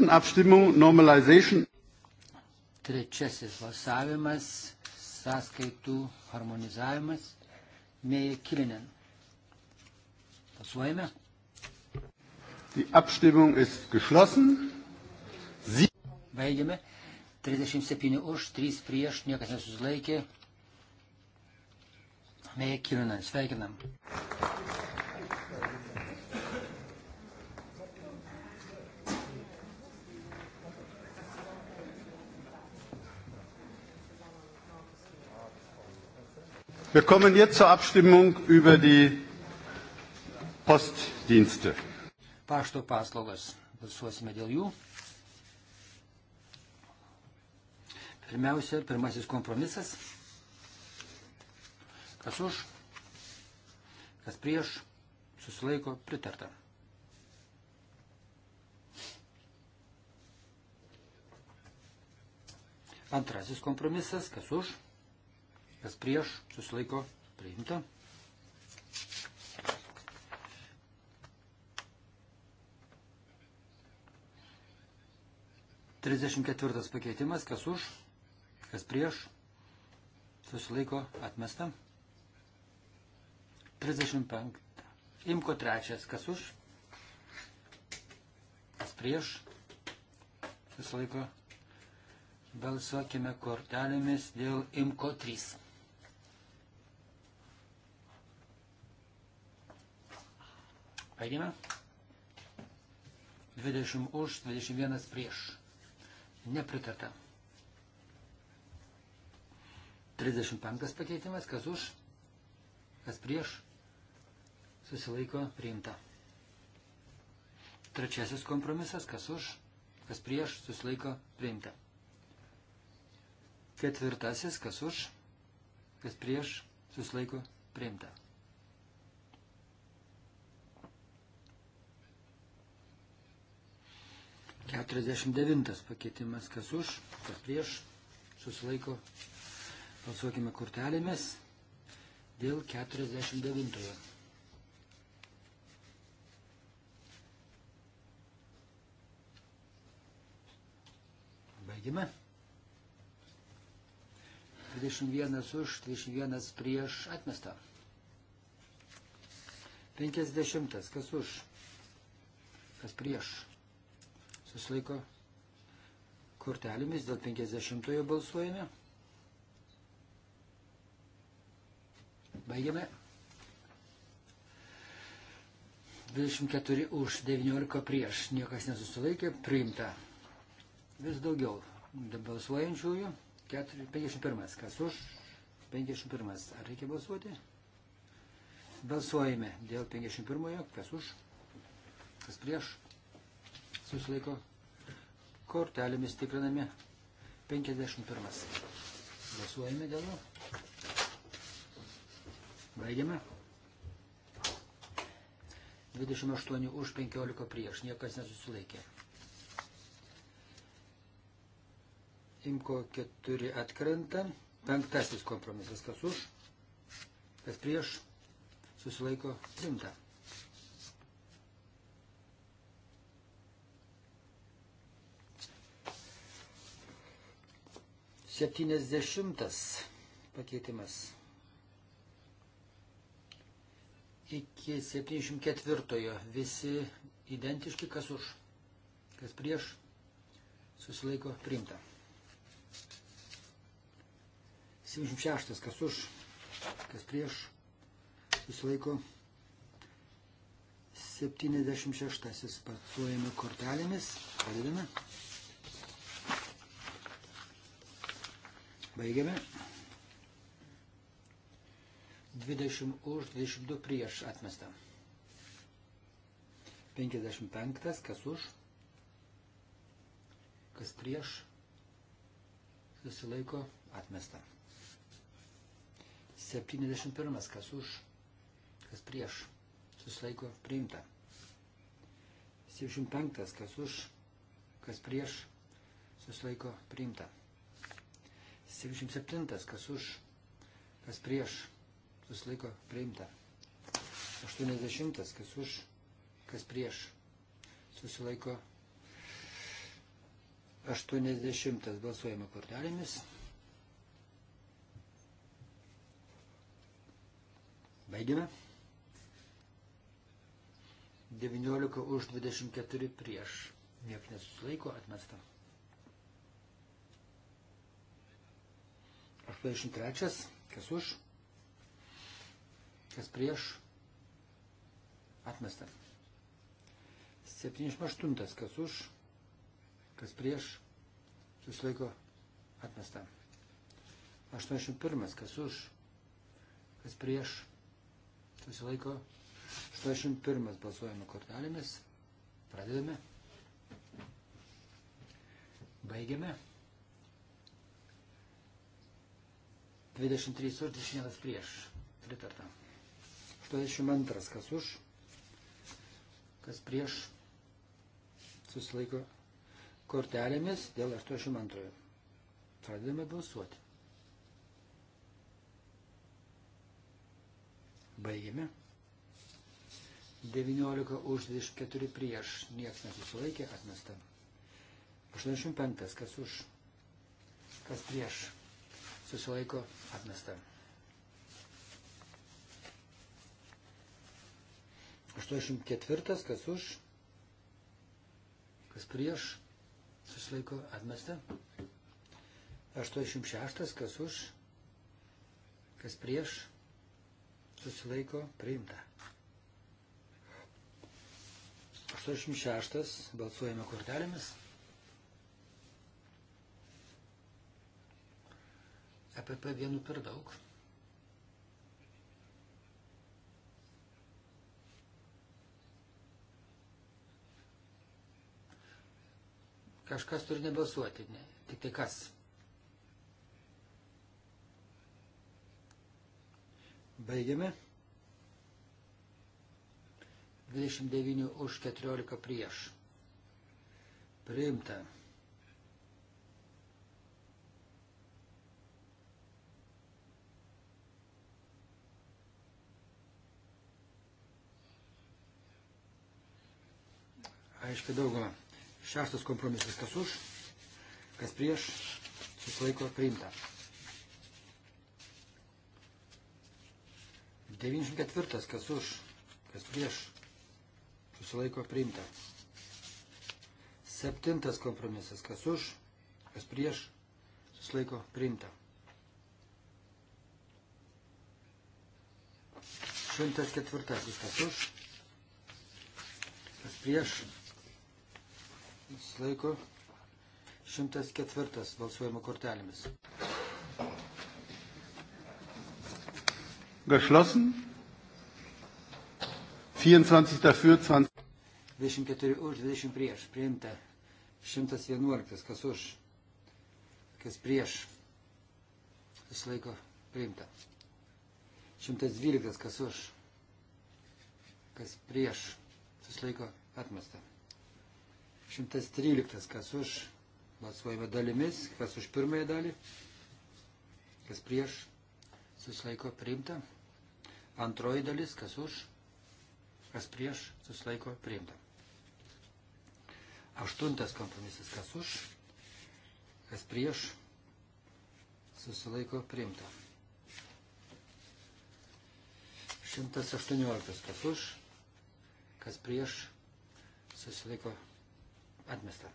dritten Abstimmung Normalization. Trečiasis balsavimas - sąskaitų harmonizavimas. Mėja Kilinen. Pasuojame. Die Abstimmung ist geschlossen. Sie Baigiame. 37 už, 3 prieš, niekas nesusilaikė. Mėja Kilinen. Sveikinam. Wir kommen jetzt zur Abstimmung über die Postdienste. Pašto paslaugas. Balsuosime dėl jų. Pirmiausia, pirmasis kompromisas. Kas už, kas prieš, susilaiko pritarta. Antrasis kompromisas, kas už, kas prieš, susilaiko priimta. Trisdešimt ketvirtas pakeitimas, kas už, kas prieš, susilaiko atmesta. Trisdešimt penktą. Imko trečias, kas už, kas prieš, susilaiko balsuokime kortelėmis dėl IMCO 3. Baigime. 20 už, 21 prieš. Nepritarta. 35 pakeitimas, kas už, kas prieš, susilaiko priimta. Trečiasis kompromisas, kas už, kas prieš, susilaiko priimta. Ketvirtasis, kas už, kas prieš, susilaiko priimta. 49 pakeitimas, kas už, kas prieš, susilaiko. Balsuokime kortelėmis dėl 49. Baigime. 21 už, 21 prieš atmestą. 50. Kas už? Kas prieš? susilaiko kortelėmis, dėl 50-ojo balsuojame. Baigiame. 24 už 19 prieš, niekas nesusilaikė, priimta. Vis daugiau balsuojančiųjų. 4, 51. Kas už? 51. Ar reikia balsuoti? Balsuojame dėl 51. Kas už? Kas prieš? susilaiko kortelėmis tikrinami 51. Balsuojame dėl jo. Baigiame. 28 už 15 prieš, niekas nesusilaikė. Imko 4 atkrenta, penktasis kompromisas, kas už, kas prieš, susilaiko rimta. 70 pakeitimas. Iki 74 visi identiški, kas už, kas prieš, susilaiko priimta. 76 kas už, kas prieš, susilaiko priimta. 76 pasuojame kortelėmis, pradedame. Baigiame. 20 už, 22 prieš atmestą. 55, kas už, kas prieš, susilaiko atmestą. 71, kas už, kas prieš, susilaiko priimta. 75, kas už, kas prieš, susilaiko priimta. 77. Kas už, kas prieš, susilaiko priimta. 80. Kas už, kas prieš, susilaiko priimta. 80 balsuojame kortelėmis. Baigime. 19 už 24 prieš. Niek nesusilaiko atmesta. 83. Kas už? Kas prieš? Atmesta. 78. Kas už? Kas prieš? Susilaiko atmesta. 81. Kas už? Kas prieš? Susilaiko. 81. Balsuojame kortelėmis. Pradedame. Baigiame. 23 už, 21 prieš. Pritarta. 82 kas už, kas prieš. Susilaiko kortelėmis dėl 82. Pradedame balsuoti. Baigėme. 19 už 24 prieš. Niekas nesusilaikė, atmesta. 85. Kas už? Kas prieš? susilaiko atmesta. 84, kas už, kas prieš, susilaiko atmesta. 86, kas už, kas prieš, susilaiko priimta. 86 balsuojame kortelėmis. EPP vienu per daug. Kažkas turi nebalsuoti, ne? tik tai kas. Baigiame. 29 už 14 prieš. Priimta. aiškia daugumą. Šeštas kompromisas, kas už, kas prieš, susilaiko priimta. 94, kas už, kas prieš, susilaiko priimta. Septintas kompromisas, kas už, kas prieš, susilaiko priimta. 104, kas už, kas prieš, Slaiko 104 balsuojimo kortelėmis. Geschlossen. 24 dafür, 20. 24 už, 20 prieš. Priimta. 111. Kas už? Kas prieš? Jis laiko priimta. 112. Kas už? Kas prieš? Jis laiko atmesta. 113, kas už, balsuojame dalimis, kas už pirmąją dalį, kas prieš, susilaiko priimta. Antroji dalis, kas už, kas prieš, susilaiko priimta. Aštuntas kompromisas, kas už, kas prieš, susilaiko priimta. 118, kas už, kas prieš, susilaiko priimta Atmesta.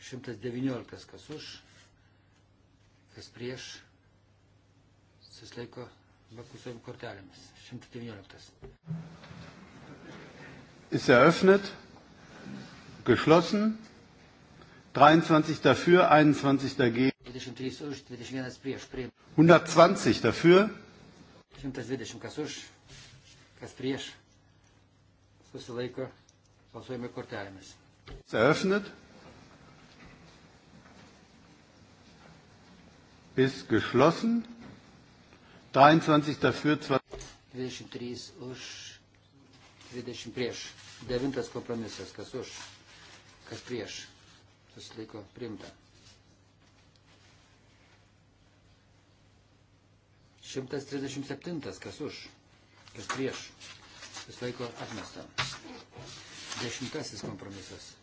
119 kas už, kas prieš, susilaiko bakusiom kortelėmis. 119. Ist eröffnet, geschlossen, 23 dafür, 21 dagegen. 23 už, 21 prieš, prieš. 120 dafür. 120 kas už, kas prieš, susilaiko balsuojami kortelėmis. Eröffnet. Ist geschlossen. 23 dafür, 23 už, 20 prieš. Devintas kompromisas, kas už, kas prieš. Susilaiko priimta. 137, kas už, kas prieš. Susilaiko atmesta. Dešimtasis kompromisas.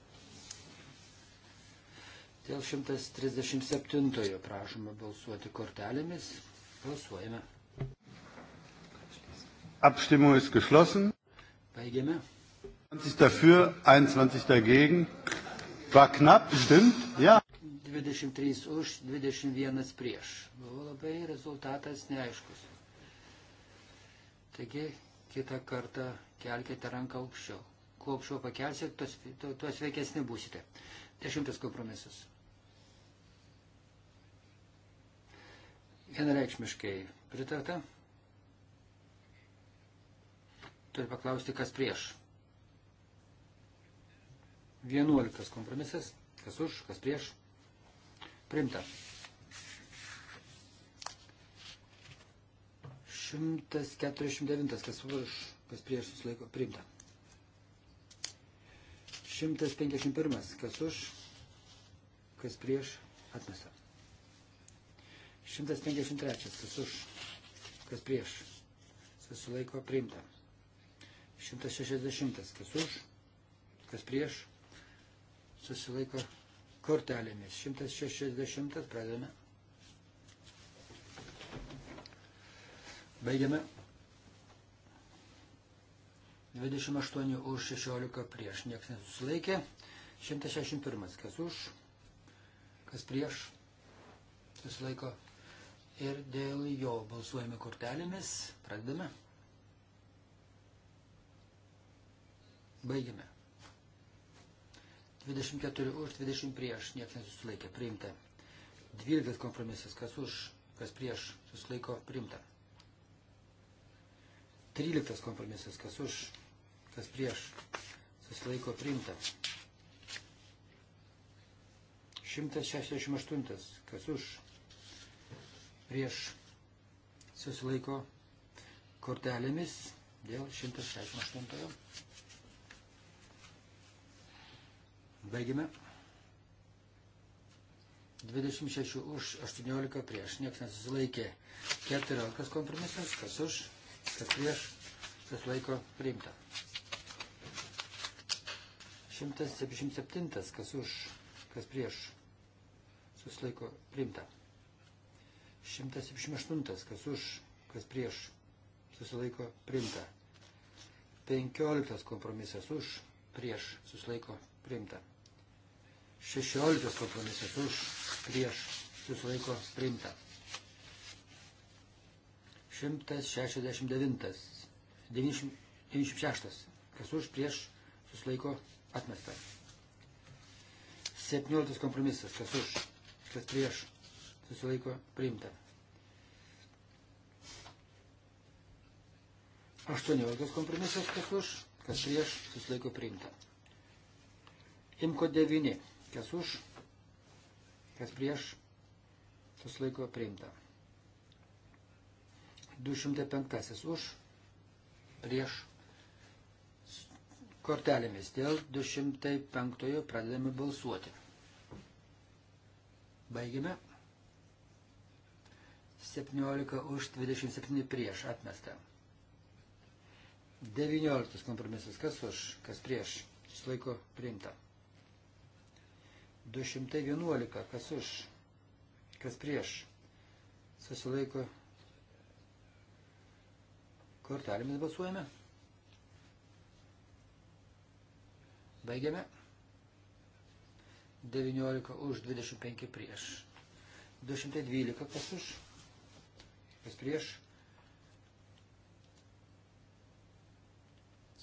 Dėl 137 prašome balsuoti kortelėmis. Balsuojame. Abstimmung ist geschlossen. Baigiame. 20 dafür, 21 dagegen. War knapp, stimmt? Ja. 23 už, 21 prieš. Buvo labai rezultatas neaiškus. Taigi, kitą kartą kelkite ranką aukščiau. Kuo aukščiau pakelsit, tuos, tuos veikesni būsite. Dešimtas kompromisas. Vienareikšmiškai pritarta. Turiu paklausti, kas prieš. 11 kompromisas. Kas už, kas prieš. Primta. 149. Kas už, kas prieš susilaiko. Primta. 151. Kas už, kas prieš atmesta. 153. Kas už, kas prieš. Susilaiko priimta. 160. Kas už, kas prieš. Susilaiko kortelėmis. 160. Pradedame. Baigiame. 28 už 16 prieš. Niekas nesusilaikė. 161. Kas už, kas prieš. Susilaiko ir dėl jo balsuojame kortelėmis. Pradedame. Baigiame. 24 už, 20 prieš, niekas nesusilaikė, priimta. 12 kompromisas, kas už, kas prieš, susilaiko, priimta. 13 kompromisas, kas už, kas prieš, susilaiko, priimta. 168, kas už, prieš susilaiko kortelėmis dėl 168. Baigime. 26 už, 18 prieš, niekas nesusilaikė. 14 kompromisas, kas už, kas prieš, kas laiko priimta. 177, kas už, kas prieš, susilaiko priimta. 178, kas už, kas prieš, susilaiko primta. 15 kompromisas už, prieš, susilaiko primta. 16 kompromisas už, prieš, susilaiko primta. 169, 96, kas už, prieš, susilaiko atmesta. 17 kompromisas, kas už, kas prieš, susilaiko priimta. 18 kompromisas kas už, kas prieš, susilaiko priimta. Imko 9, kas už, kas prieš, susilaiko priimta. 205 už, prieš, kortelėmis dėl 205 pradedame balsuoti. Baigiame. 17 už 27 prieš atmesta. 19 kompromisas. Kas už, kas prieš? Susilaiko priimta. 211. Kas už, kas prieš? Susilaiko. Kortelėmis balsuojame. Baigiame. 19 už 25 prieš. 212 kas už kas prieš,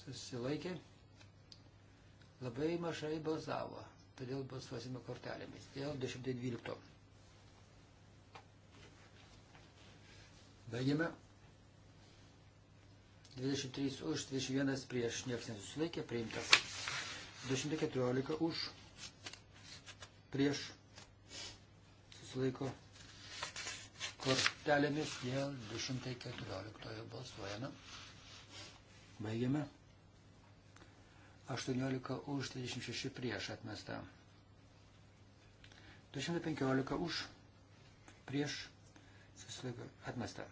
susilaikė, labai mažai balsavo, todėl balsuosime kortelėmis, dėl 212. Baigėme. 23 už, 21 prieš, niekas nesusilaikė, priimtas. 214 už, prieš, susilaiko, kortelėmis dėl 214 balsuojame. Baigiame. 18 už 36 prieš atmesta. 215 už prieš susilaiko atmesta.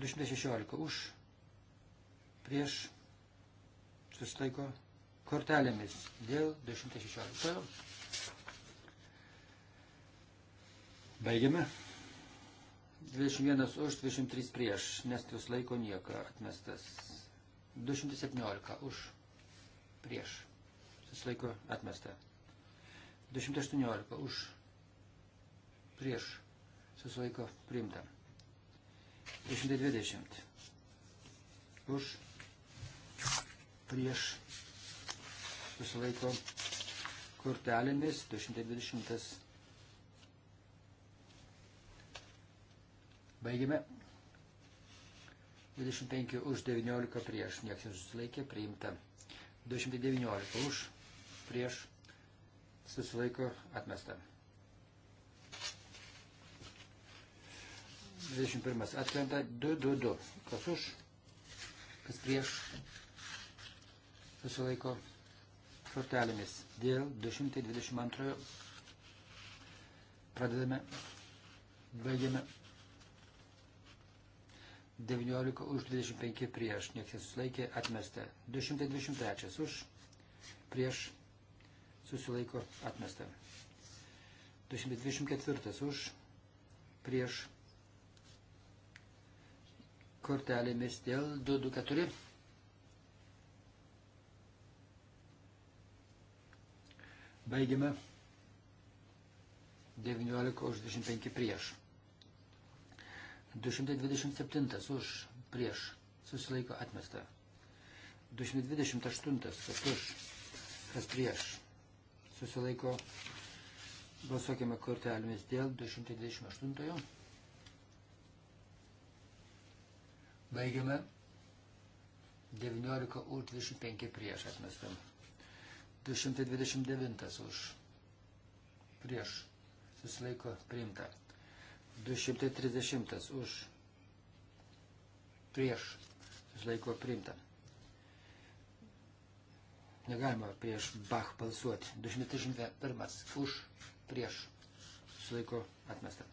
216 už prieš susilaiko kortelėmis dėl 216. Baigiame. 21 už, 23 prieš, nes jūs laiko nieko atmestas. 217 už, prieš, jūs laiko atmesta. 218 už, prieš, jūs laiko priimta. 220 už, prieš, jūs laiko kortelėmis, 220 Baigiame. 25 už 19 prieš. Niekas nesusilaikė, priimta. 219 už prieš susilaiko atmesta. 21 atkrenta 222. Kas už, kas prieš susilaiko kortelėmis dėl 222. Pradedame, baigiame. 19 už 25 prieš, niekas nesusilaikė, atmesta. 223 už, prieš, susilaiko, atmesta. 224 už, prieš, kortelėmis dėl 224. Baigiame 19 už 25 prieš. 227 už prieš susilaiko atmesta. 228 kas už kas prieš susilaiko balsuokime kortelėmis dėl 228. Baigiame 19 už 25 prieš atmestam. 229 už prieš susilaiko priimta. 230 už prieš susilaiko priimta. Negalima prieš Bach balsuoti. 231 už prieš susilaiko atmesta.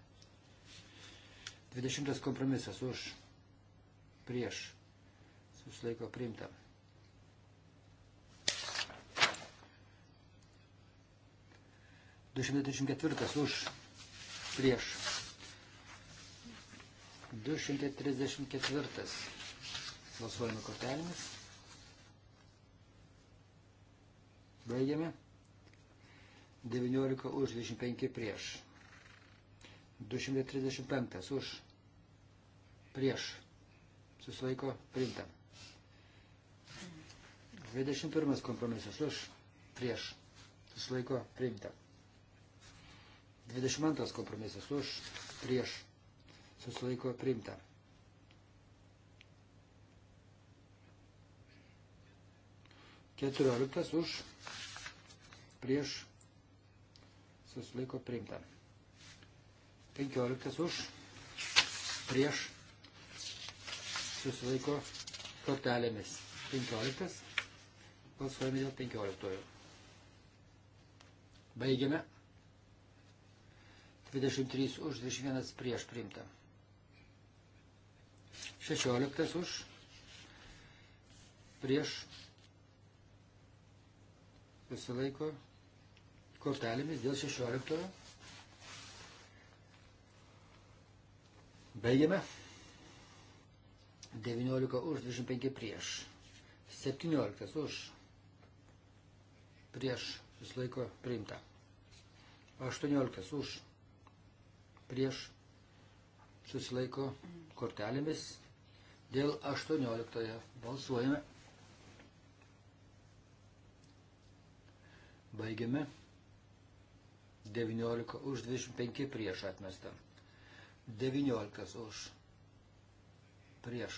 20 kompromisas už prieš susilaiko priimta. Du šimtai už prieš 234. Balsuojame kortelėmis. Baigiame. 19 už, 25 prieš. 235 už, prieš. Susilaiko priimta. 21 kompromisas už, prieš. Susilaiko priimta. 22 kompromisas už, prieš susilaiko priimta. Keturioliktas už prieš susilaiko priimta. Penkioliktas už prieš susilaiko kortelėmis. Penkioliktas balsuojame dėl penkioliktojo. Baigiame. 23 už 21 prieš priimta. 16 už, prieš, susilaiko kortelėmis dėl 16. Baigiame. 19 už, 25 prieš. 17 už, prieš, susilaiko priimta. 18 už, prieš, susilaiko kortelėmis. Dėl 18 balsuojame. Baigiame. 19 už 25 prieš atmestą. 19 už prieš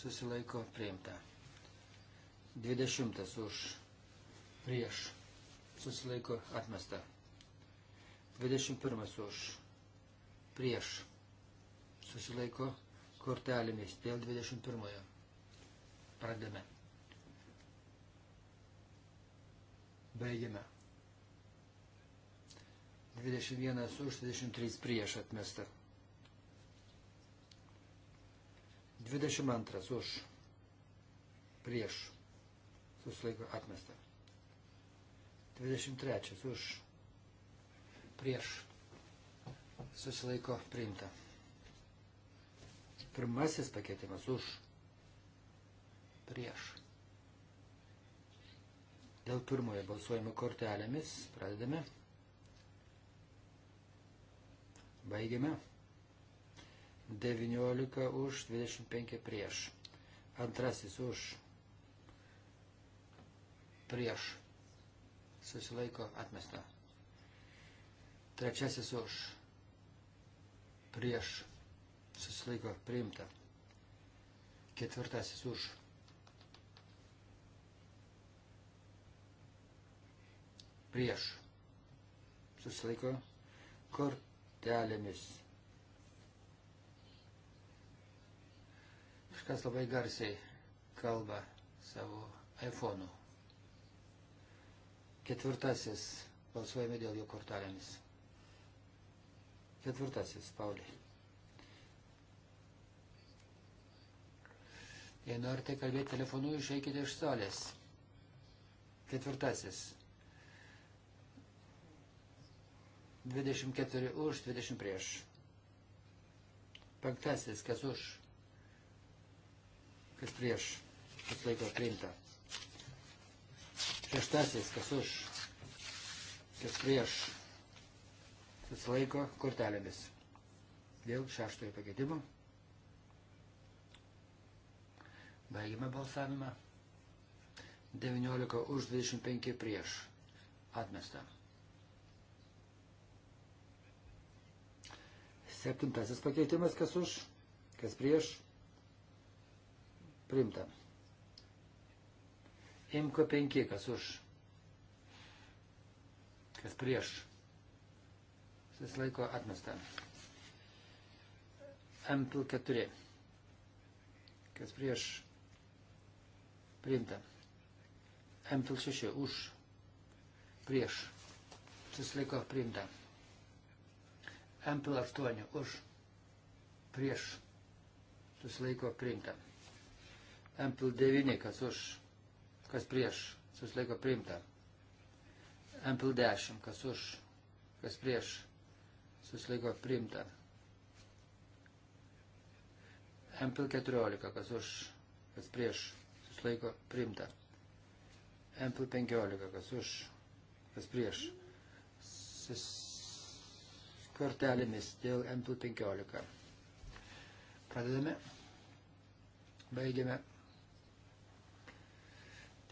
susilaiko priimta. 20 už prieš susilaiko atmesta. 21 už prieš susilaiko kortelėmis dėl 21. Pradame. Baigiame. 21 už 23 prieš atmesta. 22 už prieš susilaiko atmesta. 23 už prieš susilaiko priimta. Pirmasis pakeitimas už. Prieš. Dėl pirmojo balsuojimo kortelėmis pradedame. Baigiame. 19 už, 25 prieš. Antrasis už. Prieš. Susilaiko atmesta. Trečiasis už. Prieš susilaiko priimta. Ketvirtasis už. Prieš susilaiko kortelėmis. Kažkas labai garsiai kalba savo iPhone'u. Ketvirtasis balsuojame dėl jo kortelėmis. Ketvirtasis, Pauliai. Jei norite kalbėti telefonu, išeikite iš salės. Ketvirtasis. 24 už, 20 prieš. Penktasis, kas už, kas prieš, kas laiko priimta. Šeštasis, kas už, kas prieš, kas laiko kortelėmis. Dėl šeštojo pakeitimo. Baigime balsavimą. 19 už 25 prieš. Atmesta. Septintasis pakeitimas, kas už, kas prieš. Primta. Imko 5, kas už, kas prieš. Susilaiko atmesta. Ampl 4, kas prieš priimta. MPL 6 už, prieš, susilaiko priimta. MPL 8 už, prieš, susilaiko priimta. MPL 9 kas už, kas prieš, susilaiko priimta. MPL 10 kas už, kas prieš, susilaiko priimta. MPL 14 kas už, kas prieš, susilaiko priimta. MP15, kas už, kas prieš. Sus... Kortelėmis dėl MP15. Pradedame. Baigiame.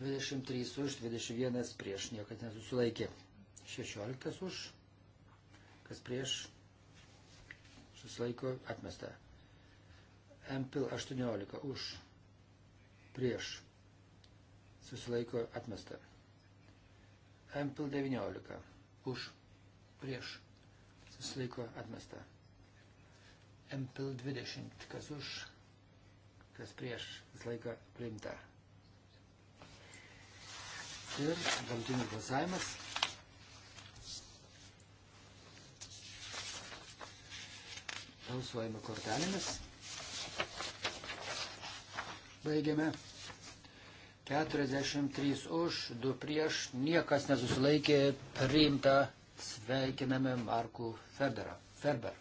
23 už, 21 prieš, niekas nesusilaikė. 16 už, kas prieš, susilaiko atmesta. MPL 18 už prieš susilaiko atmesta. MPL 19 už prieš susilaiko atmesta. MPL 20 kas už, kas prieš susilaiko priimta. Ir galtinis balsavimas. Balsuojame kortelėmis. Baigiame. 43 už, 2 prieš, niekas nesusilaikė, priimta, sveikiname Marku Ferberą. Ferber.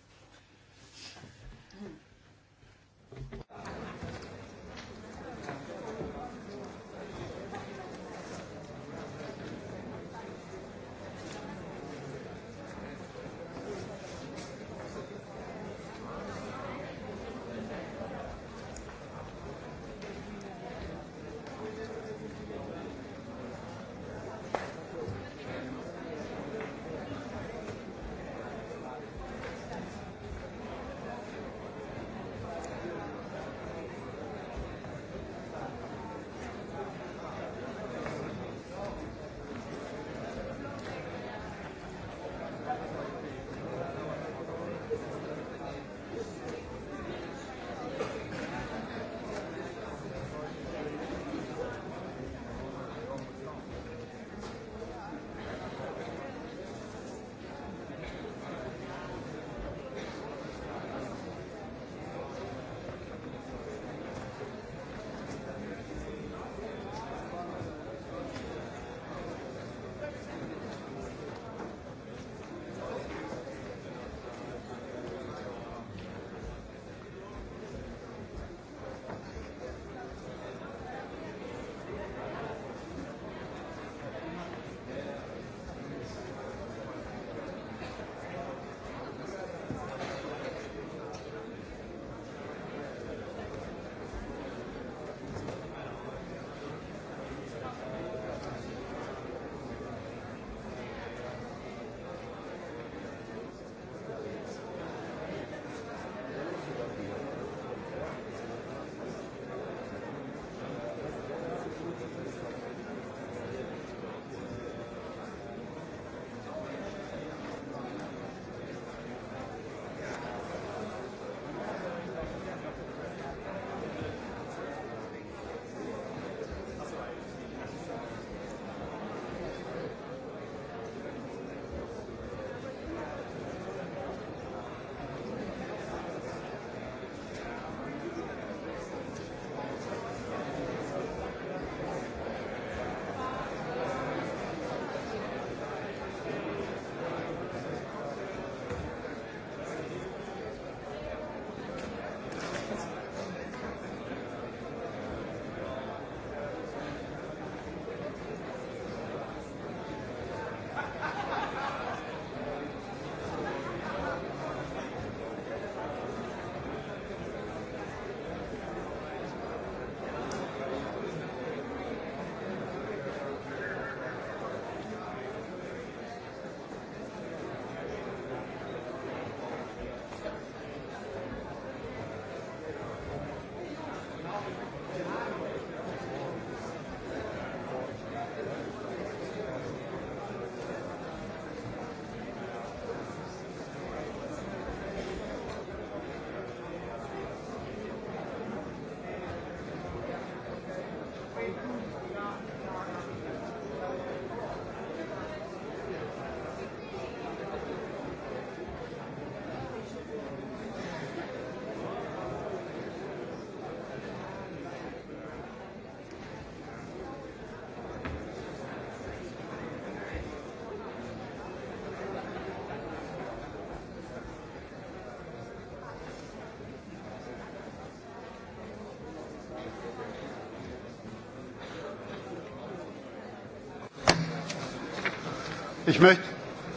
Ich möchte,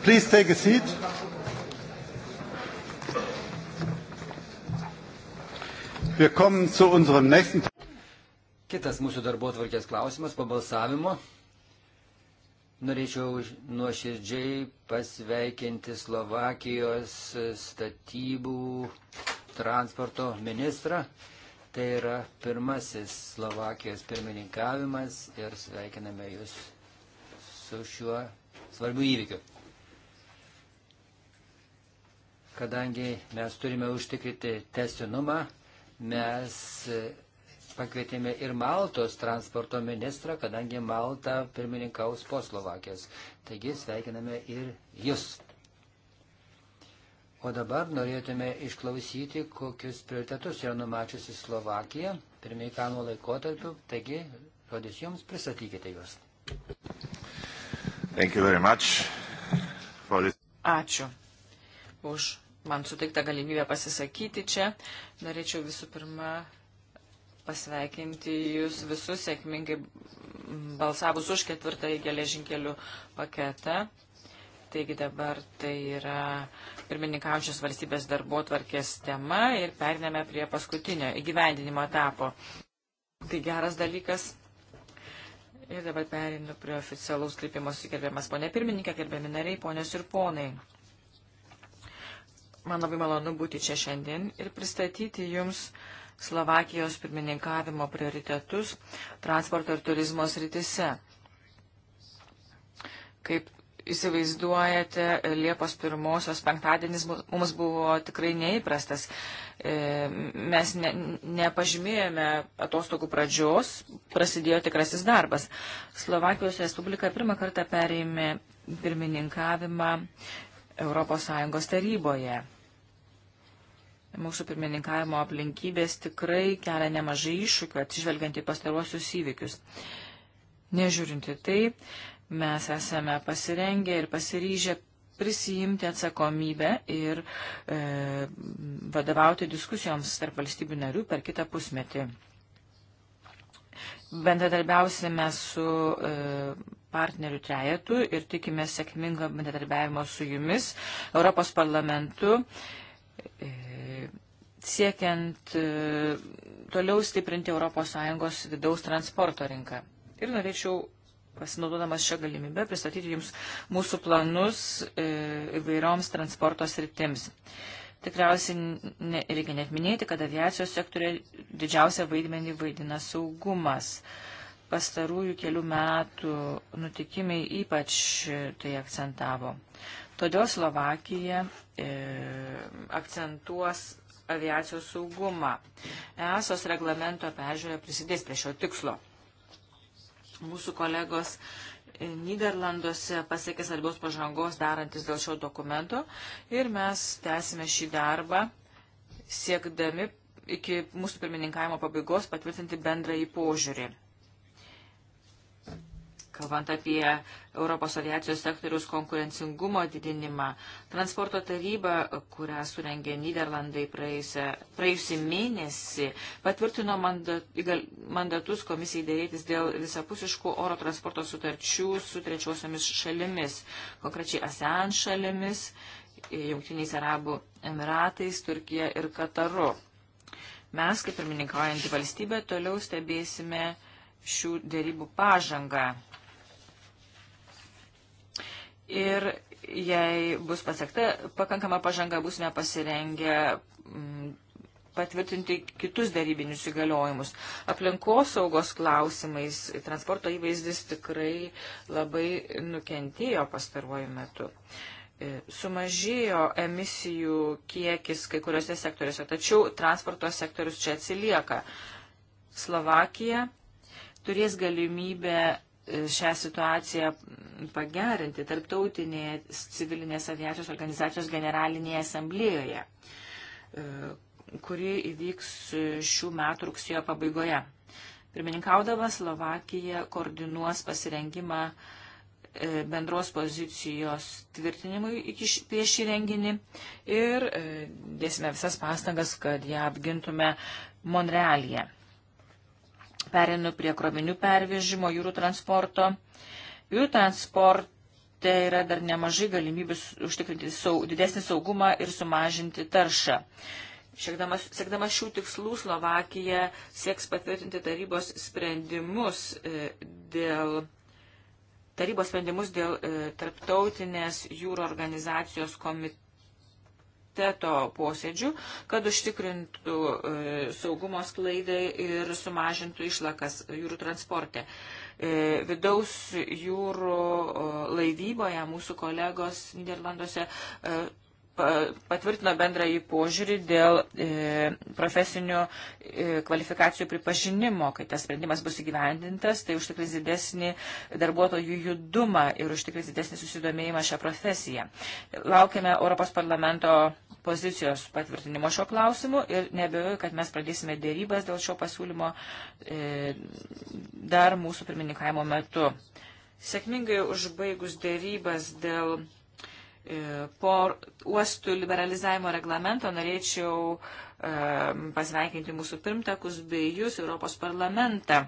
please take a seat. Wir kommen zu unserem nächsten. Kitas mūsų darbo atvarkės klausimas po balsavimo. Norėčiau nuoširdžiai pasveikinti Slovakijos statybų transporto ministrą. Tai yra pirmasis Slovakijos pirmininkavimas ir sveikiname jūs su šiuo svarbių įvykių. Kadangi mes turime užtikrinti testinumą, mes pakvietėme ir Maltos transporto ministrą, kadangi Malta pirmininkaus po Slovakijos. Taigi sveikiname ir jūs. O dabar norėtume išklausyti, kokius prioritetus yra numačiusi Slovakija pirmininkavimo laikotarpiu. Taigi, žodis jums, pristatykite juos. Ačiū už man suteiktą galimybę pasisakyti čia. Norėčiau visų pirma pasveikinti jūs visus sėkmingai balsavus už ketvirtąjį geležinkelių paketą. Taigi dabar tai yra pirmininkaujančios valstybės darbo tvarkės tema ir periname prie paskutinio įgyvendinimo etapo. Tai geras dalykas Ir dabar perinu prie oficialaus kreipimosi, gerbiamas ponė pirmininkė, gerbiami nariai, ponios ir ponai. Man labai malonu būti čia šiandien ir pristatyti jums Slovakijos pirmininkavimo prioritetus transporto ir turizmo sritise. Kaip įsivaizduojate, Liepos pirmosios penktadienis mums buvo tikrai neįprastas. E, mes ne, nepažymėjome atostogų pradžios, prasidėjo tikrasis darbas. Slovakijos Respublika pirmą kartą perėmė pirmininkavimą ES taryboje. Mūsų pirmininkavimo aplinkybės tikrai kelia nemažai iššūkių atsižvelgiant į pastaruosius įvykius. Nežiūrinti tai, mes esame pasirengę ir pasiryžę prisijimti atsakomybę ir e, vadovauti diskusijoms tarp valstybių narių per kitą pusmetį. Bendradarbiausime su e, partnerių trejetu ir tikime sėkmingo bendradarbiavimo su jumis, Europos parlamentu, e, siekiant e, toliau stiprinti ES vidaus transporto rinką. Ir norėčiau pasinaudodamas šią galimybę, pristatyti Jums mūsų planus e, įvairioms transporto sritims. Tikriausiai ne, reikia net minėti, kad aviacijos sektorė didžiausią vaidmenį vaidina saugumas. Pastarųjų kelių metų nutikimai ypač tai akcentavo. Todėl Slovakija e, akcentuos aviacijos saugumą. E, ESOS reglamento peržiūrė prisidės prie šio tikslo. Mūsų kolegos e, Niderlanduose pasiekė svarbios pažangos darantis dėl šio dokumento ir mes tęsime šį darbą siekdami iki mūsų pirmininkavimo pabaigos patvirtinti bendrąjį požiūrį kalbant apie Europos aviacijos sektorius konkurencingumo didinimą. Transporto taryba, kurią surengė Niderlandai praėjusį mėnesį, patvirtino mandatus komisijai dėrėtis dėl visapusiškų oro transporto sutarčių su trečiosiomis šalimis, konkrečiai ASEAN šalimis, Junktiniais Arabų Emiratais, Turkija ir Kataru. Mes, kaip pirmininkaujantį valstybę, toliau stebėsime šių dėrybų pažangą ir jei bus pasiekta pakankama pažanga, būsime pasirengę mm, patvirtinti kitus darybinius įgaliojimus. Aplinkosaugos klausimais transporto įvaizdis tikrai labai nukentėjo pastaruoju metu. E, sumažėjo emisijų kiekis kai kuriuose sektoriuose, tačiau transporto sektorius čia atsilieka. Slovakija turės galimybę šią situaciją pagerinti tarptautinėje civilinės aviacijos organizacijos generalinėje asamblėjoje, e, kuri įvyks šių metų rugsėjo pabaigoje. Pirmininkaudama Slovakija koordinuos pasirengimą e, bendros pozicijos tvirtinimui iki, prieš šį renginį ir e, dėsime visas pastangas, kad ją apgintume Monrealyje. Perinu prie krovinių pervežimo, jūrų transporto. Jūrų transporte yra dar nemažai galimybių užtikrinti saug, didesnį saugumą ir sumažinti taršą. Siekdamas, siekdamas šių tikslų Slovakija sieks patvirtinti tarybos sprendimus e, dėl, tarybos sprendimus dėl e, tarptautinės jūro organizacijos komiteto komiteto posėdžių, kad užtikrintų e, saugumo sklaidai ir sumažintų išlakas jūrų transporte. E, vidaus jūrų laivyboje mūsų kolegos Niderlanduose e, patvirtino bendrąjį požiūrį dėl e, profesinių e, kvalifikacijų pripažinimo, kai tas sprendimas bus įgyvendintas, tai užtikrins didesnį darbuotojų judumą ir užtikrins didesnį susidomėjimą šią profesiją. Laukiame Europos parlamento pozicijos patvirtinimo šio klausimu ir nebejoju, kad mes pradėsime dėrybas dėl šio pasiūlymo e, dar mūsų pirmininkavimo metu. Sėkmingai užbaigus dėrybas dėl E, po uostų liberalizavimo reglamento norėčiau e, pasveikinti mūsų pirmtakus bei jūs Europos parlamentą.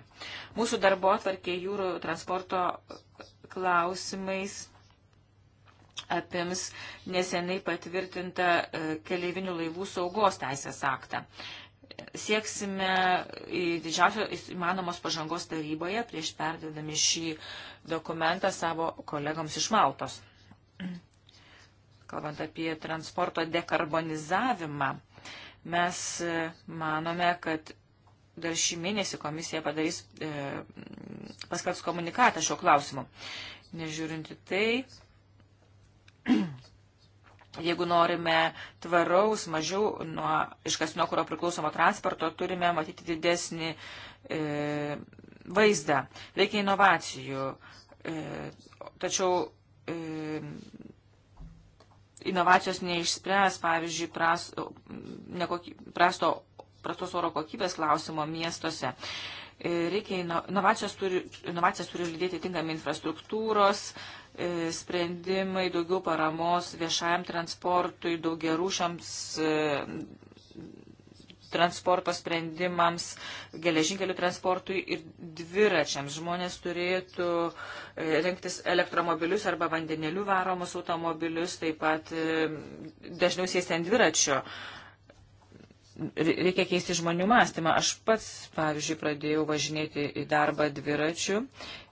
Mūsų darbo atvarkė jūrų transporto klausimais apims neseniai patvirtintą e, keleivinių laivų saugos teisės aktą. Sieksime didžiausios įmanomos pažangos taryboje prieš perdėdami šį dokumentą savo kolegoms iš Maltos kalbant apie transporto dekarbonizavimą, mes e, manome, kad dar šį mėnesį komisija padarys e, paskelbs komunikatą šio klausimu. Nežiūrinti tai, jeigu norime tvaraus, mažiau nuo iškasnio kūro priklausomo transporto, turime matyti didesnį e, vaizdą. Reikia inovacijų. E, tačiau e, inovacijos neišspręs, pavyzdžiui, pras, nekoky, prasto, prastos oro kokybės klausimo miestuose. E, reikia ino, inovacijas, turi, inovacijas turi lydėti tinkami infrastruktūros, e, sprendimai, daugiau paramos viešajam transportui, daugiarūšiams e, transporto sprendimams, geležinkelių transportui ir dviračiams. Žmonės turėtų e, rinktis elektromobilius arba vandenėlių varomus automobilius, taip pat e, dažniau sėsti ant dviračio reikia keisti žmonių mąstymą. Aš pats, pavyzdžiui, pradėjau važinėti į darbą dviračiu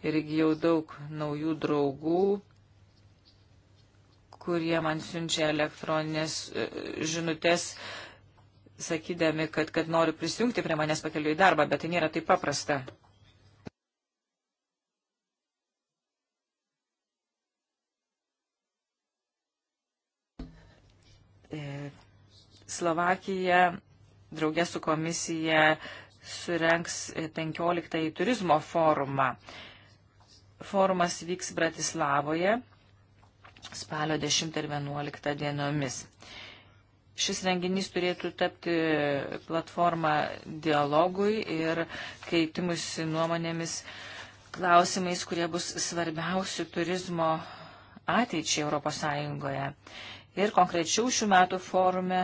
ir įgyjau daug naujų draugų, kurie man siunčia elektroninės e, žinutės sakydami, kad, kad noriu prisijungti prie manęs pakeliu į darbą, bet tai nėra taip paprasta. E, Slovakija draugė su komisija surenks 15-ąjį turizmo forumą. Forumas vyks Bratislavoje spalio 10 ir 11 dienomis. Šis renginys turėtų tapti platformą dialogui ir keitimusi nuomonėmis klausimais, kurie bus svarbiausių turizmo ateičiai Europos Sąjungoje. Ir konkrečiau šių metų forume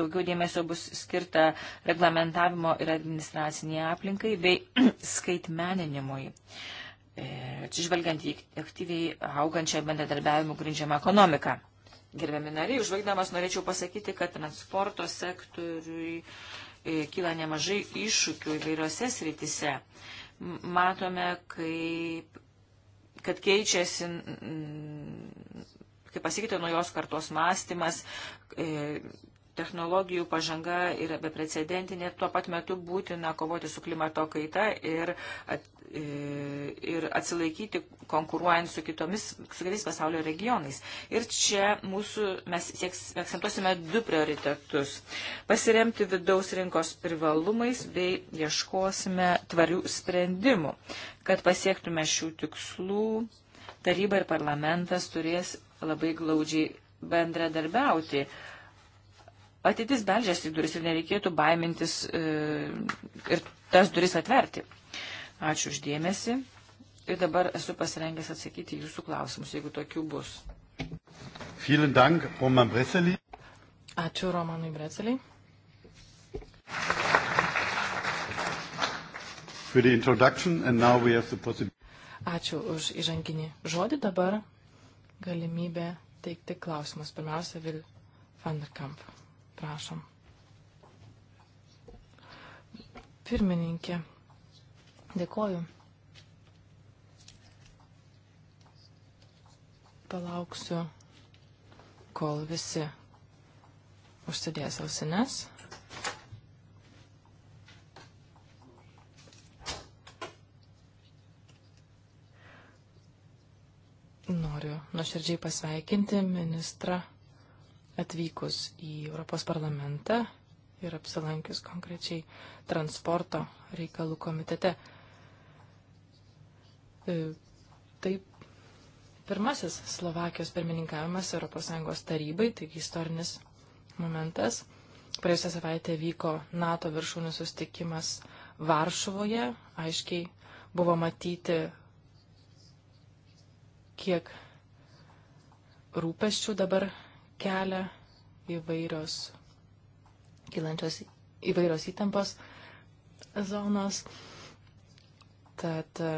daugiau dėmesio bus skirta reglamentavimo ir administraciniai aplinkai bei skaitmeninimui. E, atsižvelgiant į aktyviai augančią bendradarbiavimų grindžiamą ekonomiką. Gerbiami nariai, užvaigdamas norėčiau pasakyti, kad transporto sektoriui e, kyla nemažai iššūkių įvairiose sritise. Matome, kaip, kad keičiasi, kaip pasikeitė nuo jos kartos mąstymas, e, technologijų pažanga yra beprecedentinė, tuo pat metu būtina kovoti su klimato kaita ir, at, e, ir atsilaikyti konkuruojant su, kitomis, su kitais pasaulio regionais. Ir čia mūsų, mes akcentuosime du prioritetus. Pasiremti vidaus rinkos privalumais bei ieškosime tvarių sprendimų. Kad pasiektume šių tikslų, taryba ir parlamentas turės labai glaudžiai bendradarbiauti. Uh, ateitis beldžiasi į duris ir nereikėtų baimintis e, ir tas duris atverti. Ačiū uždėmesi ir dabar esu pasirengęs atsakyti jūsų klausimus, jeigu tokių bus. Dank, Roman Bresely. Ačiū Romanui Breceliai. Ačiū už įžanginį žodį. Dabar galimybė teikti klausimus. Pirmiausia, Vil van der Kamp. Prašom. Pirmininkė, dėkoju. Palauksiu, kol visi užsidės ausines. Noriu nuoširdžiai pasveikinti ministrą atvykus į Europos parlamentą ir apsilankius konkrečiai transporto reikalų komitete. E, tai pirmasis Slovakijos pirmininkavimas ES tarybai, taigi istorinis momentas. Praėjusią savaitę vyko NATO viršūnių sustikimas Varšuvoje. Aiškiai buvo matyti, kiek rūpeščių dabar kelią įvairios kilančios įvairios įtampos zonos. Tad e,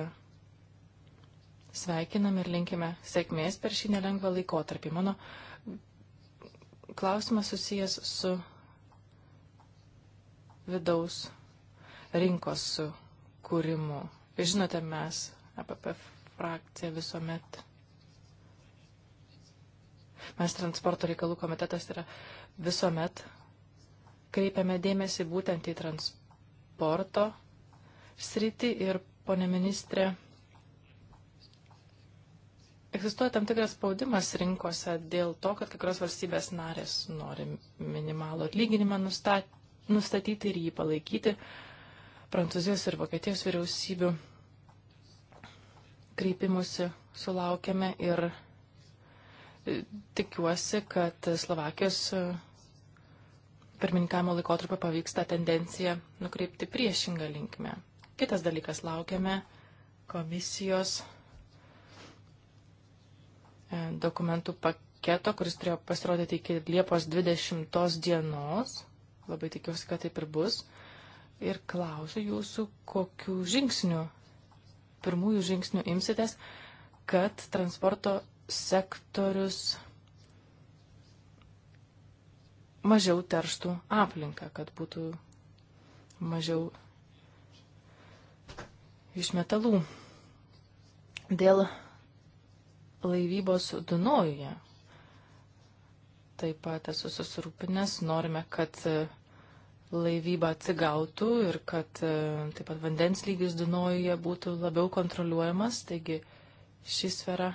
sveikinam ir linkime sėkmės per šį nelengvą laikotarpį. Mano klausimas susijęs su vidaus rinkos kūrimu. Žinote, mes APP frakcija visuomet Mes transporto reikalų komitetas yra visuomet kreipiame dėmesį būtent į transporto sritį ir, ponė ministrė, egzistuoja tam tikras spaudimas rinkose dėl to, kad kai kurios valstybės narės nori minimalų atlyginimą nustatyti ir jį palaikyti. Prancūzijos ir Vokietijos vyriausybių kreipimusi sulaukėme ir tikiuosi, kad Slovakijos e, pirmininkavimo laikotarpio pavyks tą tendenciją nukreipti priešingą linkmę. Kitas dalykas laukiame komisijos e, dokumentų paketo, kuris turėjo pasirodyti iki Liepos 20 dienos. Labai tikiuosi, kad taip ir bus. Ir klausiu jūsų, kokių žingsnių, pirmųjų žingsnių imsitės, kad transporto sektorius mažiau terštų aplinką, kad būtų mažiau išmetalų. Dėl laivybos Dunojuje taip pat esu susirūpinęs, norime, kad laivyba atsigautų ir kad e, taip pat vandens lygis Dunojuje būtų labiau kontroliuojamas, taigi ši sfera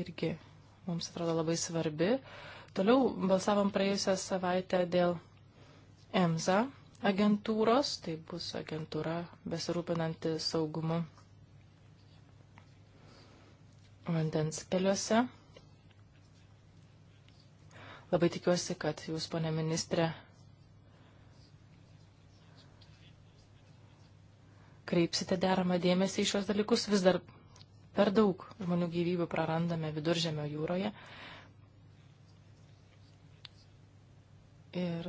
irgi mums atrodo labai svarbi. Toliau balsavom praėjusią savaitę dėl EMSA agentūros, tai bus agentūra besirūpinanti saugumu vandens keliuose. Labai tikiuosi, kad jūs, ponė ministrė, kreipsite deramą dėmesį į šios dalykus. Vis dar Per daug žmonių gyvybių prarandame viduržėmio jūroje. Ir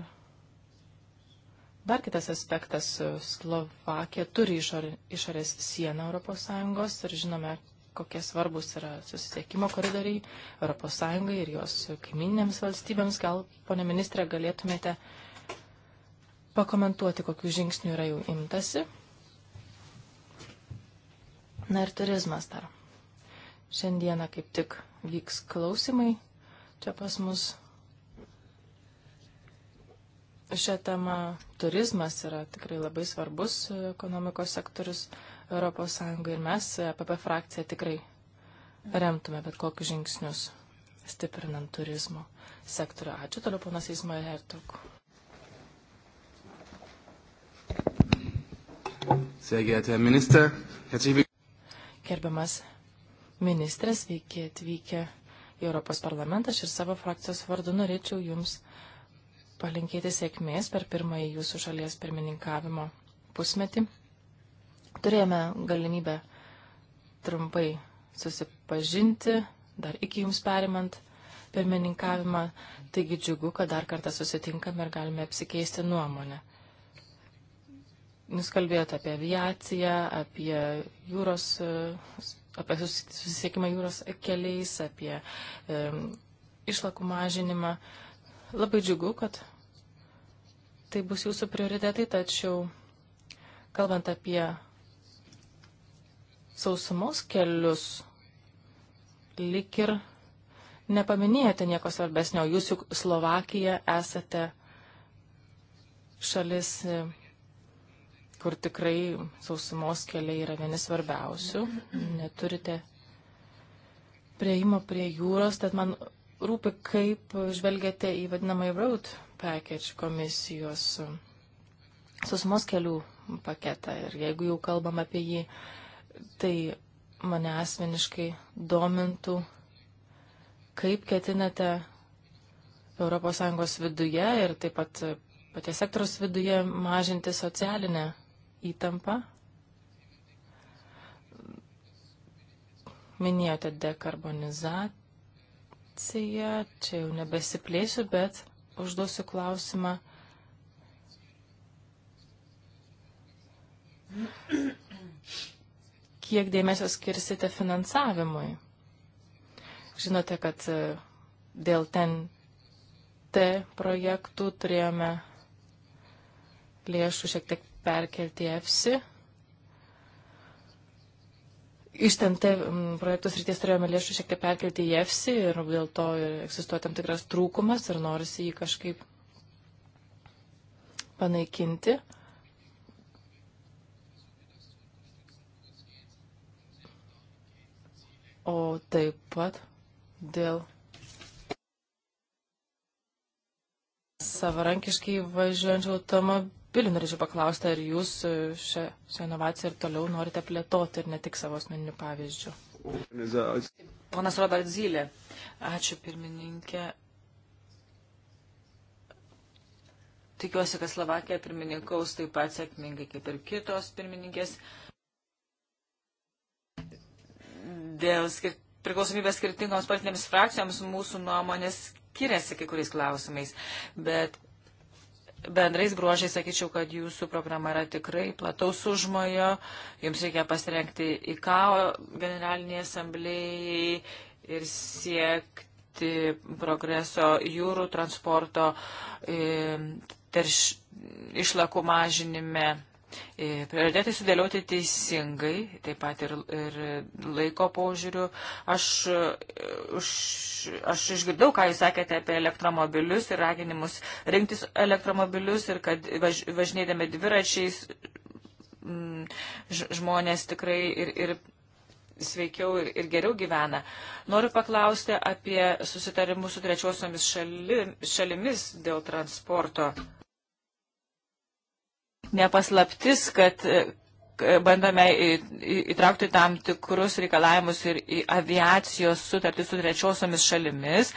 dar kitas aspektas. Slovakija turi išorės sieną ES ir žinome, kokie svarbus yra susisiekimo koridoriai ES ir jos kaiminėms valstybėms. Gal, ponė ministrė, galėtumėte pakomentuoti, kokiu žingsniu yra jau imtasi Na ir turizmas dar. Šiandieną kaip tik vyks klausimai čia pas mus. Šią temą turizmas yra tikrai labai svarbus ekonomikos sektorius ES ir mes APP frakciją tikrai remtume bet kokius žingsnius stiprinant turizmo sektorių. Ačiū toliau, ponas Ismail Hertuk. Sehr geehrter Herr Minister, herzlich willkommen. Gerbiamas ministras, sveiki atvykę į Europos parlamentą. Aš ir savo frakcijos vardu norėčiau Jums palinkėti sėkmės per pirmąjį Jūsų šalies pirmininkavimo pusmetį. Turėjome galimybę trumpai susipažinti, dar iki Jums perimant pirmininkavimą, taigi džiugu, kad dar kartą susitinkame ir galime apsikeisti nuomonę. Jūs kalbėjote apie aviaciją, apie jūros, apie susisiekimą jūros keliais, apie e, išlakų mažinimą. Labai džiugu, kad tai bus jūsų prioritetai, tačiau kalbant apie sausumos kelius, lik ir nepaminėjote nieko svarbesnio. Jūs juk Slovakija esate šalis. E, kur tikrai sausumos keliai yra vieni svarbiausių, neturite prieimo prie jūros, tad man rūpi, kaip žvelgiate į vadinamąjį road package komisijos sausumos kelių paketą. Ir jeigu jau kalbam apie jį, tai mane asmeniškai domintų, kaip ketinate ES viduje ir taip pat paties sektoriaus viduje mažinti socialinę įtampą. Minėjote dekarbonizaciją, čia jau nebesiplėsiu, bet užduosiu klausimą. Kiek dėmesio skirsite finansavimui? Žinote, kad e, dėl ten T projektų turėjome lėšų šiek tiek perkelti EFSI. Iš ten te projektos ryties turėjome lėšų šiek tiek perkelti į EFSI ir dėl to egzistuoja tam tikras trūkumas ir norisi jį kažkaip panaikinti. O taip pat dėl savarankiškai važiuojančių automobilių Pilių norėčiau paklausti, ar jūs e, šią, šią inovaciją ir toliau norite plėtoti ir ne tik savo asmeniniu pavyzdžiu. Ponas Robert Zylė. Ačiū pirmininkė. Tikiuosi, kad Slovakija pirmininkaus taip pat sėkmingai kaip ir kitos pirmininkės. Dėl skir priklausomybės skirtingoms politinėms frakcijoms mūsų nuomonės skiriasi kai kuriais klausimais, bet bendrais bruožais sakyčiau, kad jūsų programa yra tikrai plataus užmojo, jums reikia pasirengti į KAO generaliniai asamblėjai ir siekti progreso jūrų transporto e, terš, išlakų mažinime. E, prioritetai sudėlioti teisingai, taip pat ir, ir laiko požiūriu. Aš, aš, e, aš išgirdau, ką jūs sakėte apie elektromobilius ir raginimus rinktis elektromobilius ir kad važ, važinėdami dviračiais mm, žmonės tikrai ir. ir sveikiau ir, ir geriau gyvena. Noriu paklausti apie susitarimus su trečiosiomis šali, šalimis dėl transporto. Uh, Nepaslaptis, kad e, bandome įtraukti tam tikrus reikalavimus ir į aviacijos sutartį su trečiosiomis šalimis.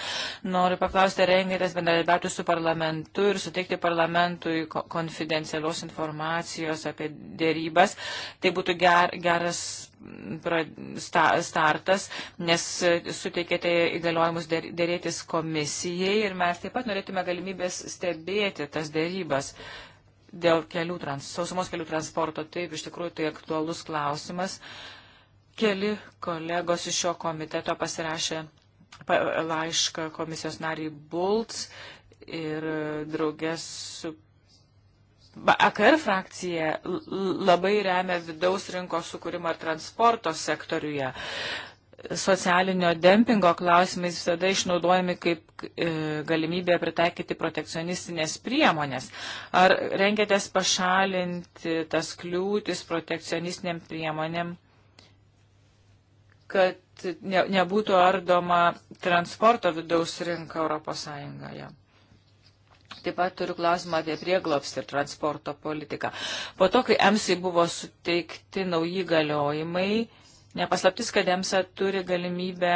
Noriu paklausti, rengėtės bendradarbiauti su parlamentu ir suteikti parlamentui konfidencialios informacijos apie dėrybas. Tai būtų ger, geras startas, nes e, suteikėte įgaliojimus dėrėtis komisijai ir mes taip pat norėtume galimybės stebėti tas dėrybas dėl kelių trans, sausumos kelių transporto. Taip, iš tikrųjų tai aktualus klausimas. Keli kolegos iš šio komiteto pasirašė laišką komisijos nariai Bults ir draugės su. AKR frakcija labai remia vidaus rinkos sukūrimą transporto sektoriuje. Uh, socialinio dempingo klausimais visada išnaudojami kaip e, galimybė pritaikyti protekcionistinės priemonės. Ar rengiatės pašalinti tas kliūtis protekcionistiniam priemonėm, kad ne, nebūtų ardoma transporto vidaus rinka Europos Sąjungoje? Taip pat turiu klausimą apie prieglopstį ir transporto politiką. Po to, kai EMSI buvo suteikti nauji galiojimai, Nepaslaptis, kad EMSA turi galimybę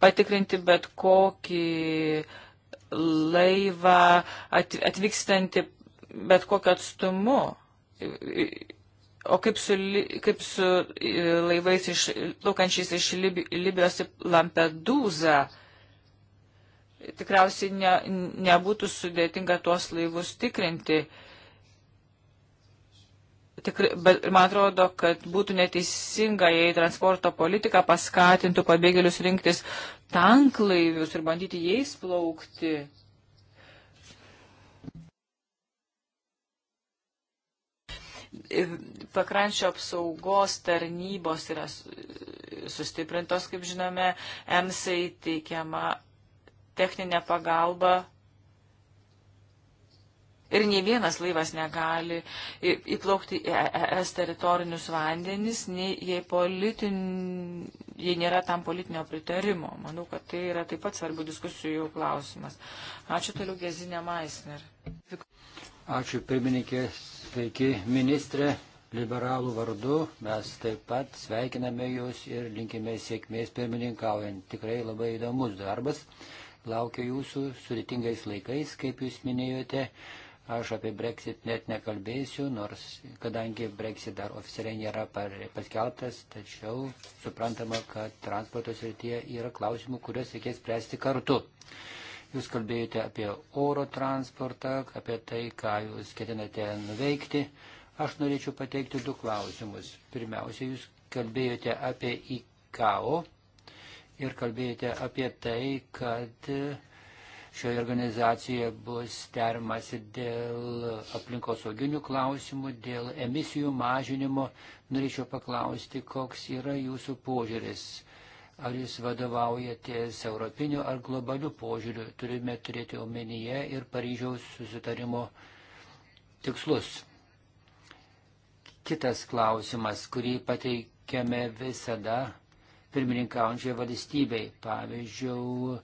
patikrinti bet kokį laivą atvykstantį bet kokiu atstumu. O kaip su, kaip su laivais iš, plaukančiais iš Lib, Libijos į Lampedūzą? Tikriausiai ne, nebūtų sudėtinga tuos laivus tikrinti. Tikrai, bet man atrodo, kad būtų neteisinga, jei transporto politika paskatintų pabėgėlius rinktis tanklaivius ir bandyti jais plaukti. pakrančio apsaugos tarnybos yra sustiprintos, kaip žinome, EMSAI teikiama techninė pagalba Ir nei vienas laivas negali įplaukti į e- e- ES teritorinius vandenis, nei jei, politin, jei nėra tam politinio pritarimo. Manau, kad tai yra taip pat svarbių diskusijų klausimas. Ačiū toliau, Gezinė Maisner. Ačiū, pirmininkė. Sveiki, ministrė. Liberalų vardu mes taip pat sveikiname jūs ir linkime sėkmės pirmininkaujant. Tikrai labai įdomus darbas. Laukia jūsų sudėtingais laikais, kaip jūs minėjote. Aš apie Brexit net nekalbėsiu, nors kadangi Brexit dar oficialiai nėra paskelbtas, tačiau suprantama, kad transporto srityje yra klausimų, kuriuos reikės spręsti kartu. Jūs kalbėjote apie oro transportą, apie tai, ką jūs ketinate nuveikti. Aš norėčiau pateikti du klausimus. Pirmiausia, jūs kalbėjote apie ICAO ir kalbėjote apie tai, kad Šioje organizacijoje bus termasi dėl aplinkosauginių klausimų, dėl emisijų mažinimo. Norėčiau paklausti, koks yra jūsų požiūris. Ar jūs vadovaujatės europiniu ar globaliu požiūriu? Turime turėti omenyje ir Paryžiaus susitarimo tikslus. Kitas klausimas, kurį pateikiame visada pirmininkaujančiai valstybei. Pavyzdžiui,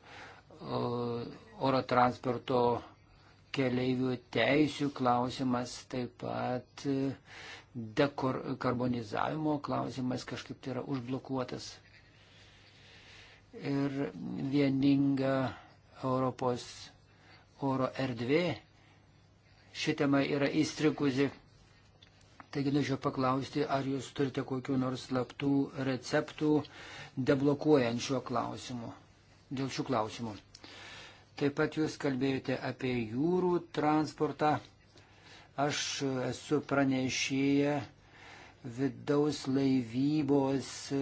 oro transporto keleivių teisių klausimas, taip pat e, dekarbonizavimo klausimas kažkaip tai yra užblokuotas. Ir vieninga Europos oro erdvė šitama yra įstrikusi. Taigi norėčiau paklausti, ar jūs turite kokiu nors slaptų receptų deblokuojant šiuo klausimu, dėl šių klausimų. Taip pat jūs kalbėjote apie jūrų transportą. Aš esu pranešėję vidaus laivybos e,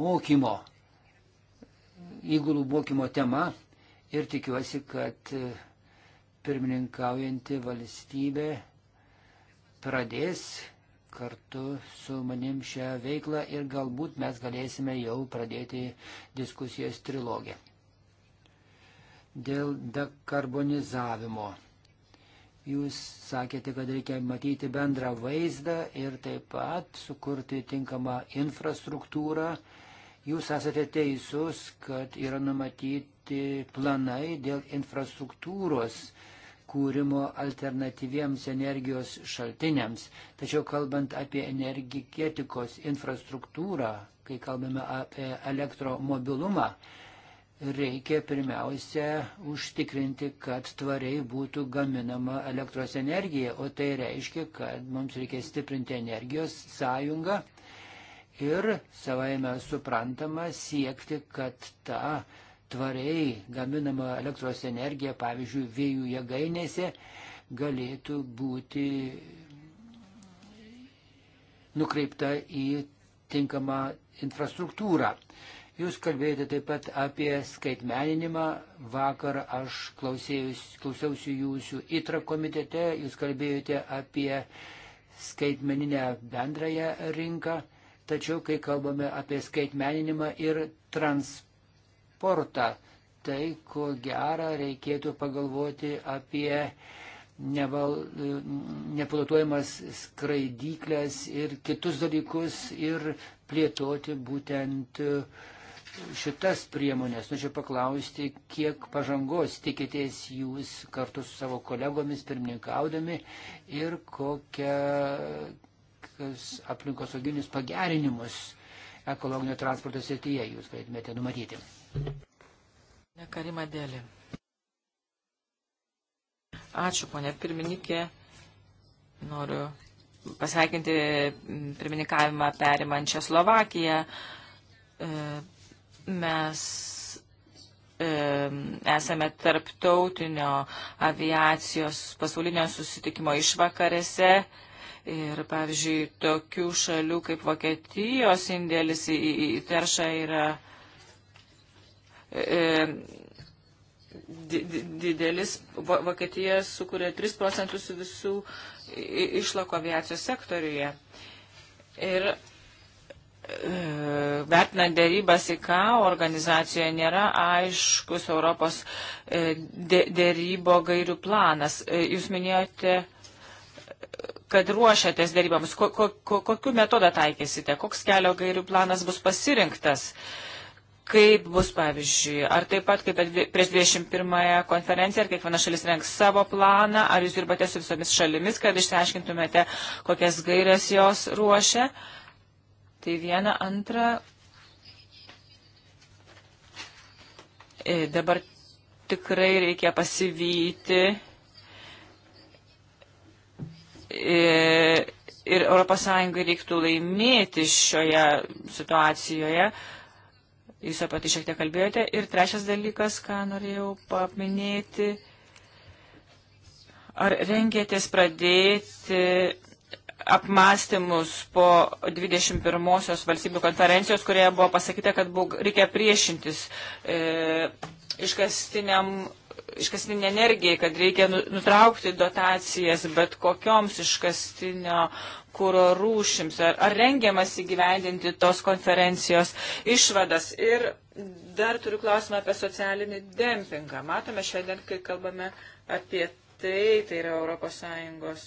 mokymo, įgulų mokymo tema ir tikiuosi, kad e, pirmininkaujanti valstybė pradės kartu su manim šią veiklą ir galbūt mes galėsime jau pradėti diskusijas trilogę. Dėl dekarbonizavimo. Jūs sakėte, kad reikia matyti bendrą vaizdą ir taip pat sukurti tinkamą infrastruktūrą. Jūs esate teisus, kad yra numatyti planai dėl infrastruktūros uh, kūrimo alternatyviems energijos šaltiniams. Tačiau kalbant apie energetikos infrastruktūrą, kai kalbame apie elektromobilumą, reikia pirmiausia užtikrinti, kad tvariai būtų gaminama elektros energija, o tai reiškia, kad mums reikia stiprinti energijos sąjungą ir savaime suprantama siekti, kad ta tvariai gaminama elektros energija, pavyzdžiui, vėjų jėgainėse, galėtų būti nukreipta į tinkamą infrastruktūrą. Jūs kalbėjote taip pat apie skaitmeninimą. Vakar aš klausėjus, klausiausi jūsų įtra komitete. Jūs kalbėjote apie skaitmeninę bendrąją rinką. Tačiau, kai kalbame apie skaitmeninimą ir transportą, transportą. Tai, ko gera, reikėtų pagalvoti apie neval, nepilotuojamas skraidyklės ir kitus dalykus ir plėtoti būtent šitas priemonės. Norėčiau nu, paklausti, kiek pažangos tikitės jūs kartu su savo kolegomis pirmininkaudami ir kokias aplinkosauginius pagerinimus ekologinio transporto srityje jūs galėtumėte numatyti. Karima Dėlė. Ačiū, ponė pirmininkė. Noriu pasveikinti pirmininkavimą perimančią Slovakiją. E, mes e, esame tarptautinio aviacijos pasaulinio susitikimo išvakarėse. Ir, pavyzdžiui, tokių šalių kaip Vokietijos indėlis į, į, į teršą yra uh, E, didelis. Vokietija sukuria 3 procentus visų išlako aviacijos sektoriuje. Ir e, vertinant dėrybas į ką organizacijoje nėra aiškus Europos e, dėrybo gairių planas. Jūs minėjote, kad ruošiatės dėryboms. Kokiu metodą taikysite? Koks kelio gairių planas bus pasirinktas? Uh, kaip bus, pavyzdžiui, ar taip pat kaip prieš 21-ąją konferenciją, ar kiekviena šalis renks savo planą, ar jūs dirbate su visomis šalimis, kad išsiaiškintumėte, kokias gairias jos ruošia. Tai viena, antra. E, dabar tikrai reikia pasivyti. E, ir ES reiktų laimėti šioje situacijoje, jūs apie tai šiek tiek kalbėjote. Ir trečias dalykas, ką norėjau paminėti, ar rengėtės pradėti apmąstymus po 21-osios valstybių konferencijos, kurioje buvo pasakyta, kad buvo, reikia priešintis e, iškastiniam iškastinė energija, kad reikia nu, nutraukti dotacijas bet kokioms iškastinio kūro rūšims. Ar, ar rengiamas įgyvendinti tos konferencijos išvadas? Ir dar turiu klausimą apie socialinį dempingą. Matome šiandien, kai kalbame apie tai, tai yra ES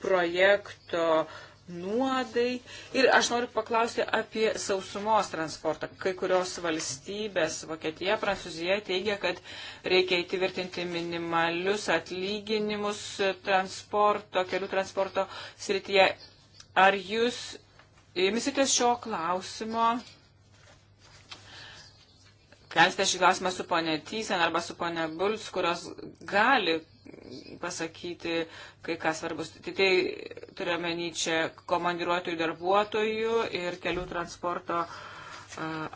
projekto uh, nuodai. Ir aš noriu paklausti apie sausumos transportą. Kai kurios valstybės, Vokietija, Prancūzija teigia, kad reikia įtvirtinti minimalius atlyginimus transporto, kelių transporto srityje. Ar jūs imsitės šio klausimo? Kelsite šį klausimą su ponė Tysen arba su ponė Bulc, kurios gali pasakyti, kai kas svarbus. Tai, tai turiuomenį čia komandiruotojų darbuotojų ir kelių transporto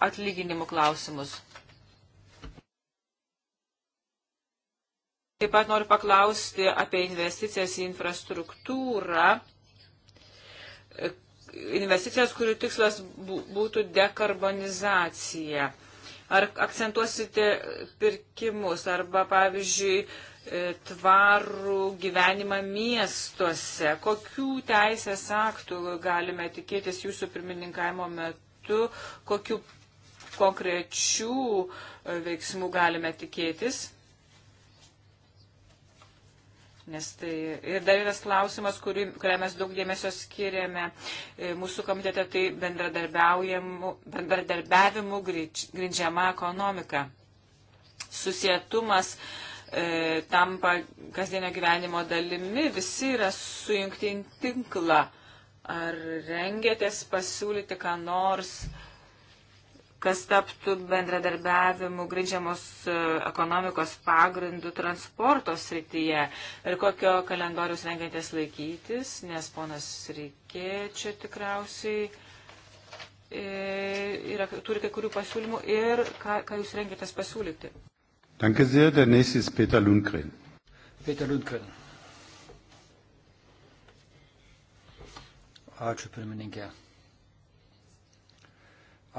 atlyginimų klausimus. Taip pat noriu paklausti apie investicijas į infrastruktūrą. Investicijas, kurių tikslas būtų dekarbonizacija. Ar akcentuosite pirkimus arba, pavyzdžiui, E, tvarų gyvenimą miestuose. Kokių teisės aktų galime tikėtis jūsų pirmininkavimo metu, kokių konkrečių e, veiksmų galime tikėtis? Nes tai ir dar vienas klausimas, kurį, kuriam mes daug dėmesio skiriame e, mūsų komitete, tai bendradarbiavimu grindžiama ekonomika. Susietumas uh, e, tampa kasdienio gyvenimo dalimi, visi yra sujungti į tinklą. Ar rengėtės pasiūlyti ką nors, kas taptų bendradarbiavimu grindžiamos e, ekonomikos pagrindų transporto srityje ir kokio kalendorius rengėtės laikytis, nes ponas Rykė čia tikriausiai e, yra, turi kai kurių pasiūlymų ir ką, ką jūs rengėtės pasiūlyti? Danke sehr. Der nächste ist Peter Lundgren. Peter Lundgren. Ačiū pirmininkė.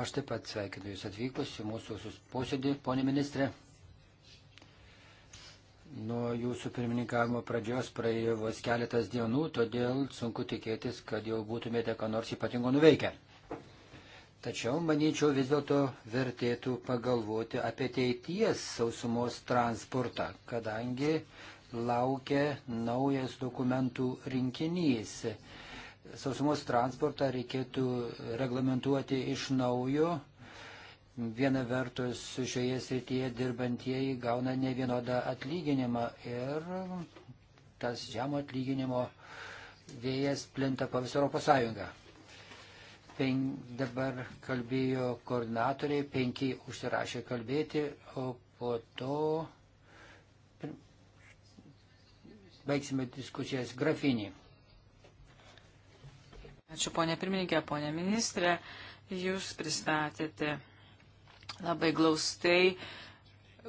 Aš taip pat sveikinu Jūs atvykus į mūsų posėdį, ponė ministrė. Nuo Jūsų pirmininkavimo pradžios praėjo vos keletas dienų, todėl sunku tikėtis, kad jau būtumėte ką nors ypatingo nuveikę. Tačiau, manyčiau, vis dėlto vertėtų pagalvoti apie ateities sausumos transportą, kadangi laukia naujas dokumentų rinkinys. Sausumos transportą reikėtų reglamentuoti iš naujo. Viena vertus šioje srityje dirbantieji gauna ne vienodą atlyginimą ir tas žemo atlyginimo vėjas plinta po visą Europos Sąjungą pen, dabar kalbėjo koordinatoriai, penki užsirašė kalbėti, o po to baigsime diskusijas grafinį. Ačiū ponė pirmininkė, ponė ministrė, jūs pristatėte labai glaustai,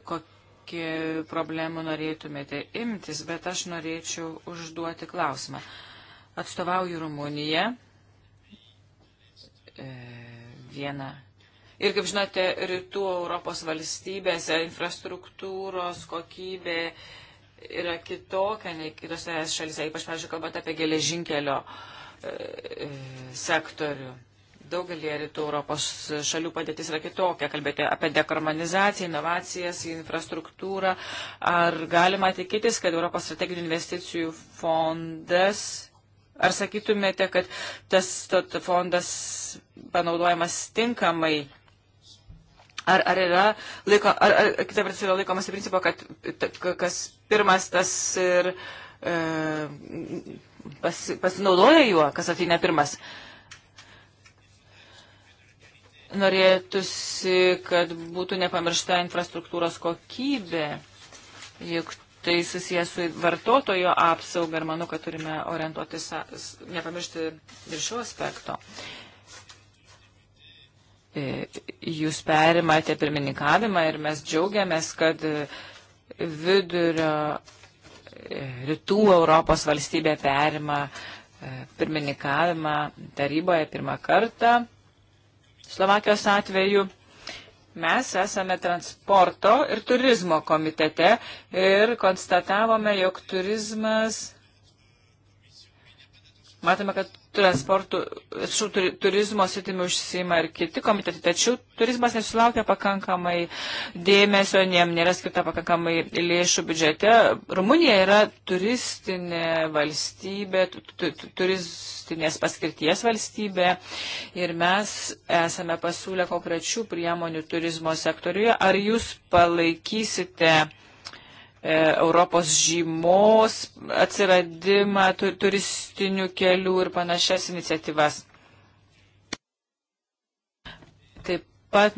kokie problemų norėtumėte imtis, bet aš norėčiau užduoti klausimą. Atstovauju Rumuniją E, viena. Ir kaip žinote, rytų Europos valstybėse infrastruktūros kokybė yra kitokia nei kitose šalise, ypač, pavyzdžiui, kalbant apie geležinkelio e, e, sektorių. Daugelį rytų Europos šalių padėtis yra kitokia. Kalbėti apie dekarbonizaciją, inovacijas, infrastruktūrą. Ar galima tikėtis, kad Europos strateginių investicijų fondas Ar sakytumėte, kad tas fondas panaudojamas tinkamai? Ar, ar yra laiko, ar, ar kitą prasme yra laikomasi principo, kad kas pirmas tas ir e, pas, pasinaudoja juo, kas ateina pirmas? Norėtųsi, kad būtų nepamiršta infrastruktūros kokybė, juk tai susijęs su vartotojo apsauga ir manau, kad turime orientuotis, nepamiršti ir šio aspekto. E, jūs perimate pirmininkavimą ir mes džiaugiamės, kad vidurio e, rytų Europos valstybė perima e, pirmininkavimą taryboje pirmą kartą Slovakijos atveju. Mes esame transporto ir turizmo komitete ir konstatavome, jog turizmas. Matome, kad transportų, šių turizmo sritimi užsima ir kiti komitetai, tačiau turizmas nesulaukia pakankamai dėmesio, jiem nėra skirta pakankamai lėšų biudžete. Rumunija yra turistinė valstybė, turistinės paskirties valstybė ir mes esame pasiūlę konkrečių priemonių turizmo sektoriuje. Ar jūs palaikysite? E, Europos žymos atsiradimą, turistinių kelių ir panašias iniciatyvas. Taip pat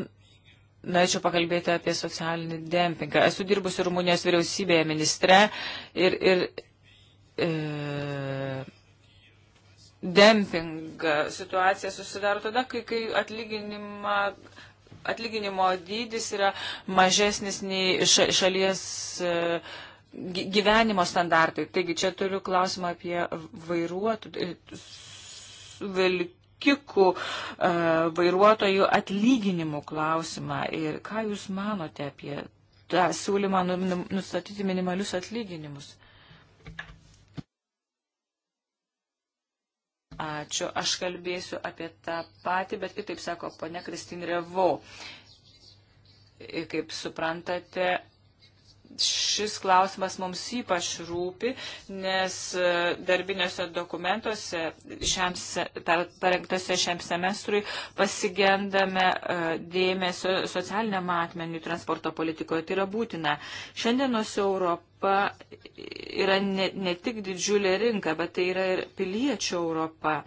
norėčiau pakalbėti apie socialinį dempingą. Esu dirbusi Rumunijos vyriausybėje ministre ir, ir e, dempingą situacija susidaro tada, kai, kai atlyginimą atlyginimo dydis yra mažesnis nei šalies e, gyvenimo standartai. Taigi čia turiu klausimą apie vairuotojų, e, vilkikų e, vairuotojų atlyginimų klausimą. Ir ką Jūs manote apie tą siūlymą nu, nu, nustatyti minimalius atlyginimus? Ačiū. Aš kalbėsiu apie tą patį, bet kitaip sako ponia Kristin Revo. Kaip suprantate, šis klausimas mums ypač rūpi, nes e, darbiniuose dokumentuose šiam, parengtose šiam semestrui pasigendame e, dėmesio socialiniam atmeniui transporto politikoje. Tai yra būtina. Šiandienos Europa yra ne, ne tik didžiulė rinka, bet tai yra ir piliečių Europa.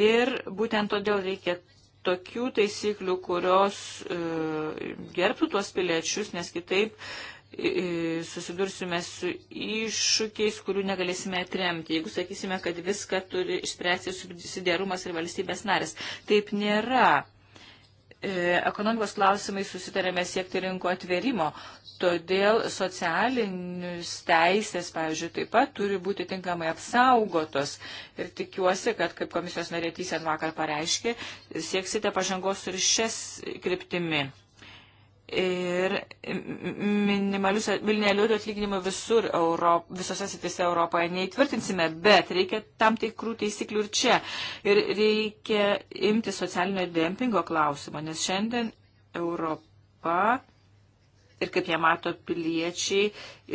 Ir būtent todėl reikia tokių taisyklių, kurios uh, gerbtų tuos piliečius, nes kitaip uh, E, e, susidursime su iššūkiais, kurių negalėsime atremti, jeigu sakysime, kad viską turi išspręsti subsidiarumas ir valstybės narės. Taip nėra. E, ekonomikos klausimai susitarėme siekti rinko atverimo, todėl socialinius teisės, pavyzdžiui, taip pat turi būti tinkamai apsaugotos. Ir tikiuosi, kad, kaip komisijos narė Tysen vakar pareiškė, sieksite pažangos ir šias kryptimi ir minimalius Vilnelių atlyginimų visur Europ, visose sitise Europoje neįtvirtinsime, bet reikia tam tikrų teisiklių ir čia. Ir reikia imti socialinio dempingo klausimą, nes šiandien Europa ir kaip jie mato piliečiai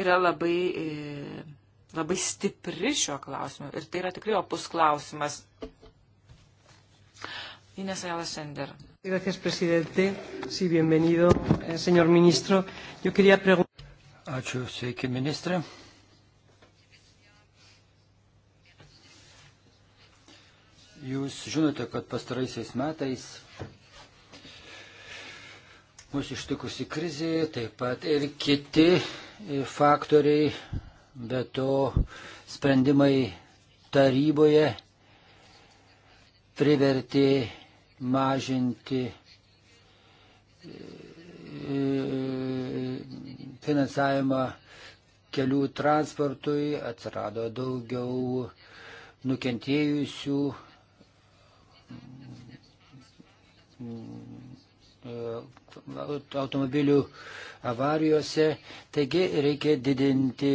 yra labai, e, labai stipri šio klausimu. Ir tai yra tikrai opus klausimas. Ines Elasender. Gracias, presidente. Sí, bienvenido, eh, señor ministro. Yo quería preguntar. Ačiū, sveiki, ministrė. Jūs žinote, kad pastaraisiais metais mūsų ištikusi krizė, taip pat ir kiti e, faktoriai, bet to sprendimai taryboje privertė mažinti e, finansavimą kelių transportui, atsirado daugiau nukentėjusių e, automobilių avarijose. Taigi reikia didinti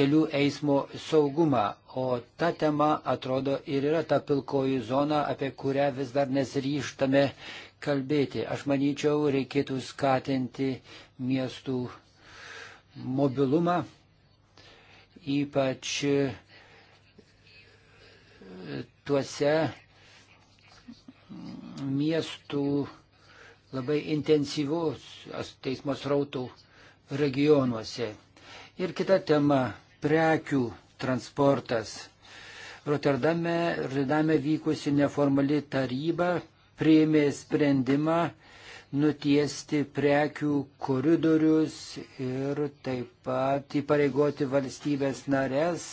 kelių eismo saugumą. O ta tema, atrodo, ir yra ta pilkoji zona, apie kurią vis dar nesiryštame kalbėti. Aš manyčiau, reikėtų skatinti miestų mobilumą, ypač e, tuose miestų labai intensyvus teismo srautų regionuose. Ir kita tema - prekių transportas. Rotterdame, Rotterdame vykusi neformali taryba priėmė sprendimą nutiesti prekių koridorius ir taip pat įpareigoti valstybės narės,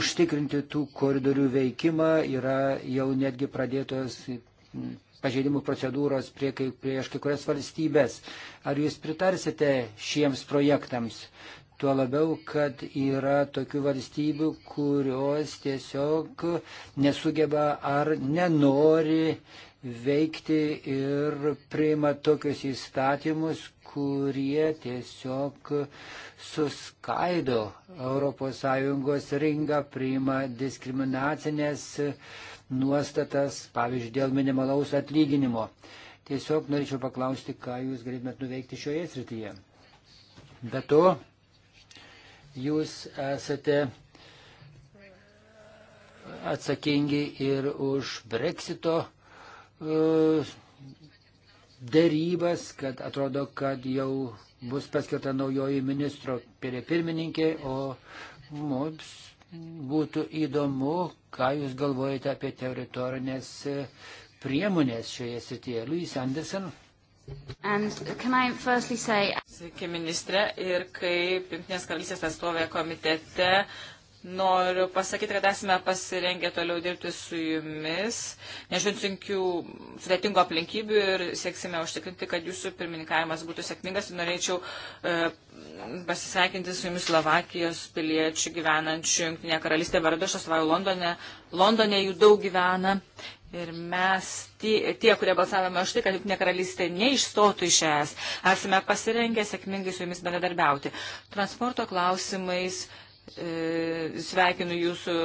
užtikrinti tų koridorių veikimą. Yra jau netgi pradėtos pažeidimų procedūros prie, prieš kai kurias valstybės. Ar jūs pritarsite šiems projektams? Tuo labiau, kad yra tokių valstybių, kurios tiesiog nesugeba ar nenori veikti ir priima tokius įstatymus, kurie tiesiog suskaido ES rinką, priima diskriminacinės nuostatas, pavyzdžiui, dėl minimalaus atlyginimo. Tiesiog norėčiau paklausti, ką jūs galėtumėt nuveikti šioje srityje. Be to, Jūs esate atsakingi ir už Brexito e, dėrybas, kad atrodo, kad jau bus paskirta naujoji ministro pirmininkė, o mums būtų įdomu, ką Jūs galvojate apie teritorinės priemonės šioje srityje. Louis Anderson. Say... Sveiki, ministrė. Ir kaip Junktinės karalystės atstovė komitete, noriu pasakyti, kad esame pasirengę toliau dirbti su jumis, nežiūrint sunkių, sudėtingų aplinkybių ir sieksime užtikrinti, kad jūsų pirmininkavimas būtų sėkmingas. Ir norėčiau e, pasisveikinti su jumis Slovakijos piliečių gyvenančių Junktinėje karalystėje vardu. Aš atstovauju Londone. Londone jų daug gyvena. Ir mes, tie, tie kurie balsavome už tai, kad Junktinė karalystė neišstotų iš ES, esame pasirengę sėkmingai su jumis bendradarbiauti. Transporto klausimais e, sveikinu jūsų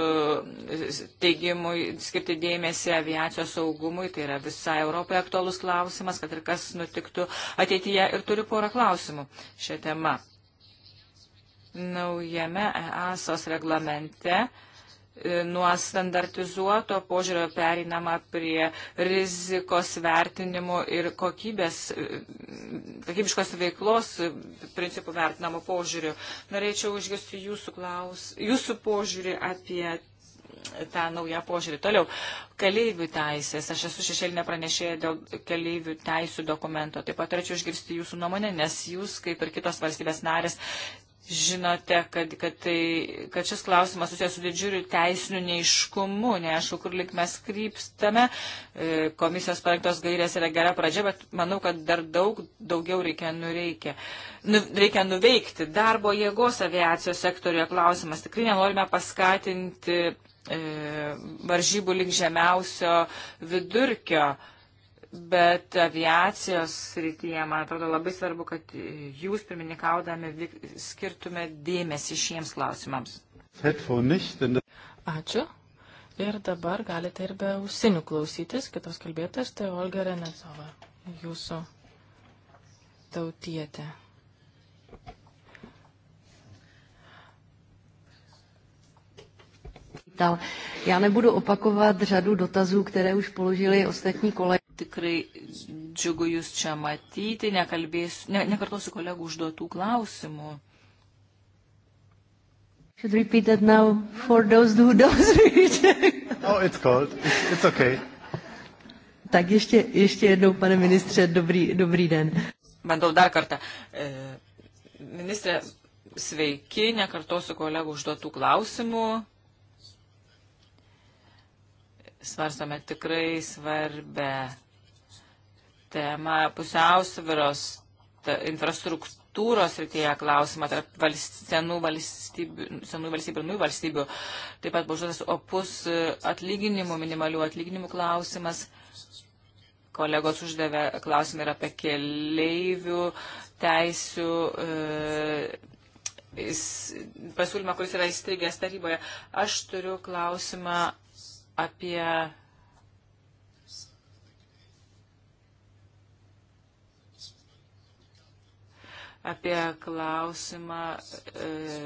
teigimui skirti dėmesį aviacijos saugumui, tai yra visai Europai aktuolus klausimas, kad ir kas nutiktų ateityje. Ir turiu porą klausimų šią temą. Naujame EASOS reglamente E, nuo standartizuoto požiūrio pereinama prie rizikos vertinimo ir kokybės, e, kokybiškos veiklos principų vertinamo požiūriu. Norėčiau užgirsti jūsų, klaus, jūsų požiūrį apie tą naują požiūrį. Toliau, keleivių teisės. Aš esu šešėlinė pranešėja dėl keleivių teisų dokumento. Taip pat norėčiau išgirsti jūsų nuomonę, nes jūs, kaip ir kitos valstybės narės, žinote, kad, kad, tai, kad šis klausimas susijęs su didžiuliu teisiniu neiškumu, neaišku, kur lik mes krypstame. E, komisijos parengtos gairės yra gera pradžia, bet manau, kad dar daug daugiau reikia, nureikia, nu, reikia nuveikti. Darbo jėgos aviacijos sektoriuje klausimas. Tikrai nenorime paskatinti e, varžybų link žemiausio vidurkio. E, Bet aviacijos srityje, man atrodo, labai svarbu, kad jūs pirmininkaudami skirtume dėmesį šiems klausimams. Ačiū. Ir dabar galite ir be ausinių klausytis. Kitos kalbėtas tai Olga Renecova, jūsų tautietė. ptal. Já nebudu opakovat řadu dotazů, které už položili ostatní kolegy. Tikrai džiugu jūs čia matyti, nekalbėsiu, ne, nekartosiu kolegų užduotų klausimų. Should repeat that now for those who don't read. oh, it's cold. It's, it's okay. Tak ještě, ještě jednou, pane ministře, dobrý, dobrý den. Bandau dar kartą. E, Ministrė, sveiki, nekartosiu kolegų užduotų klausimų svarstome tikrai svarbę temą pusiausviros infrastruktūros rytėje klausimą tarp valst, senų valstybių, senų valstybių ir naujų valstybių. Taip pat buvo užduotas opus e, atlyginimų, minimalių atlyginimų klausimas. Kolegos uždavė klausimą ir apie keleivių teisių e, pasiūlymą, kuris yra įstrigęs taryboje. Aš turiu klausimą apie apie klausimą e,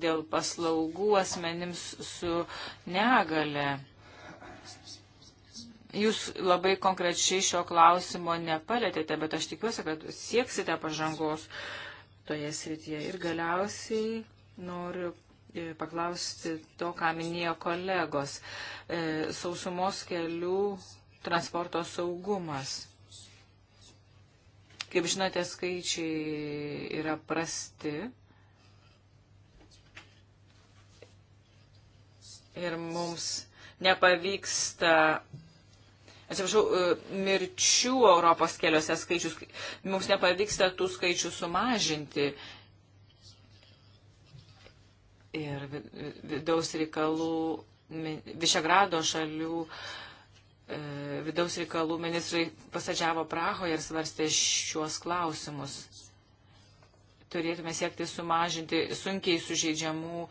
dėl paslaugų asmenims su negale. Jūs labai konkrečiai šio klausimo nepalėtėte, bet aš tikiuosi, kad sieksite pažangos toje srityje. Ir galiausiai noriu E, paklausti to, ką minėjo kolegos. E, sausumos kelių transporto saugumas. Kaip žinote, skaičiai yra prasti. Ir mums nepavyksta, atsiprašau, e, mirčių Europos keliuose skaičius, mums nepavyksta tų skaičių sumažinti ir vidaus reikalų, Višegrado šalių e, vidaus reikalų ministrai pasadžiavo Prahoje ir svarstė šiuos klausimus. Turėtume siekti sumažinti sunkiai sužeidžiamų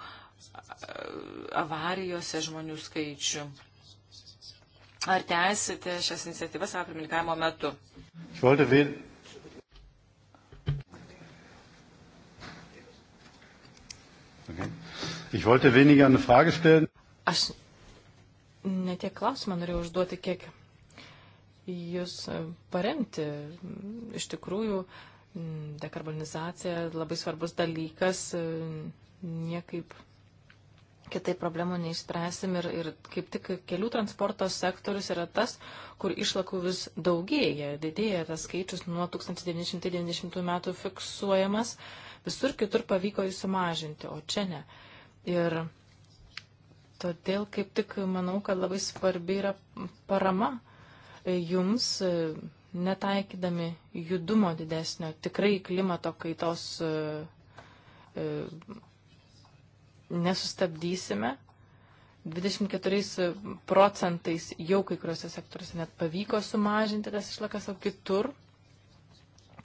avarijose žmonių skaičių. Ar tęsite šias iniciatyvas apriminkavimo metu? Ich wollte Aš ne tiek klausimą norėjau užduoti, kiek jūs e, paremti. Iš tikrųjų, dekarbonizacija labai svarbus dalykas, e, niekaip kitai problemų neišspręsim ir, ir kaip tik kelių transporto sektorius yra tas, kur išlakų vis daugėja, didėja tas skaičius nuo 1990 metų fiksuojamas, visur kitur pavyko jį sumažinti, o čia ne. Uh, Ir todėl kaip tik manau, kad labai svarbi yra parama e, jums, e, netaikydami judumo didesnio, tikrai klimato kaitos e, nesustabdysime. 24 procentais jau kai kuriuose sektoriuose net pavyko sumažinti tas išlakas, o kitur,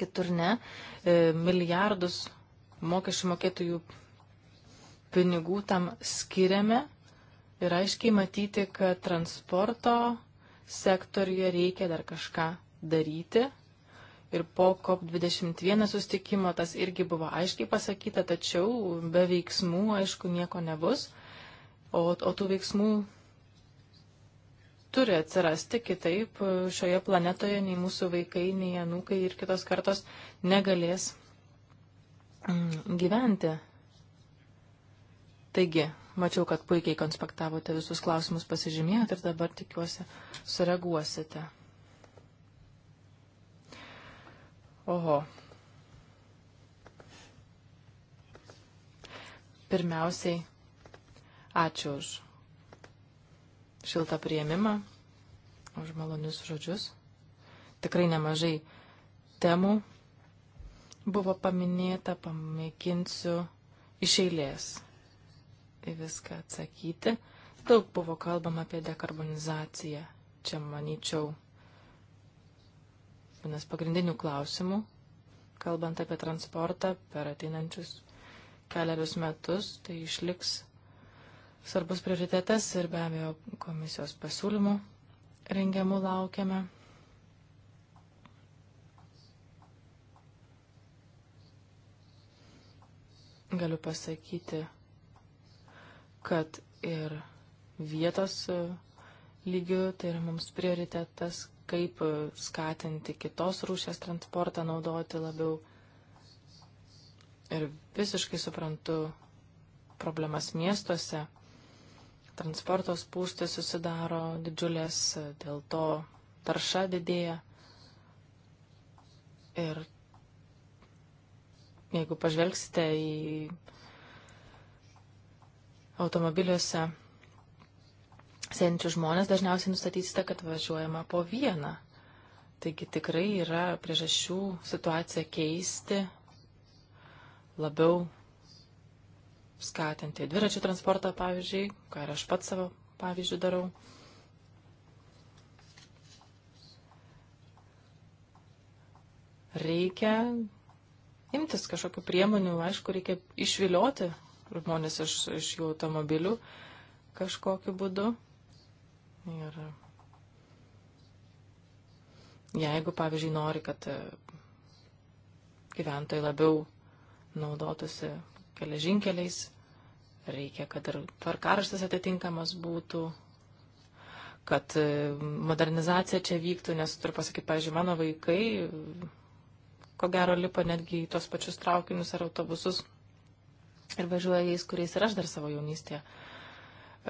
kitur ne, milijardus mokesčių mokėtojų pinigų tam skiriame ir aiškiai matyti, kad transporto sektoriuje reikia dar kažką daryti. Ir po COP21 sustikimo tas irgi buvo aiškiai pasakyta, tačiau be veiksmų, aišku, nieko nebus. O, o tų veiksmų turi atsirasti kitaip šioje planetoje nei mūsų vaikai, nei anūkai ir kitos kartos negalės mm, gyventi Taigi, mačiau, kad puikiai konspektavote visus klausimus pasižymėjot ir dabar tikiuosi sureaguosite. Oho. Pirmiausiai, ačiū už šiltą prieimimą, už malonius žodžius. Tikrai nemažai temų buvo paminėta, pamėginsiu iš eilės į viską atsakyti. Daug buvo kalbama apie dekarbonizaciją. Čia, manyčiau, vienas pagrindinių klausimų, kalbant apie transportą per ateinančius keliarius metus, tai išliks svarbus prioritetas ir be abejo komisijos pasiūlymų rengiamų laukiame. Galiu pasakyti, kad ir vietos e, lygių, tai yra mums prioritetas, kaip e, skatinti kitos rūšės transportą naudoti labiau. Ir visiškai suprantu problemas miestuose. Transportos pūstis susidaro didžiulės, e, dėl to tarša didėja. Ir jeigu pažvelgsite į automobiliuose senčių žmonės, dažniausiai nustatysite, kad važiuojama po vieną. Taigi tikrai yra priežasčių situaciją keisti, labiau skatinti dviračių transportą, pavyzdžiui, ką ir aš pats savo pavyzdžių darau. Reikia imtis kažkokių priemonių, aišku, reikia išvilioti žmonės iš, iš jų automobilių kažkokiu būdu. Ir jeigu, pavyzdžiui, nori, kad e, gyventojai labiau naudotųsi geležinkeliais, reikia, kad ir tvarkaraštas atitinkamas būtų, kad e, modernizacija čia vyktų, nes turiu pasakyti, pavyzdžiui, mano vaikai ko gero lipa netgi į tos pačius traukinius ar autobusus ir važiuoja jais, kuriais ir aš dar savo jaunystėje e,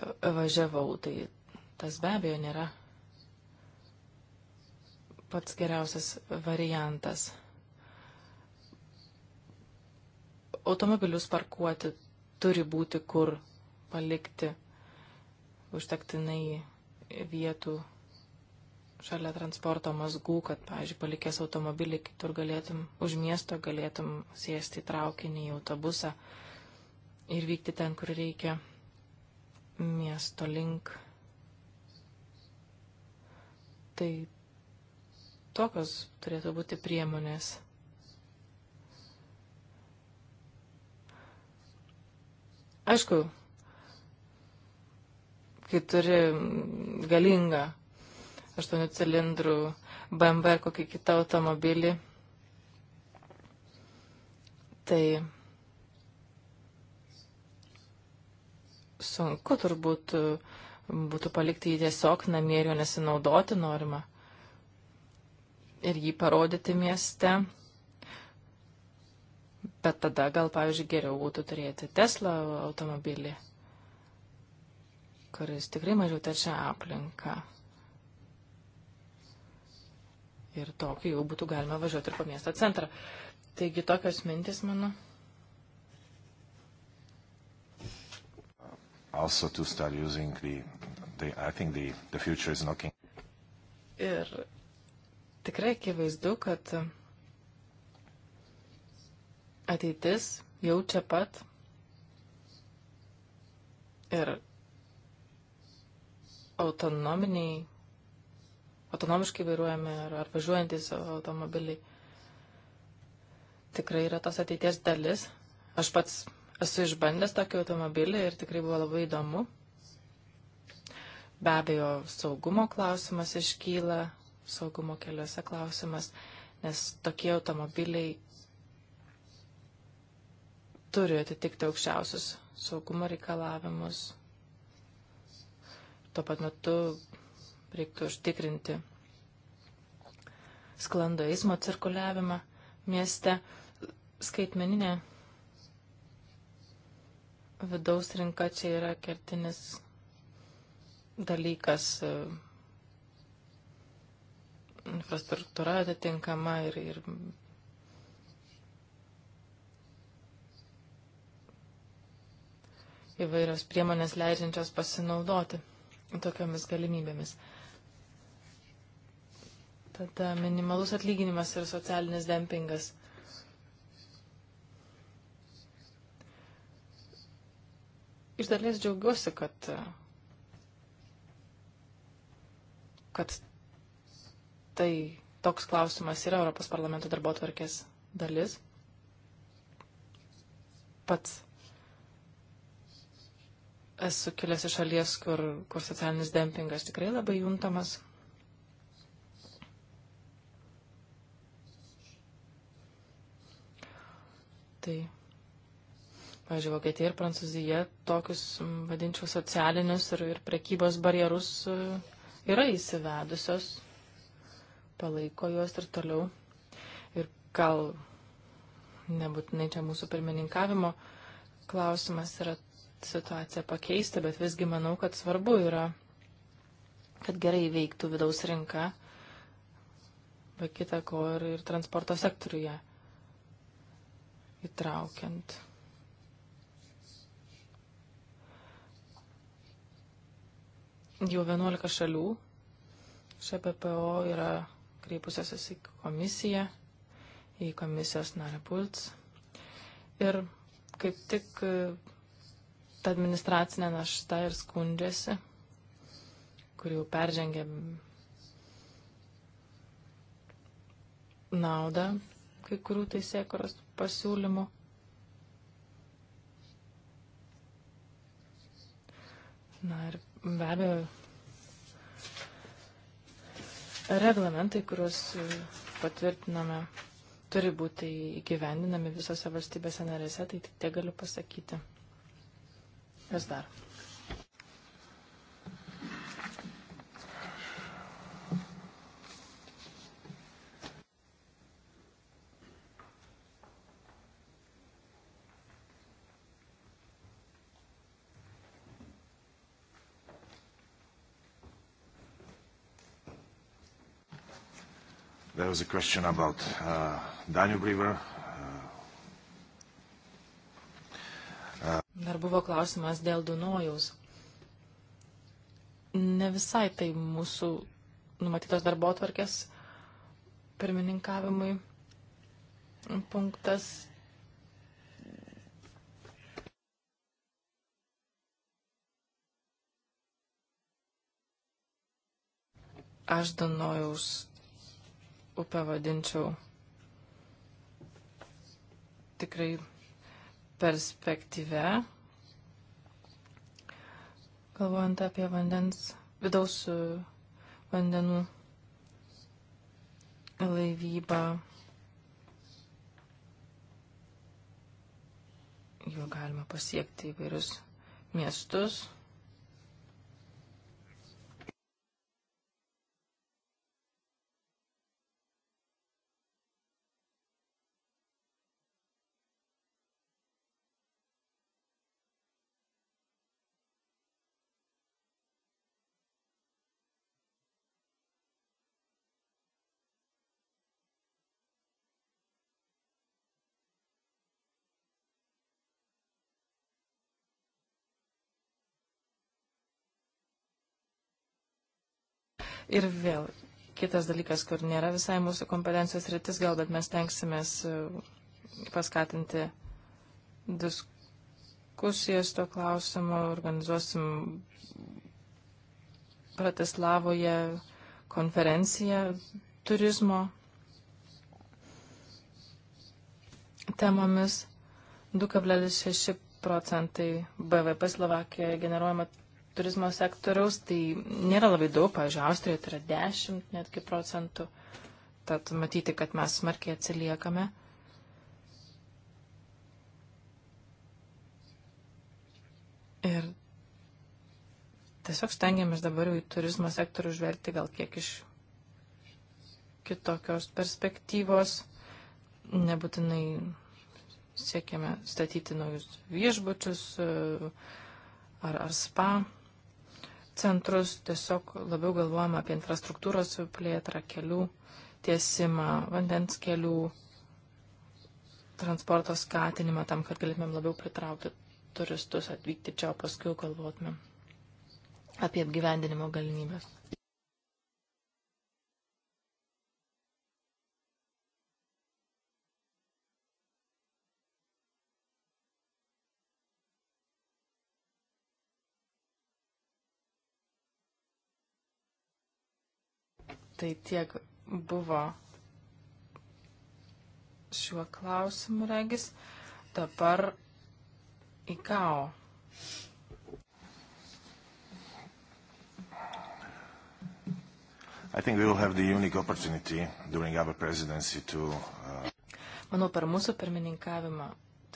e, važiavau. Tai tas be abejo nėra pats geriausias variantas. Automobilius parkuoti turi būti kur palikti užtektinai vietų šalia transporto mazgų, kad, pavyzdžiui, palikęs automobilį kitur galėtum, už miesto galėtum sėsti į traukinį, į autobusą. Uh, ir vykti ten, kur reikia, miesto link. Tai tokios turėtų būti priemonės. Aišku, kai turi galingą aštuonių cilindrų BMW ar kokį kitą automobilį, tai sunku turbūt e, būtų palikti jį tiesiog namie ir jo nesinaudoti norima. Ir jį parodyti mieste. Bet tada gal, pavyzdžiui, geriau būtų turėti Tesla automobilį, kuris tikrai mažiau teršia aplinką. Ir tokį jau būtų galima važiuoti ir po miesto centrą. Taigi tokios mintis, manau. also to start using the, the I think the, the future is knocking. Ir tikrai akivaizdu, kad ateitis jau čia pat. Ir autonominiai, autonomiškai vairuojami ar, ar važiuojantis automobiliai tikrai yra tos ateities dalis. Aš pats Esu išbandęs tokį automobilį ir tikrai buvo labai įdomu. Be abejo, saugumo klausimas iškyla, saugumo keliuose klausimas, nes tokie automobiliai turi atitikti aukščiausius saugumo reikalavimus. Tuo pat metu reiktų užtikrinti sklandų eismo cirkuliavimą mieste. Skaitmeninė vidaus rinka čia yra kertinis dalykas, e, infrastruktūra atitinkama ir, ir įvairios priemonės leidžiančios pasinaudoti tokiomis galimybėmis. Tada minimalus atlyginimas ir socialinis dempingas – iš dalies džiaugiuosi, kad, kad tai toks klausimas yra Europos parlamento darbo tvarkės dalis. Pats esu kilęs iš šalies, kur, kur socialinis dempingas tikrai labai juntamas. Tai pavyzdžiui, Vokietija ir Prancūzija tokius, vadinčiau, socialinius ir, ir prekybos barjerus e, yra įsivedusios, palaiko juos ir toliau. Ir gal nebūtinai čia mūsų pirmininkavimo klausimas yra situaciją pakeisti, bet visgi manau, kad svarbu yra, kad gerai veiktų vidaus rinka, be kita ko ir, ir transporto sektoriuje įtraukiant. Jau 11 šalių šią PPO yra kreipusiasis į komisiją, į komisijos narę Pults. Ir kaip tik e, ta administracinė našta ir skundžiasi, kur jau peržengė naudą kai kurių teisėkoros pasiūlymų. Na ir Be abejo, reglamentai, kuriuos e, patvirtiname, turi būti įgyvendinami visose valstybėse narėse, tai tik tiek galiu pasakyti. Kas dar? was a question about uh, Danube River. Uh, Dar buvo klausimas dėl Dunojaus. Ne visai tai mūsų numatytos darbo atvarkės pirmininkavimui punktas. Aš Dunojaus upę vadinčiau tikrai perspektyvę, galvojant apie vandens, vidaus e, vandenų laivybą. Juo galima pasiekti įvairius miestus. Ir vėl, kitas dalykas, kur nėra visai mūsų kompetencijos rytis, gal, bet mes tenksimės e, paskatinti diskusijas tuo klausimu, organizuosim Pratislavoje konferenciją turizmo temomis 2,6 procentai BVP Slovakijoje generuojama turizmo sektoriaus, tai nėra labai daug, pažiūrėjau, Austrijoje tai yra 10 netgi procentų, tad matyti, kad mes smarkiai atsiliekame. Ir tiesiog stengiamės dabar į turizmo sektorių žvelgti gal kiek iš kitokios perspektyvos, nebūtinai siekiame statyti naujus viešbučius e, ar, ar spa centrus, tiesiog labiau galvojama apie infrastruktūros plėtrą, kelių tiesimą, vandens kelių, transporto skatinimą tam, kad galėtumėm labiau pritraukti turistus atvykti čia, o paskui galvotumėm apie apgyvendinimo galimybės. Tai tiek buvo šiuo klausimu, regis. Dabar į kao. I think we will have the unique opportunity during our presidency to. Uh... Manau, per mūsų pirmininkavimą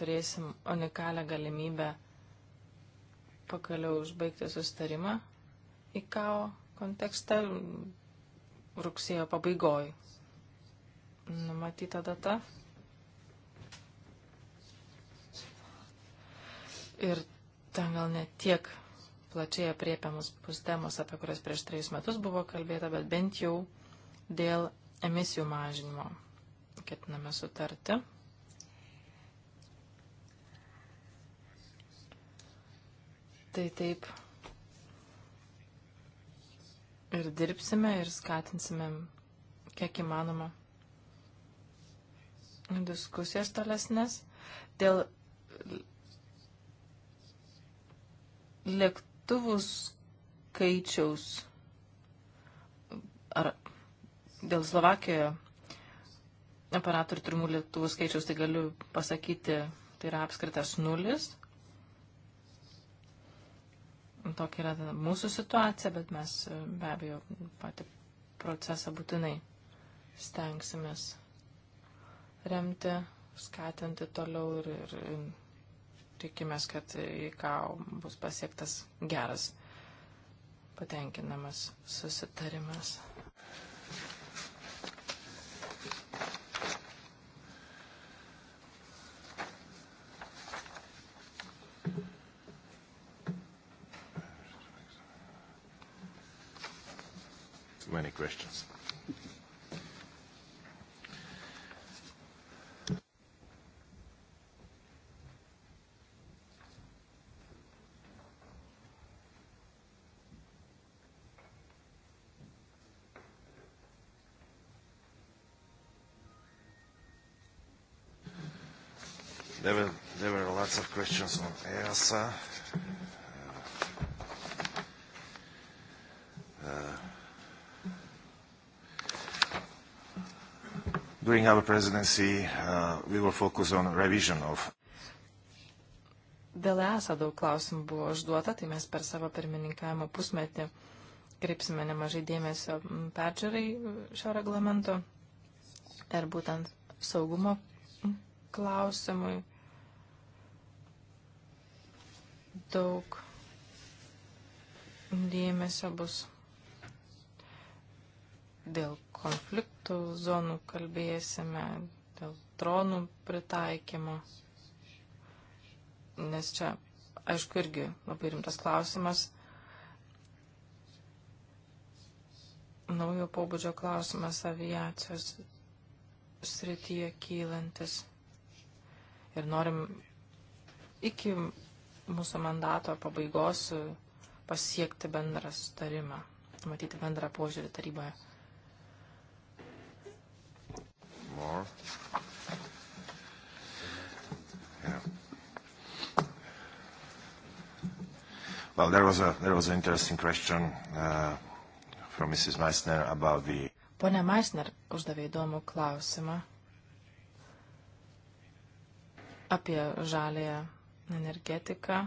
turėsim unikalią galimybę pagaliau užbaigti sustarimą į KAO kontekstą rugsėjo pabaigoj numatyta data. Ir ten gal net tiek plačiai apriepiamus bus temos, apie kurias prieš trejus metus buvo kalbėta, bet bent jau dėl emisijų mažinimo ketiname sutarti. Tai taip ir dirbsime ir skatinsime kiek įmanoma diskusijas tolesnės dėl lėktuvų skaičiaus ar dėl Slovakijoje aparatų ir turimų lėktuvų skaičiaus, tai galiu pasakyti, tai yra apskritas nulis. Tokia yra mūsų situacija, bet mes e, be abejo patį procesą būtinai stengsimės remti, skatinti toliau ir, ir tikimės, kad į ką bus pasiektas geras, patenkinamas susitarimas. just on EASA. Uh, during our presidency, uh, we will focus on revision of Dėl ESA daug klausimų buvo užduota, tai mes per savo pirmininkavimo pusmetį kreipsime nemažai dėmesio mm, peržiūrai šio reglamento ir būtent saugumo mm, klausimui daug dėmesio bus dėl konfliktų zonų kalbėsime, dėl dronų pritaikymo. Nes čia, aišku, irgi labai rimtas klausimas. Naujo pobūdžio klausimas aviacijos srityje kylantis. Ir norim iki mūsų mandato pabaigos pasiekti bendrą sutarimą, matyti bendrą požiūrį taryboje. More. Yeah. Well, there was, a, there was an interesting question uh, from Mrs. Meissner about the... Pone Meissner uždavė įdomų klausimą apie žalėją energetiką.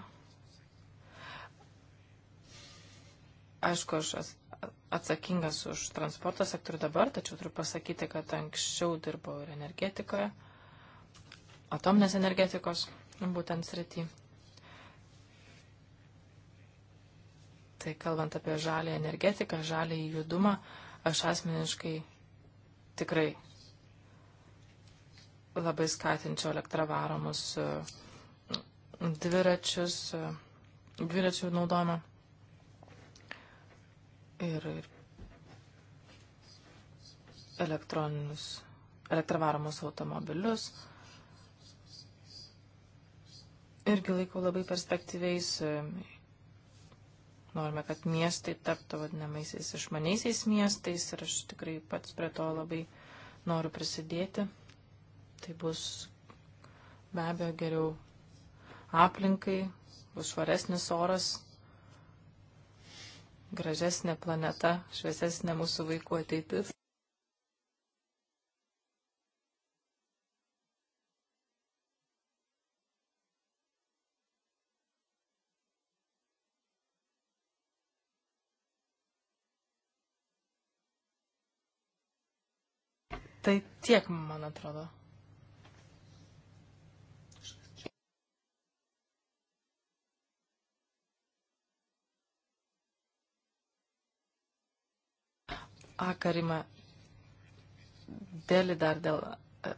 Aišku, aš atsakingas už transporto sektorių dabar, tačiau turiu pasakyti, kad anksčiau dirbau ir energetikoje, atominės energetikos būtent srity. Tai kalbant apie žalį energetiką, žalį judumą, aš asmeniškai tikrai labai skatinčiau elektravaromus uh, dviračius, dviračių naudojimą. Ir, ir elektroninius, elektravaromus automobilius. Irgi laikau labai perspektyviais. Norime, kad miestai taptų vadinamaisiais išmaniaisiais miestais ir aš tikrai pats prie to labai noriu prisidėti. Tai bus be abejo geriau aplinkai, bus švaresnis oras, gražesnė planeta, šviesesnė mūsų vaikų ateitis. Tai tiek, man atrodo. Pakarima dėlį dar dėl e,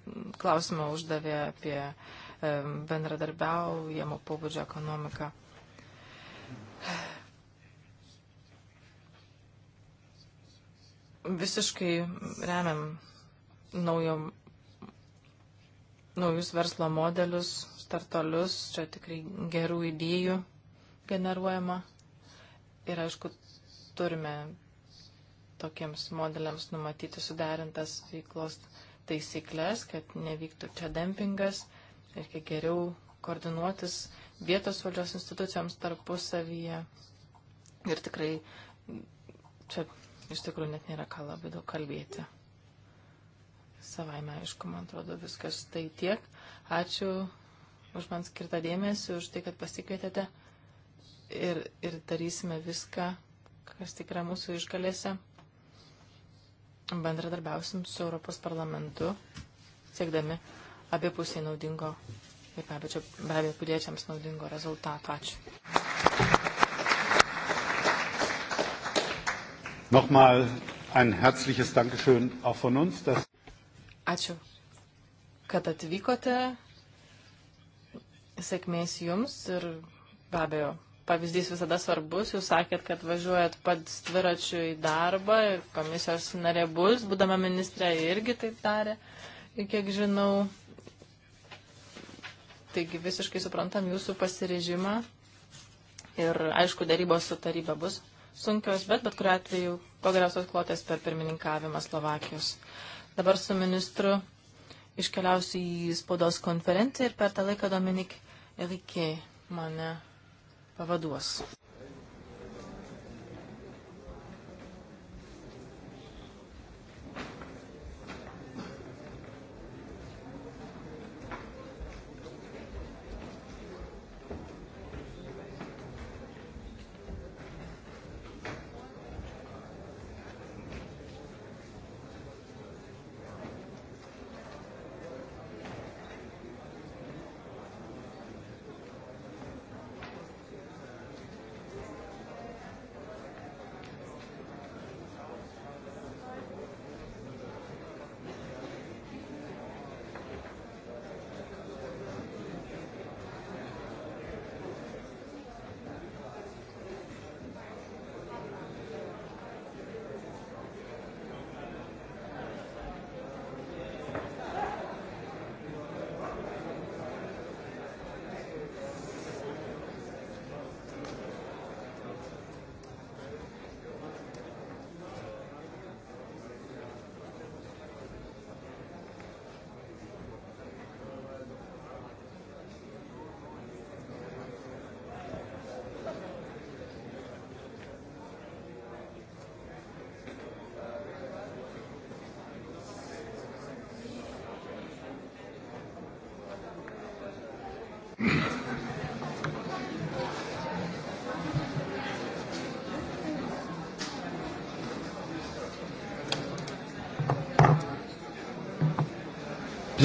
klausimą uždavė apie e, bendradarbiaujamo pobūdžio ekonomiką. Visiškai remiam naujo, naujus verslo modelius, startolius, čia tikrai gerų idėjų generuojama. Ir aišku, turime tokiems modeliams numatyti suderintas veiklos taisyklės, kad nevyktų čia dempingas, reikia geriau koordinuotis vietos valdžios institucijoms tarpusavyje. Ir tikrai čia iš tikrųjų net nėra ką labai daug kalbėti. Savaime, aišku, man atrodo, viskas tai tiek. Ačiū už man skirtą dėmesį, už tai, kad pasikvietėte ir, ir darysime viską, kas tik yra mūsų išgalėse bendradarbiausim su Europos parlamentu, siekdami abipusiai naudingo ir be abejo, be abejo piliečiams naudingo rezultato. Ačiū. Nochmal ein herzliches Dankeschön auch von uns. Dass Ačiū, kad atvykote. Sėkmės jums ir be abejo pavyzdys visada svarbus. Jūs sakėt, kad važiuojat pats dviračiu į darbą, komisijos narė bus, būdama ministrė irgi taip darė, kiek žinau. Taigi visiškai suprantam jūsų pasirežimą ir aišku, darybos su taryba bus sunkios, bet bet kuriu atveju kuo geriausios klotės per pirmininkavimą Slovakijos. Dabar su ministru iškeliausiu į spaudos konferenciją ir per tą laiką Dominik Rikė mane pavaduos.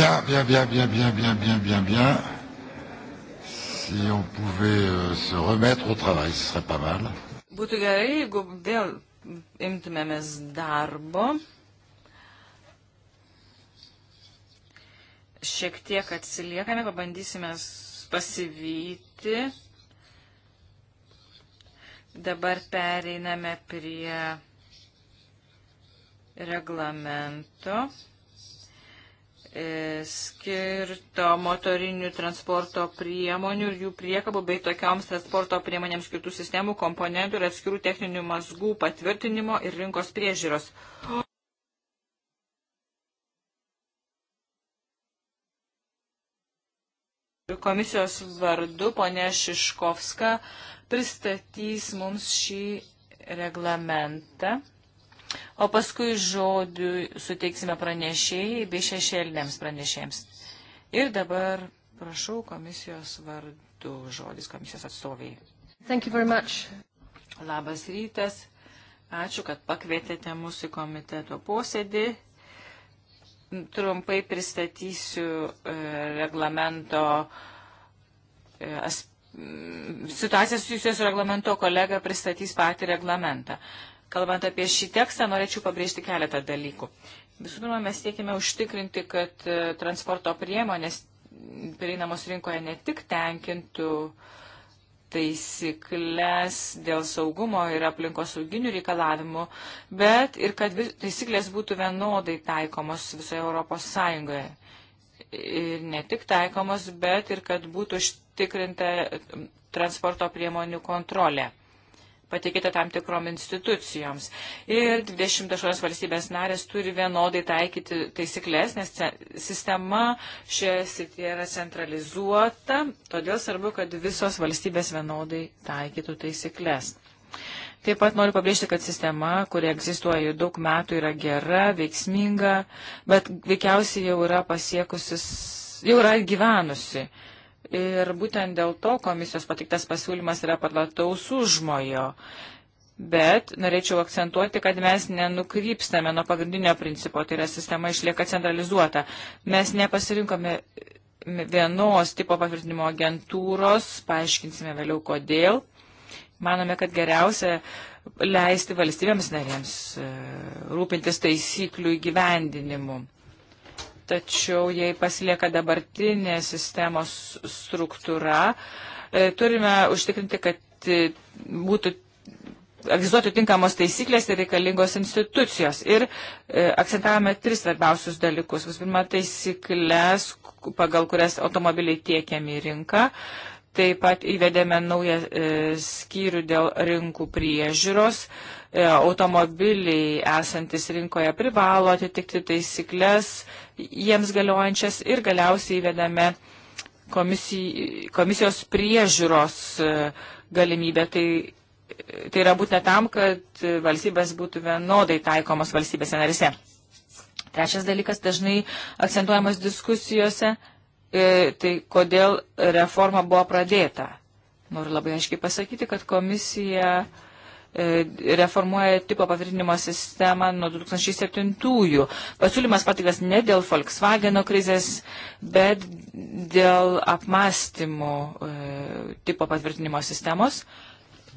Bien, bien, bien, bien, bien, bien, bien, bien, bien. Si on pouvait euh, se remettre au travail, ce serait pas mal. Būtų gerai, jeigu vėl imtumėmės darbo. Šiek tiek atsiliekame, pabandysime pasivyti. Dabar pereiname prie reglamento. E, skirto motorinių transporto priemonių ir jų priekabų bei tokioms transporto priemonėms skirtų sistemų, komponentų ir atskirų techninių mazgų patvirtinimo ir rinkos priežiūros. Komisijos vardu ponė Šiškovska pristatys mums šį reglamentą. O paskui žodį suteiksime pranešėjai bei šešėliniams pranešėjams. Ir dabar prašau komisijos vardu žodis komisijos atstoviai. Labas rytas. Ačiū, kad pakvietėte mūsų komiteto posėdį. Trumpai pristatysiu e, reglamento e, aspektą situaciją susijusią su reglamento kolega pristatys patį reglamentą. Kalbant apie šį tekstą, norėčiau pabrėžti keletą dalykų. Visų pirma, mes siekime užtikrinti, kad e, transporto priemonės prieinamos rinkoje ne tik tenkintų taisyklės dėl saugumo ir aplinkosauginių reikalavimų, bet ir kad taisyklės būtų vienodai taikomos visoje Europos Sąjungoje. Ir ne tik taikomos, bet ir kad būtų užtikrinta e, transporto priemonių kontrolė patikėta tam tikrom institucijoms. Ir 28 valstybės narės turi vienodai taikyti taisyklės, nes sistema šioje srityje yra centralizuota, todėl svarbu, kad visos valstybės vienodai taikytų taisyklės. Taip pat noriu pabrėžti, kad sistema, kuri egzistuoja jau daug metų, yra gera, veiksminga, bet veikiausiai jau yra pasiekusis, jau yra gyvenusi. Uh, Ir būtent dėl to komisijos patiktas pasiūlymas yra plataus užmojo. Bet norėčiau akcentuoti, kad mes nenukrypstame nuo pagrindinio principo, tai yra sistema išlieka centralizuota. Mes nepasirinkome vienos tipo patvirtinimo agentūros, paaiškinsime vėliau kodėl. Manome, kad geriausia leisti valstybėms narėms e, rūpintis taisyklių įgyvendinimu. Tačiau jei pasilieka dabartinė sistemos struktūra, e, turime užtikrinti, kad e, būtų egzistuotų tinkamos taisyklės ir reikalingos institucijos. Ir e, akcentavome tris svarbiausius dalykus. Visų pirma, taisyklės, pagal kurias automobiliai tiekiami į rinką. Taip pat įvedėme naują e, skyrių dėl rinkų priežiūros. E, E, automobiliai esantis rinkoje privalo atitikti taisyklės jiems galiojančias ir galiausiai įvedame komisijos priežiūros e, galimybę. Tai, e, tai yra būtent tam, kad valstybės būtų vienodai taikomos valstybėse narise. Trečias dalykas dažnai akcentuojamas diskusijose, tai kodėl reforma buvo pradėta. Noriu labai aiškiai pasakyti, kad komisija uh, E, reformuoja tipo patvirtinimo sistemą nuo 2007-ųjų. Pasiūlymas patiktas ne dėl Volkswageno krizės, bet dėl apmastymų e, tipo patvirtinimo sistemos.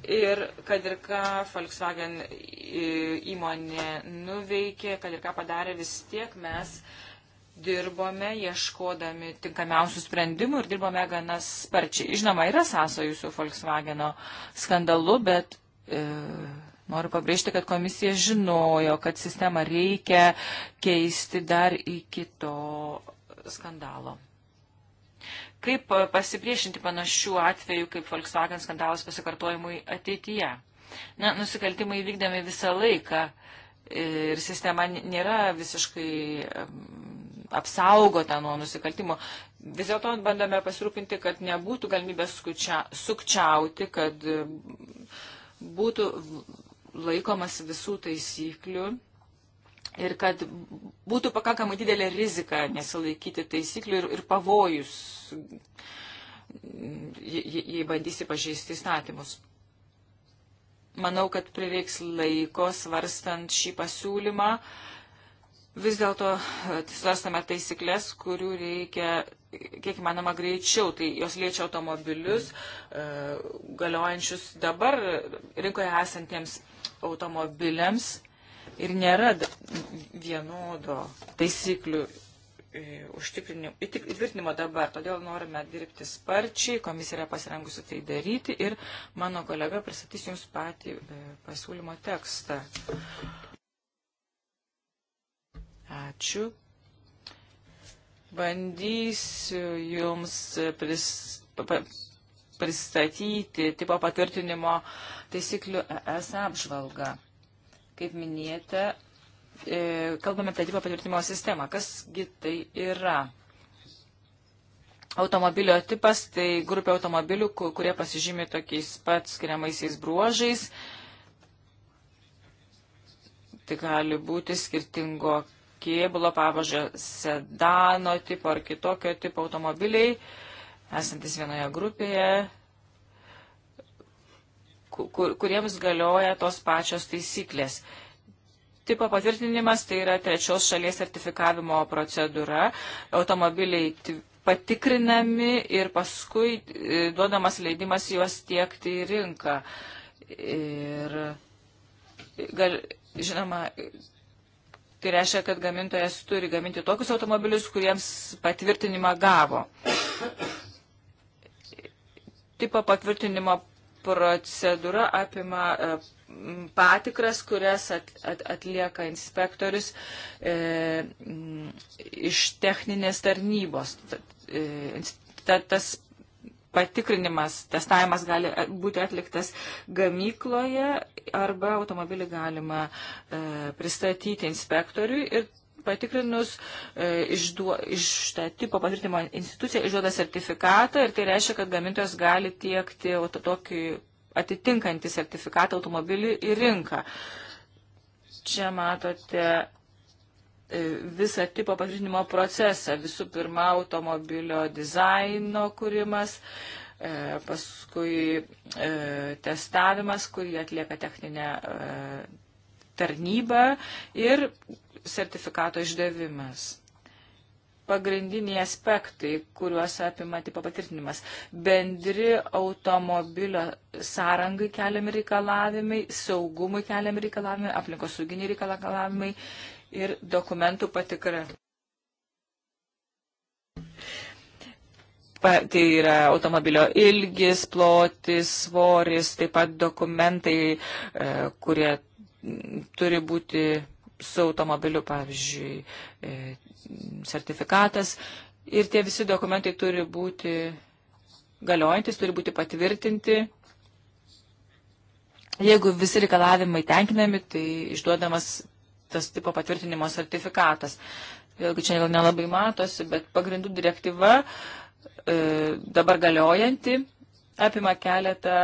Ir kad ir ką Volkswagen e, įmonė nuveikė, kad ir ką padarė, vis tiek mes dirbome ieškodami tinkamiausių sprendimų ir dirbome gana sparčiai. Žinoma, yra sąsojų su Volkswageno skandalu, bet e, Noriu pabrėžti, kad komisija žinojo, kad sistemą reikia keisti dar iki to skandalo. Kaip pasipriešinti panašių atvejų, kaip Volkswagen skandalas pasikartojimui ateityje? Na, nusikaltimai vykdami visą laiką ir sistema nėra visiškai apsaugota nuo nusikaltimo. Vis dėlto bandome pasirūpinti, kad nebūtų galimybės sukčiauti, kad būtų laikomas visų taisyklių ir kad būtų pakankamai didelė rizika nesilaikyti taisyklių ir, ir pavojus, jei bandysi pažeisti įstatymus. Manau, kad prireiks laiko svarstant šį pasiūlymą. Uh, vis dėlto e, svarstame taisyklės, kurių reikia kiek įmanoma greičiau. Tai jos liečia automobilius, e, galiojančius dabar rinkoje esantiems automobiliams. Ir nėra vienodo taisyklių e, įtvirtinimo dabar. Todėl norime dirbti sparčiai, komisija yra pasirengusi tai daryti ir mano kolega pristatys jums patį pasiūlymo tekstą. Ačiū. Bandysiu Jums pris, pa, pristatyti tipo patvirtinimo taisyklių ES apžvalgą. Kaip minėjote, e, kalbame apie tipo patvirtinimo sistemą. Kasgi tai yra? automobilio tipas, tai grupė automobilių, kurie pasižymė tokiais pat skiriamaisiais bruožais. Tai gali būti skirtingo kėbulo, pavyzdžio, sedano tipo ar kitokio tipo automobiliai, esantis vienoje grupėje, kur, kuriems galioja tos pačios taisyklės. Tipo patvirtinimas tai yra trečios šalies sertifikavimo procedūra. Automobiliai patikrinami ir paskui e, duodamas leidimas juos tiekti į rinką. Ir gal, žinoma, Tai reiškia, kad gamintojas turi gaminti tokius automobilius, kuriems patvirtinimą gavo. Tipo patvirtinimo procedūra apima e, patikras, kurias at, at, atlieka inspektorius e, iš techninės tarnybos. E, ta, tas patikrinimas, testavimas gali būti atliktas gamykloje arba automobilį galima e, pristatyti inspektoriui ir patikrinus e, išduo, iš tą tipo patvirtinimo instituciją išduoda sertifikatą ir tai reiškia, kad gamintojas gali tiekti tokį atitinkantį sertifikatą automobilį į rinką. Čia matote E, visą tipo patvirtinimo procesą. Visų pirma, automobilio dizaino kūrimas, e, paskui e, testavimas, kurį atlieka techninė tarnyba ir sertifikato išdavimas. Pagrindiniai aspektai, kuriuos apima tipo patvirtinimas. Bendri automobilio sąrangai keliami reikalavimai, saugumui keliami reikalavimai, aplinkosauginiai reikalavimai, ir dokumentų patikra. Pa, tai yra automobilio ilgis, plotis, svoris, taip pat dokumentai, e, kurie turi būti su automobiliu, pavyzdžiui, e, sertifikatas. Ir tie visi dokumentai turi būti galiojantis, turi būti patvirtinti Jeigu visi reikalavimai tenkinami, tai išduodamas tas tipo patvirtinimo sertifikatas. Vėlgi čia nelabai matosi, bet pagrindų direktyva e, dabar galiojanti apima keletą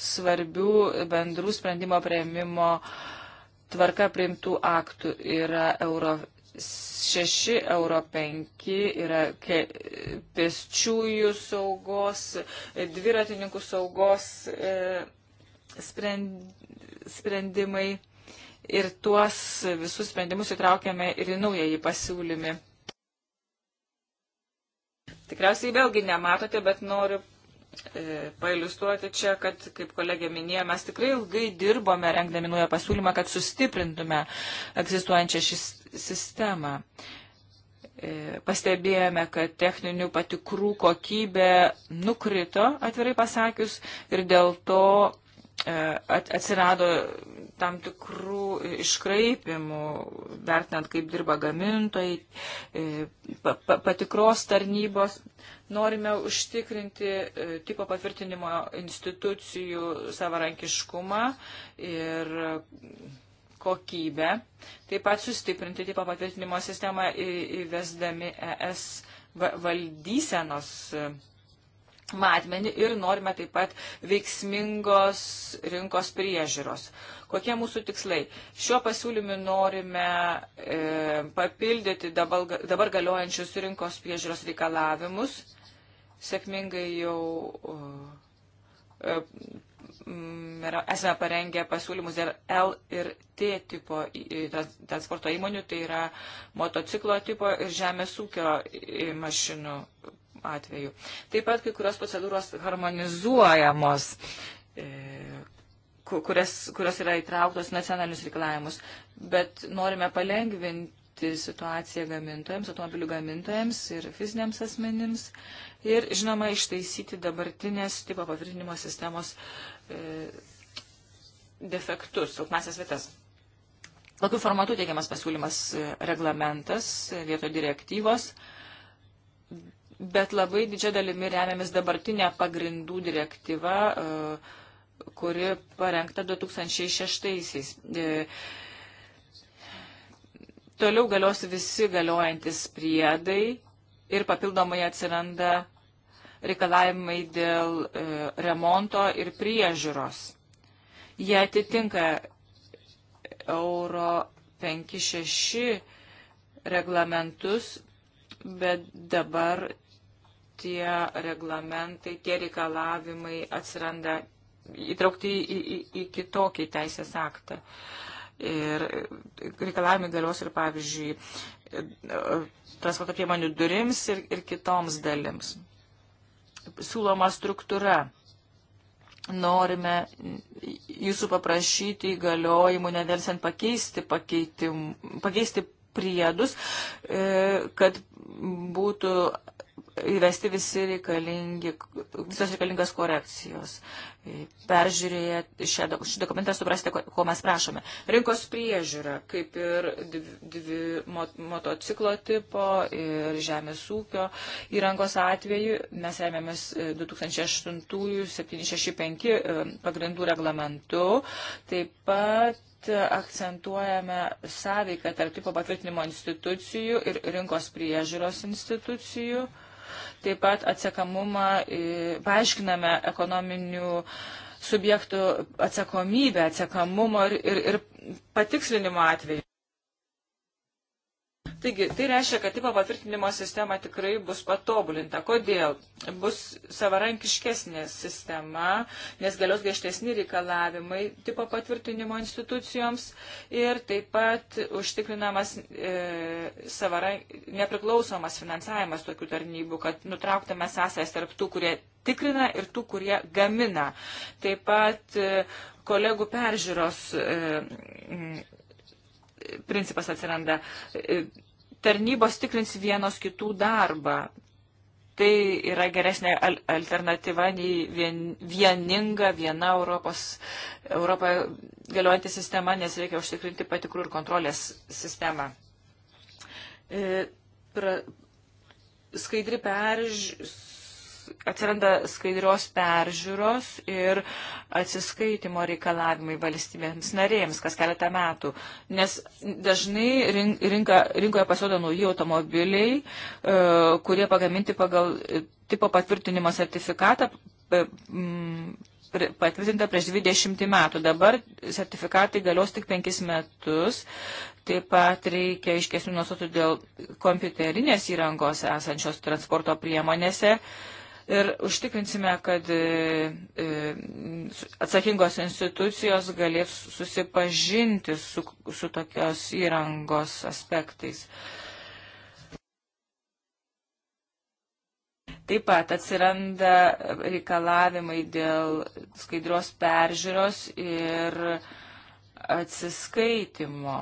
svarbių bendrų sprendimo prieimimo tvarka priimtų aktų. Yra euro 6, euro 5, yra pėsčiųjų saugos, dviratininkų saugos e, sprend, sprendimai ir tuos visus sprendimus įtraukėme ir į naująjį pasiūlymį. Tikriausiai vėlgi nematote, bet noriu e, pailustruoti čia, kad, kaip kolegė minėjo, mes tikrai ilgai dirbome rengdami naują pasiūlymą, kad sustiprintume egzistuojančią šį sistemą. E, pastebėjome, kad techninių patikrų kokybė nukrito, atvirai pasakius, ir dėl to E, atsirado tam tikrų iškraipimų, vertinant, kaip dirba gamintojai, e, patikros tarnybos. Norime užtikrinti e, tipo patvirtinimo institucijų savarankiškumą ir kokybę, taip pat sustiprinti tipo patvirtinimo sistemą įvesdami ES valdysenos matmenį ir norime taip pat veiksmingos rinkos priežiūros. Kokie mūsų tikslai? Šiuo pasiūlymu norime e, papildyti dabar, dabar galiojančius rinkos priežiūros reikalavimus. Sėkmingai jau e, esame parengę pasiūlymus dėl L ir T tipo transporto įmonių, tai yra motociklo tipo ir žemės ūkio e, mašinų atveju. Taip pat kai kurios procedūros harmonizuojamos, e, kurias, kurios yra įtrauktos nacionalinius reikalavimus, bet norime palengvinti situaciją gamintojams, automobilių gamintojams ir fiziniams asmenims ir, žinoma, ištaisyti dabartinės tipo patvirtinimo sistemos e, defektus, silpnasias vietas. Tokiu formatu teikiamas pasiūlymas e, reglamentas e, vietoj direktyvos. E, bet labai didžia dalimi remiamis dabartinę pagrindų direktyvą, e, kuri parengta 2006-aisiais. E, toliau galios visi galiojantis priedai ir papildomai atsiranda reikalavimai dėl e, remonto ir priežiūros. Jie atitinka euro 5-6 reglamentus, bet dabar tie reglamentai, tie reikalavimai atsiranda įtraukti į, į, į kitokį teisės aktą. Ir reikalavimai galios ir, pavyzdžiui, transporto priemonių durims ir, ir kitoms dalims. Siūloma struktūra. Norime jūsų paprašyti įgaliojimų, nedelsiant pakeisti, pakeitim, pakeisti priedus, e, kad būtų įvesti visi reikalingi, visos reikalingas korekcijos. Peržiūrėję šį, šį dokumentą suprasite, ko, ko mes prašome. Rinkos priežiūra, kaip ir dvi, dvi motociklo tipo ir žemės ūkio įrangos atveju, mes remiamės 2008-765 e, e, pagrindų reglamentu. Taip pat akcentuojame sąveiką tarp tipo patvirtinimo institucijų ir rinkos priežiūros institucijų. Taip pat atsekamumą paaiškiname ekonominių subjektų atsakomybę, atsekamumo ir, ir, ir patikslinimo atveju. Taigi, tai reiškia, kad tipo patvirtinimo sistema tikrai bus patobulinta. Kodėl? Bus savarankiškesnė sistema, nes galios griežtesni reikalavimai tipo patvirtinimo institucijoms ir taip pat užtikrinamas e, savaran... nepriklausomas finansavimas tokių tarnybų, kad nutrauktume sąsąs tarp tų, kurie tikrina ir tų, kurie gamina. Taip pat e, kolegų peržiūros. E, principas atsiranda. E, tarnybos tikrins vienos kitų darbą. Tai yra geresnė alternatyva nei vien, vieninga viena Europos, Europoje galiojanti sistema, nes reikia užtikrinti patikrų ir kontrolės sistemą. E, pra, skaidri perž, atsiranda skaidrios peržiūros ir atsiskaitimo reikalavimai valstybėms narėms kas keletą metų, nes dažnai rinka, rinkoje pasirodo nauji automobiliai, e, kurie pagaminti pagal e, tipo patvirtinimo sertifikatą mm, patvirtinta prieš 20 metų. Dabar sertifikatai galios tik 5 metus. Taip pat reikia iškesnių nuostatų dėl kompiuterinės įrangos esančios transporto priemonėse. Uh, ir užtikrinsime, kad e, e, atsakingos institucijos galės susipažinti su, su tokios įrangos aspektais. Taip pat atsiranda reikalavimai dėl skaidrios peržiūros ir atsiskaitimo.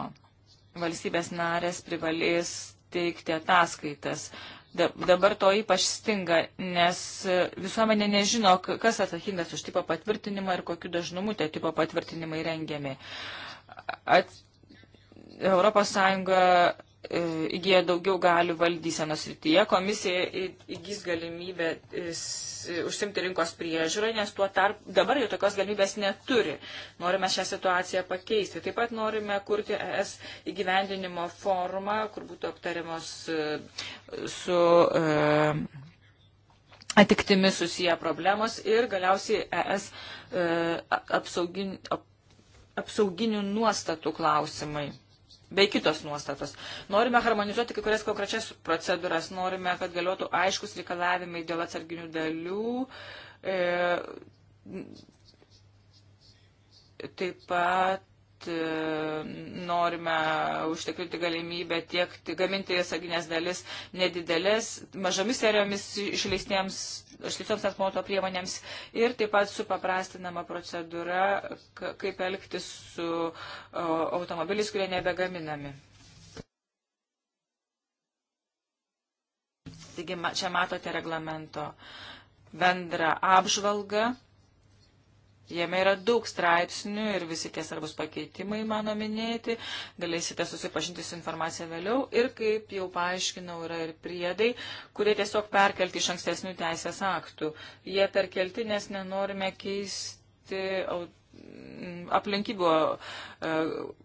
Valstybės narės privalės teikti ataskaitas. Dabar to ypač stinga, nes e, visuomenė nežino, kas atsakingas už tipo patvirtinimą ir kokiu dažnumu tie tipo patvirtinimai rengiami. At, Europos Sąjunga E, įgyja daugiau galių valdysenos rytyje. Komisija įgys galimybę e, užsimti rinkos priežiūrą, nes tuo tarp dabar jau tokios galimybės neturi. Norime šią situaciją pakeisti. Taip pat norime kurti ES įgyvendinimo formą, kur būtų aptariamos e, su atiktimi susiję problemos ir galiausiai ES apsaugin, apsauginių nuostatų klausimai bei kitos nuostatos. Norime harmonizuoti kai kurias konkrečias procedūras, norime, kad galiotų aiškus reikalavimai dėl atsarginių dalių. E, taip pat e, norime užtikrinti galimybę tiek gaminti atsarginės dalis nedidelės, mažomis serijomis išleistiems šlitoms transporto priemonėms ir taip pat supaprastinama procedūra, kaip elgtis su automobiliais, kurie nebegaminami. Taigi čia matote reglamento bendrą apžvalgą. Jame yra daug straipsnių ir visi tie svarbus pakeitimai mano minėti. Galėsite susipažinti su informacija vėliau. Ir kaip jau paaiškinau, yra ir priedai, kurie tiesiog perkelti iš ankstesnių teisės aktų. Jie perkelti, nes nenorime keisti aplinkybių e,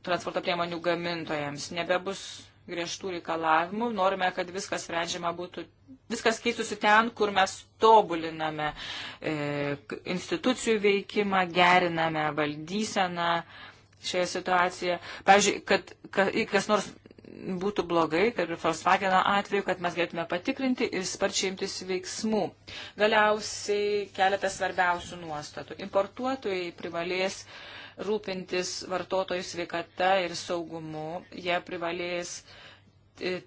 transporto priemonių gamintojams. Nebebus griežtų reikalavimų, norime, kad viskas sprendžiama būtų, viskas keistųsi ten, kur mes tobuliname e, institucijų veikimą, geriname valdyseną šioje situacijoje. Pavyzdžiui, kad, kad kas nors būtų blogai, kad ir Volkswagen atveju, kad mes galėtume patikrinti ir sparčiai imtis veiksmų. Galiausiai keletas svarbiausių nuostatų. Importuotojai privalės e, rūpintis vartotojų sveikata ir saugumu. Jie privalės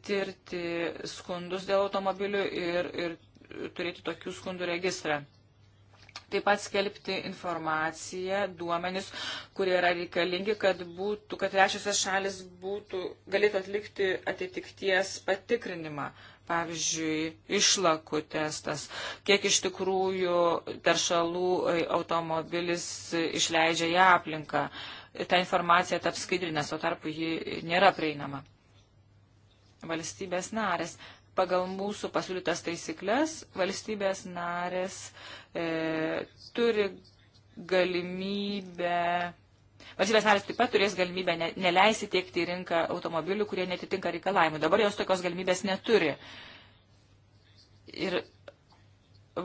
tirti skundus dėl automobilių ir, ir turėti tokių skundų registrą. Taip pat skelbti informaciją, duomenis, kurie yra reikalingi, kad, būtų, kad trečiosios šalis būtų, galėtų atlikti atitikties patikrinimą pavyzdžiui, išlakų testas, kiek iš tikrųjų teršalų e, automobilis išleidžia į aplinką. Ta informacija taps skaidri, nes tuo tarpu ji nėra prieinama. Valstybės narės. Pagal mūsų pasiūlytas taisyklės, valstybės narės e, turi galimybę Valstybės narės taip pat turės galimybę ne, neleisti tiekti į rinką automobilių, kurie netitinka reikalavimų. Dabar jos tokios galimybės neturi. Ir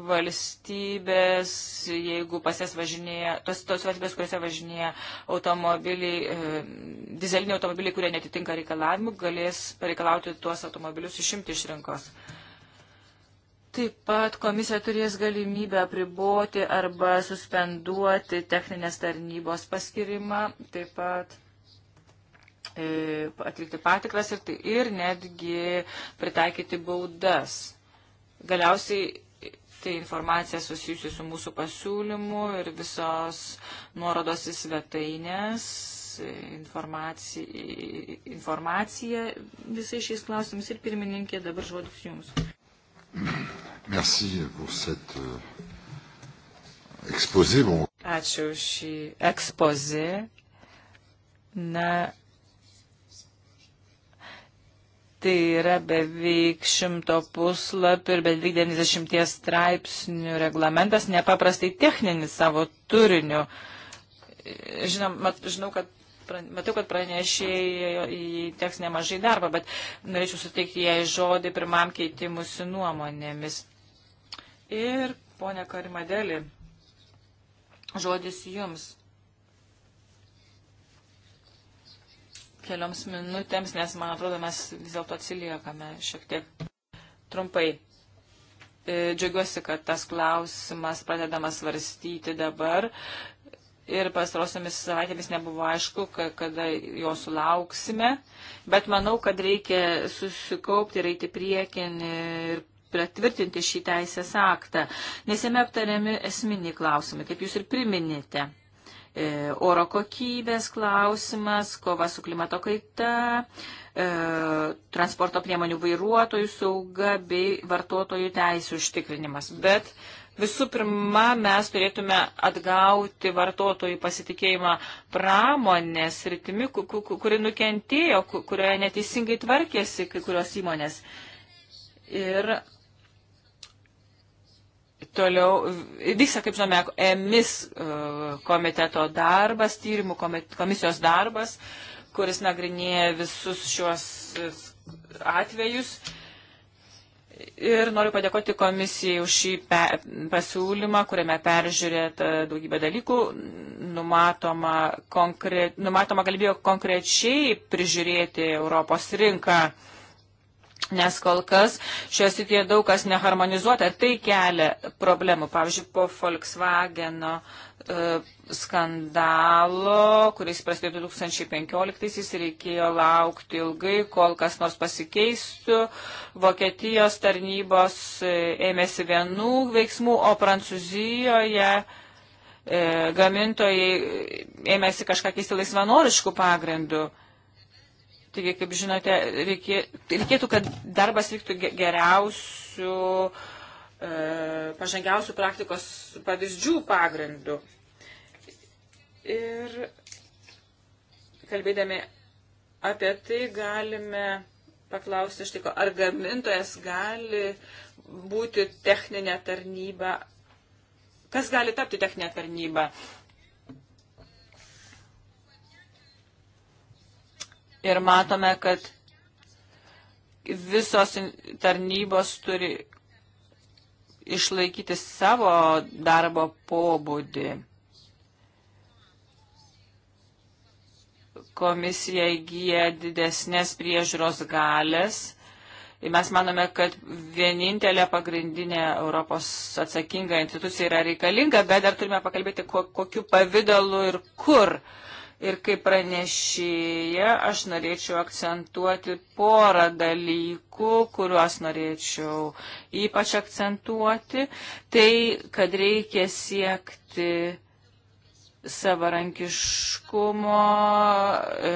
valstybės, jeigu pasės važinėja, tos, tos valstybės, kuriuose važinėja automobiliai, e, dizeliniai automobiliai, kurie netitinka reikalavimų, galės pareikalauti tuos automobilius išimti iš rinkos. E, Taip pat komisija turės galimybę apriboti arba suspenduoti techninės tarnybos paskirimą, taip pat e, atlikti patikras ir, tai ir netgi pritaikyti baudas. Galiausiai tai informacija susijusi su mūsų pasiūlymu ir visos nuorodos į svetainės informacija, informacija visais šiais klausimais ir pirmininkė dabar žodis jums. Merci pour cette euh, exposé. Bon. Ačiū šį ekspozį. Na, tai yra beveik šimto puslapį ir beveik 90 straipsnių reglamentas, nepaprastai techninis savo turiniu. Žinom, mat, žinau, kad matau, kad pranešėjai teks nemažai darbo, bet norėčiau suteikti jai žodį pirmam keitimusi nuomonėmis. Ir, ponia Karimadėlį, žodis jums. Kelioms minutėms, nes, man atrodo, mes vis dėlto atsiliekame šiek tiek trumpai. E, džiaugiuosi, kad tas klausimas pradedamas svarstyti dabar ir pastarosiamis savaitėmis nebuvo aišku, kada jo sulauksime, bet manau, kad reikia susikaupti ir eiti priekin ir pratvirtinti šį teisės aktą, nes jame aptariami esminiai klausimai, kaip jūs ir priminėte. E, oro kokybės klausimas, kova su klimato kaita, e, transporto priemonių vairuotojų sauga bei vartotojų teisų užtikrinimas. Bet Visų pirma, mes turėtume atgauti vartotojų pasitikėjimą pramonės rytimi, kuri nukentėjo, kurioje neteisingai tvarkėsi kai kurios įmonės. Ir toliau vyksta, kaip žinome, emis e, komiteto darbas, tyrimų komisijos darbas, kuris nagrinėja visus šios atvejus. Ir noriu padėkoti komisijai už šį pe, pasiūlymą, kuriame peržiūrėta daugybė dalykų, numatoma, konkre, numatoma galimybė konkrečiai prižiūrėti Europos rinką, nes kol kas šioje srityje daug kas neharmonizuota ir tai kelia problemų. Pavyzdžiui, po Volkswageno uh, E, skandalo, kuris prasidėjo 2015-aisiais, reikėjo laukti ilgai, kol kas nors pasikeistų. Vokietijos tarnybos e, ėmėsi vienų veiksmų, o Prancūzijoje e, gamintojai ėmėsi kažką keisti laisvanoriškų pagrindų. Taigi, kaip žinote, reikėtų, kad darbas vyktų geriausių E, pažangiausių praktikos pavyzdžių pagrindų. Ir kalbėdami apie tai galime paklausti štai ko, ar gamintojas gali būti techninė tarnyba, kas gali tapti techninė tarnyba. Ir matome, kad visos tarnybos turi išlaikyti savo darbo pobūdį. Komisija įgyja didesnės priežiūros galės. Mes manome, kad vienintelė pagrindinė Europos atsakinga institucija yra reikalinga, bet dar turime pakalbėti, kokiu pavydalu ir kur. Uh, Ir kaip pranešėja, aš norėčiau akcentuoti porą dalykų, kuriuos norėčiau ypač akcentuoti. Tai, kad reikia siekti savarankiškumo, e,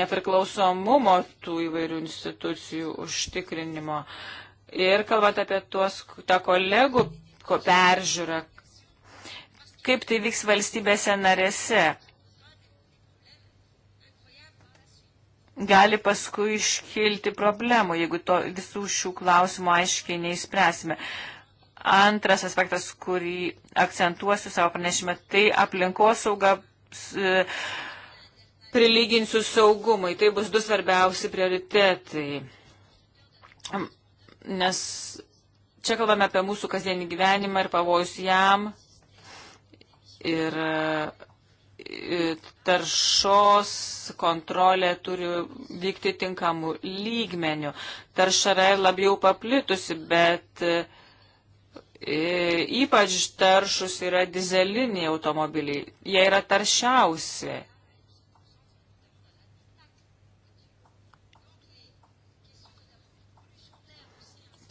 nepriklausomumo tų įvairių institucijų užtikrinimo. Ir kalbant apie tuos, tą kolegų ko peržiūrą, kaip tai vyks valstybėse narėse. gali paskui iškilti problemų, jeigu to, visų šių klausimų aiškiai neįspręsime. Antras aspektas, kurį akcentuosiu savo pranešime, tai aplinkosauga e, prilyginsiu saugumui. Tai bus du svarbiausi prioritetai. Nes čia kalbame apie mūsų kasdienį gyvenimą ir pavojus jam. Ir E, taršos kontrolė turi vykti tinkamų lygmenių. Tarša yra labiau paplitusi, bet e, e, ypač taršus yra dizeliniai automobiliai. Jie yra taršiausi.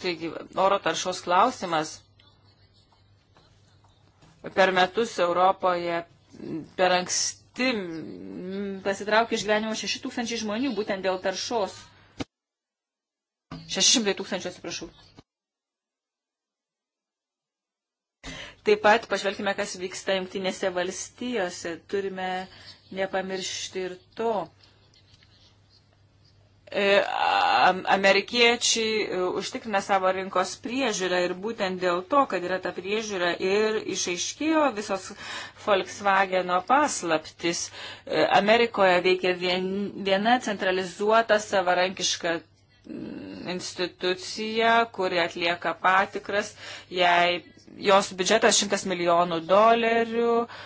Taigi, oro taršos klausimas per metus Europoje per anksti pasitraukė iš gyvenimo 6 tūkstančiai žmonių būtent dėl taršos. 600 tūkstančių, atsiprašau. Taip pat pažvelkime, kas vyksta jungtinėse valstijose. Turime nepamiršti ir to. E, amerikiečiai e, užtikrina savo rinkos priežiūrą ir būtent dėl to, kad yra ta priežiūra ir išaiškėjo visos Volkswageno paslaptis. E, Amerikoje veikia vien, viena centralizuota savarankiška mm, institucija, kuri atlieka patikras, jai, jos biudžetas 100 milijonų dolerių. Uh,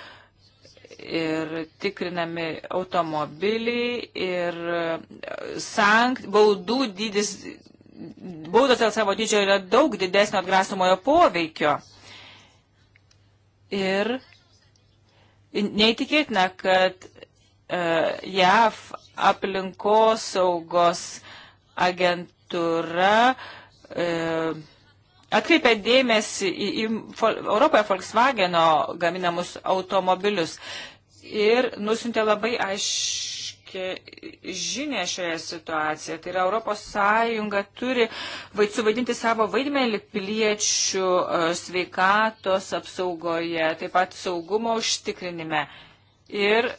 ir tikrinami automobiliai ir e, sankt, baudų dydis, baudos dėl savo dydžio yra daug didesnio atgrasomojo poveikio. Ir neįtikėtina, kad uh, JAV aplinkosaugos agentūra uh, atkreipia dėmesį į, į Europoje Volkswageno gaminamus automobilius ir nusintė labai aiškiai žinę šioje situacijoje. Tai yra Europos Sąjunga turi suvaidinti savo vaidmenį piliečių e, sveikatos apsaugoje, taip pat saugumo užtikrinime. Ir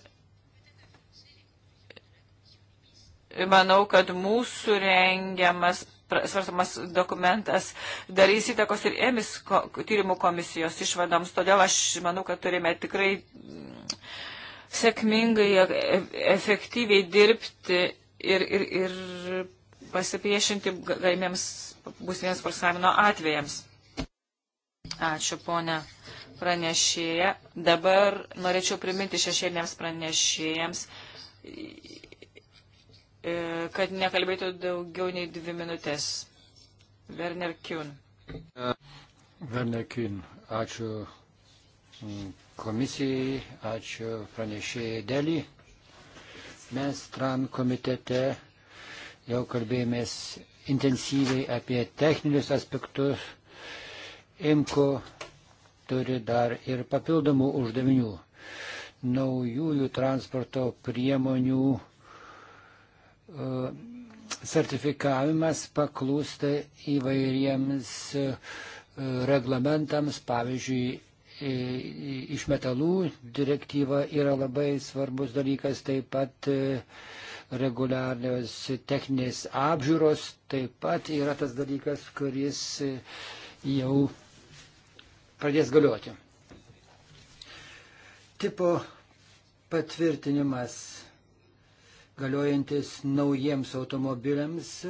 manau, kad mūsų rengiamas svarstamas dokumentas darys įtakos ir emis ko, tyrimų komisijos išvadoms. Todėl aš manau, kad turime tikrai mm, sėkmingai, e, efektyviai dirbti ir, ir, ir pasipriešinti galimiems būsimiems balsavimo atvejams. Ačiū, ponė pranešėja. Dabar norėčiau priminti šešėlėms pranešėjams E, kad nekalbėtų daugiau nei dvi minutės. Werner Kuhn. Werner Kuhn, ačiū mm, komisijai, ačiū pranešėjai Deli. Mes TRAN komitete jau kalbėjomės intensyviai apie techninius aspektus. IMKO turi dar ir papildomų uždavinių. Naujųjų transporto priemonių sertifikavimas paklūsta įvairiems e, reglamentams, pavyzdžiui, iš metalų direktyva yra labai svarbus dalykas, taip pat e, reguliarios techninės apžiūros, taip pat yra tas dalykas, kuris e, jau pradės galioti. Tipo patvirtinimas galiojantis naujiems automobiliams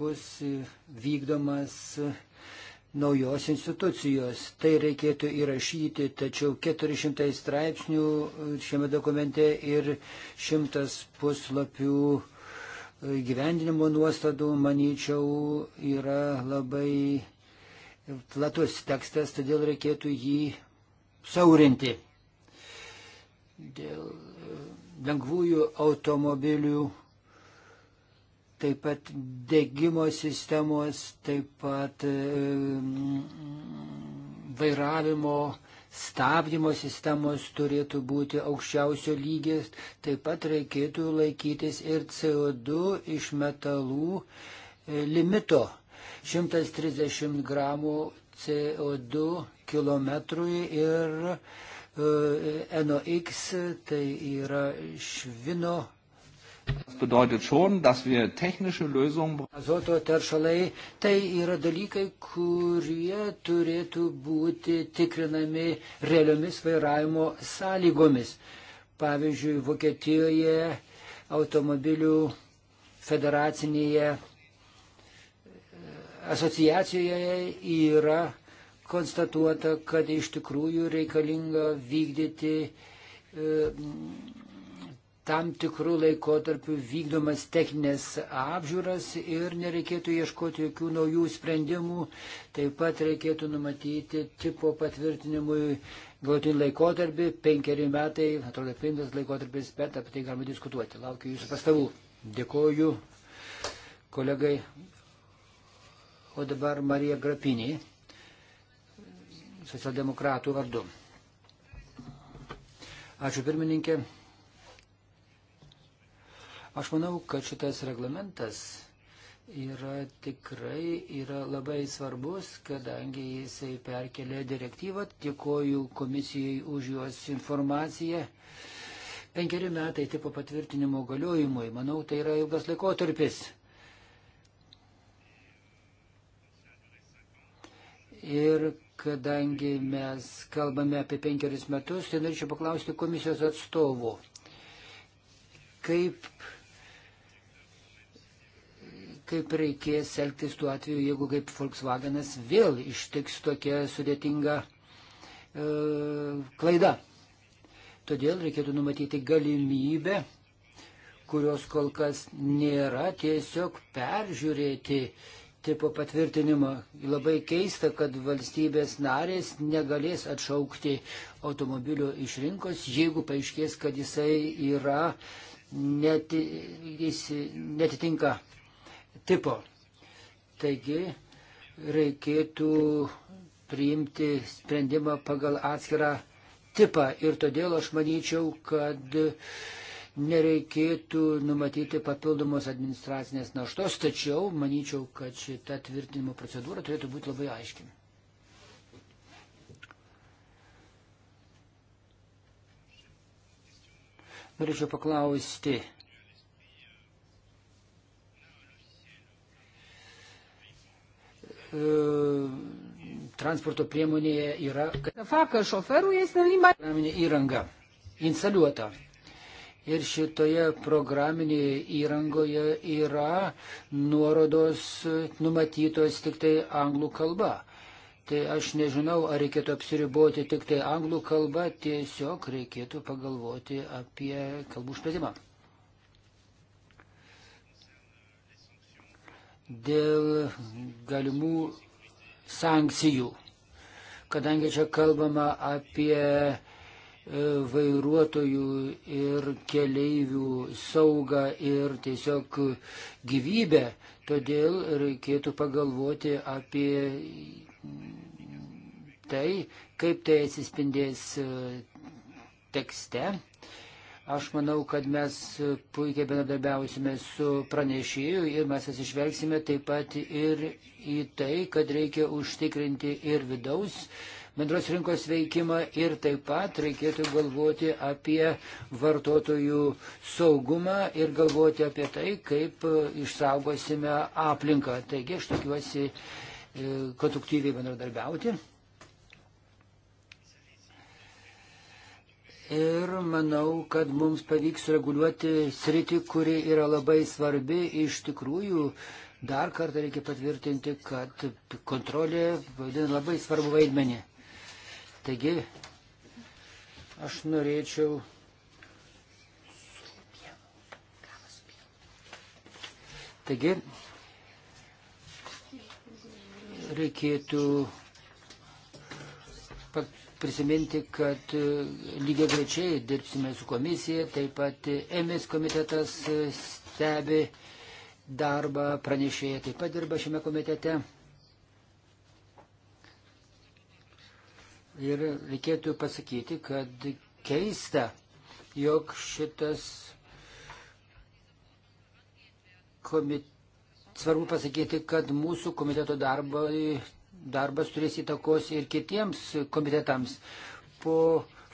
bus vykdomas naujos institucijos. Tai reikėtų įrašyti, tačiau 400 straipsnių šiame dokumente ir 100 puslapių gyvendinimo nuostadų, manyčiau, yra labai platus tekstas, todėl reikėtų jį saurinti. Dėl lengvųjų automobilių, taip pat degimo sistemos, taip pat e, mm, vairavimo, stabdymo sistemos turėtų būti aukščiausio lygis, taip pat reikėtų laikytis ir CO2 iš metalų e, limito 130 gramų CO2 kilometrui ir E, NOX, tai yra švino. Schon, lösung... Azoto teršalai tai yra dalykai, kurie turėtų būti tikrinami realiomis vairavimo sąlygomis. Pavyzdžiui, Vokietijoje automobilių federacinėje e, asociacijoje yra konstatuota, kad iš tikrųjų reikalinga vykdyti e, tam tikrų laikotarpių vykdomas techninės apžiūras ir nereikėtų ieškoti jokių naujų sprendimų. Taip pat reikėtų numatyti tipo patvirtinimui gautinį laikotarpį, penkeri metai, atrodo, pintas laikotarpis, bet apie tai galima diskutuoti. Laukiu jūsų pastabų. Dėkoju kolegai. O dabar Marija Grapinė socialdemokratų vardu. Ačiū pirmininkė. Aš manau, kad šitas reglamentas yra tikrai yra labai svarbus, kadangi jisai perkelė direktyvą. Dėkoju komisijai už jos informaciją. Penkeri metai tipo patvirtinimo galiojimui, manau, tai yra ilgas laikotarpis. Ir kadangi mes kalbame apie penkerius metus, tai norėčiau paklausti komisijos atstovų, kaip, kaip reikės elgtis tuo atveju, jeigu kaip Volkswagenas vėl ištiks tokia sudėtinga e, klaida. Todėl reikėtų numatyti galimybę, kurios kol kas nėra, tiesiog peržiūrėti tipo patvirtinimą. Labai keista, kad valstybės narės negalės atšaukti automobilio iš rinkos, jeigu paaiškės, kad jisai yra neti, jis netitinka tipo. Taigi reikėtų priimti sprendimą pagal atskirą tipą ir todėl aš manyčiau, kad nereikėtų numatyti papildomos administracinės naštos, tačiau manyčiau, kad šita tvirtinimo procedūra turėtų būti labai aiški. Norėčiau paklausti. E, transporto priemonėje yra. Fakas šoferų jis nelimba. Įranga instaliuota. Ir šitoje programinėje įrangoje yra nuorodos numatytos tik tai anglų kalba. Tai aš nežinau, ar reikėtų apsiriboti tik tai anglų kalba, tiesiog reikėtų pagalvoti apie kalbų išplėtimą. Dėl galimų sankcijų, kadangi čia kalbama apie E, vairuotojų ir keleivių saugą ir tiesiog gyvybę. Todėl reikėtų pagalvoti apie tai, kaip tai atsispindės e, tekste. Aš manau, kad mes puikiai bendradarbiausime su pranešėju ir mes atsižvelgsime taip pat ir į tai, kad reikia užtikrinti ir vidaus uh, bendros rinkos veikimą ir taip pat reikėtų galvoti apie vartotojų saugumą ir galvoti apie tai, kaip išsaugosime aplinką. Taigi aš tokiuosi e, konstruktyviai bendradarbiauti. Ir manau, kad mums pavyks reguliuoti sritį, kuri yra labai svarbi. Iš tikrųjų, dar kartą reikia patvirtinti, kad kontrolė vaidina labai svarbu vaidmenį. Taigi, aš norėčiau. Taigi, reikėtų prisiminti, kad e, lygiai grečiai dirbsime su komisija, taip pat EMIS komitetas stebi darbą, pranešėja taip pat dirba šiame komitete. Ir reikėtų pasakyti, kad keista, jog šitas komitetas. Svarbu pasakyti, kad mūsų komiteto darbai, darbas turės įtakos ir kitiems komitetams. Po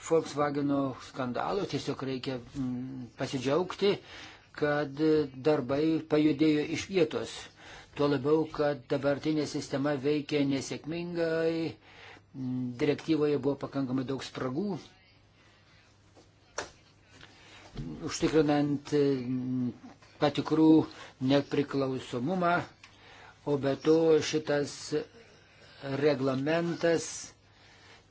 Volkswageno skandalo tiesiog reikia mm, pasidžiaugti, kad darbai pajudėjo iš vietos. Tuo labiau, kad dabartinė sistema veikia nesėkmingai direktyvoje buvo pakankamai daug spragų, užtikrinant patikrų mm, nepriklausomumą, o be to šitas reglamentas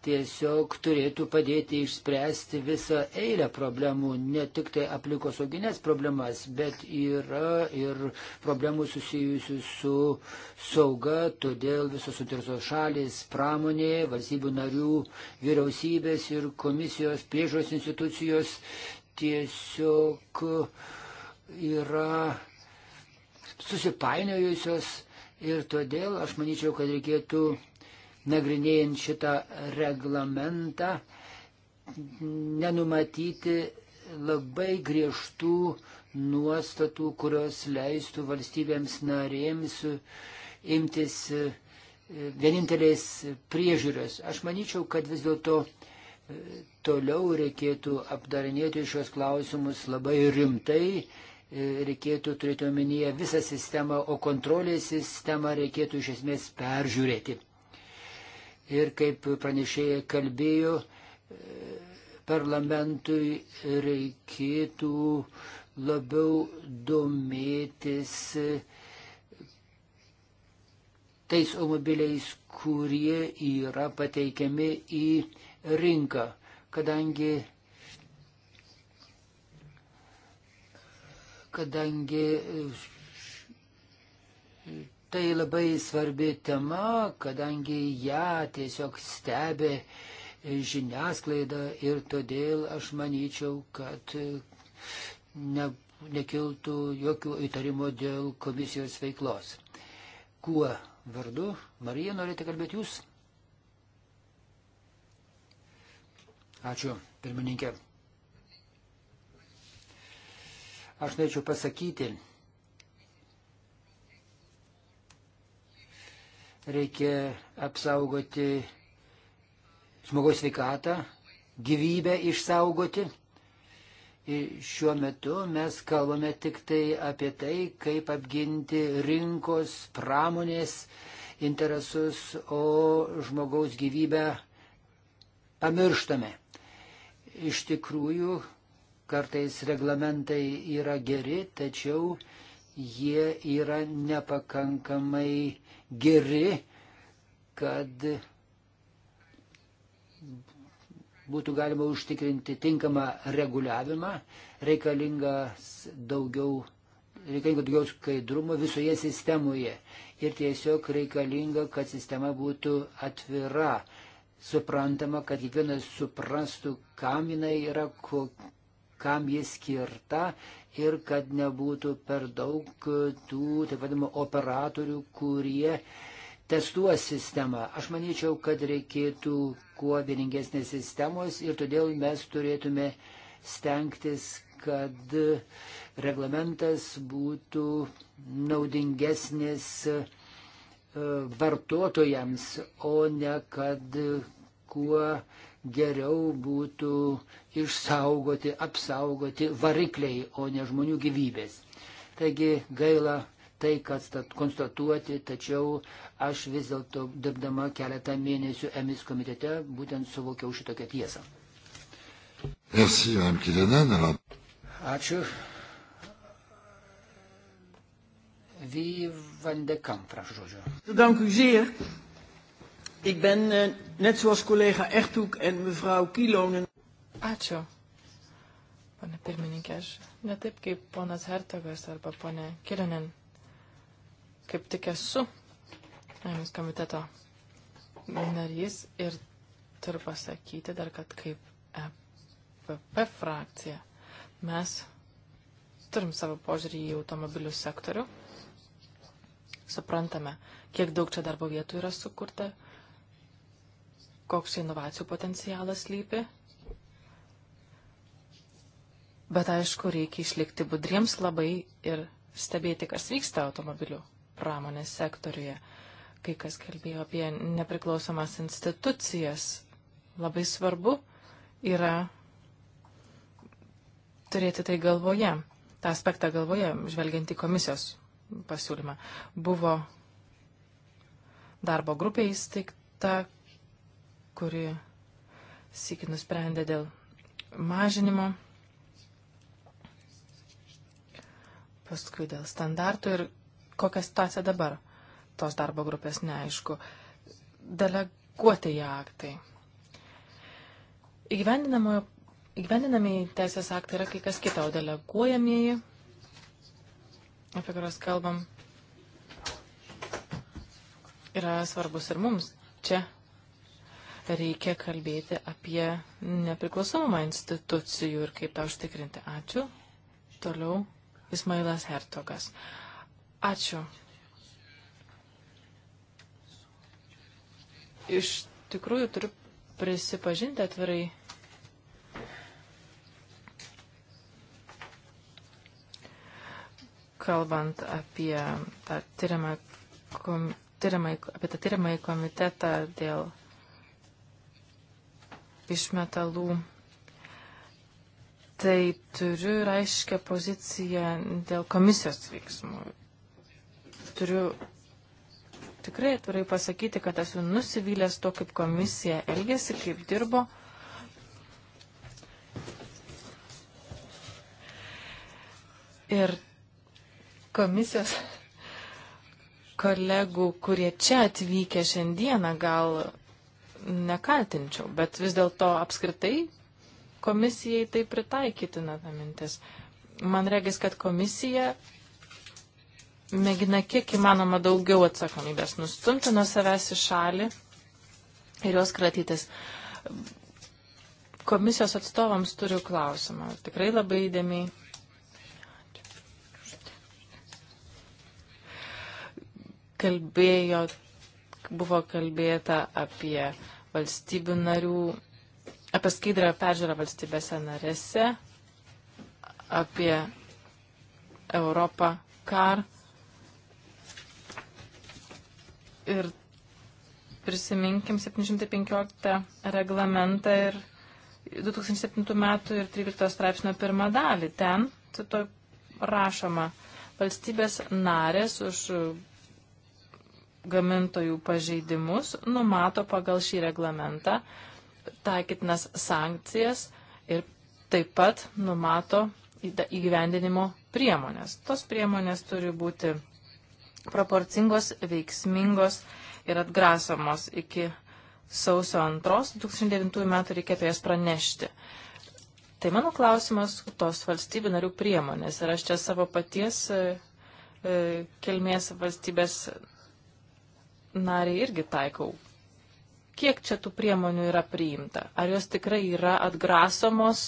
tiesiog turėtų padėti išspręsti visą eilę problemų, ne tik tai aplikosauginės problemas, bet yra ir problemų susijusių su sauga, todėl visos sutirsos šalis, pramonė, valstybių narių, vyriausybės ir komisijos priežos institucijos tiesiog yra susipainiojusios ir todėl aš manyčiau, kad reikėtų nagrinėjant šitą reglamentą, nenumatyti labai griežtų nuostatų, kurios leistų valstybėms narėms imtis e, vienintelės priežiūros. Aš manyčiau, kad vis dėlto e, toliau reikėtų apdarinėti šios klausimus labai rimtai, e, reikėtų turėti omenyje visą sistemą, o kontrolės sistemą reikėtų iš esmės peržiūrėti ir kaip pranešėja kalbėjo, parlamentui reikėtų labiau domėtis tais automobiliais, kurie yra pateikiami į rinką, kadangi, kadangi Tai labai svarbi tema, kadangi ją tiesiog stebi žiniasklaida ir todėl aš manyčiau, kad ne, nekiltų jokių įtarimų dėl komisijos veiklos. Kuo vardu? Marija, norite kalbėti jūs? Ačiū, pirmininkė. Aš norėčiau pasakyti, Reikia apsaugoti žmogaus sveikatą, gyvybę išsaugoti. Ir šiuo metu mes kalbame tik tai apie tai, kaip apginti rinkos, pramonės interesus, o žmogaus gyvybę pamirštame. Iš tikrųjų, kartais reglamentai yra geri, tačiau jie yra nepakankamai geri, kad būtų galima užtikrinti tinkamą reguliavimą, reikalingas daugiau, reikalinga daugiau skaidrumo visoje sistemoje ir tiesiog reikalinga, kad sistema būtų atvira, suprantama, kad kiekvienas suprastų, kam jinai yra, ko, kam jis skirta ir kad nebūtų per daug tų, taip vadinamų, operatorių, kurie testuos sistemą. Aš manyčiau, kad reikėtų kuo vieningesnės sistemos ir todėl mes turėtume stengtis, kad reglamentas būtų naudingesnis e, vartotojams, o ne kad kuo geriau būtų išsaugoti, apsaugoti varikliai, o ne žmonių gyvybės. Taigi gaila tai, kas konstatuoti, tačiau aš vis dėlto, dirbdama keletą mėnesių emis komitete, būtent suvokiau šitokią tiesą. Merci, Ačiū. Wie van de Kamp, vraag žodžio. Dank u zeer. Ik ben uh, net zoals collega Echthoek en mevrouw Kilonen. Ačiū. Pane pirmininkė, aš ne taip kaip ponas Hertogas arba ponė Kilonen, kaip tik esu Žemės komiteto narys ir turiu pasakyti dar, kad kaip EPP frakcija mes turim savo požiūrį į automobilių sektorių. Suprantame, kiek daug čia darbo vietų yra sukurta koks inovacijų potencialas lypi. Bet aišku, reikia išlikti budriems labai ir stebėti, kas vyksta automobilių pramonės sektoriuje. Kai kas kalbėjo apie nepriklausomas institucijas, labai svarbu yra turėti tai galvoje, tą aspektą galvoje, žvelgiant į komisijos pasiūlymą. Buvo darbo grupė įsteigta, kuri sėki nusprendė dėl mažinimo, paskui dėl standartų ir kokia situacija dabar tos darbo grupės neaišku. Deleguoti ją aktai. Įgyvendinamieji teisės aktai yra kai kas kita, o deleguojamieji, apie kurios kalbam, yra svarbus ir mums čia reikia kalbėti apie nepriklausomumą institucijų ir kaip tą užtikrinti. Ačiū. Toliau Ismailas Hertogas. Ačiū. Iš tikrųjų turiu prisipažinti atvirai. Kalbant apie tą tyriamą, kom, tyriamą, apie tą tyriamą komitetą dėl iš metalų. Tai turiu ir aiškę poziciją dėl komisijos veiksmų. Turiu tikrai atvirai pasakyti, kad esu nusivylęs to, kaip komisija elgėsi, kaip dirbo. Ir komisijos kolegų, kurie čia atvykę šiandieną, gal nekaltinčiau, bet vis dėlto apskritai komisijai tai pritaikytina ta mintis. Man regis, kad komisija mėgina kiek įmanoma daugiau atsakomybės nustumti nuo savęs į šalį ir jos kratytis. Komisijos atstovams turiu klausimą. Tikrai labai įdėmiai. Kalbėjo, buvo kalbėta apie valstybių narių, apie skaidrą peržiūrą valstybėse narėse, apie Europą kar. Ir prisiminkim 715 reglamentą ir 2007 metų ir 13 straipsnio pirmą dalį. Ten, cito, rašoma, valstybės narės už gamintojų pažeidimus, numato pagal šį reglamentą taikytinas sankcijas ir taip pat numato įgyvendinimo priemonės. Tos priemonės turi būti proporcingos, veiksmingos ir atgrasomos iki sausio 2-2009 metų reikia apie jas pranešti. Tai mano klausimas tos valstybių narių priemonės. Ir aš čia savo paties e, e kilmės valstybės nariai irgi taikau. Kiek čia tų priemonių yra priimta? Ar jos tikrai yra atgrasomos,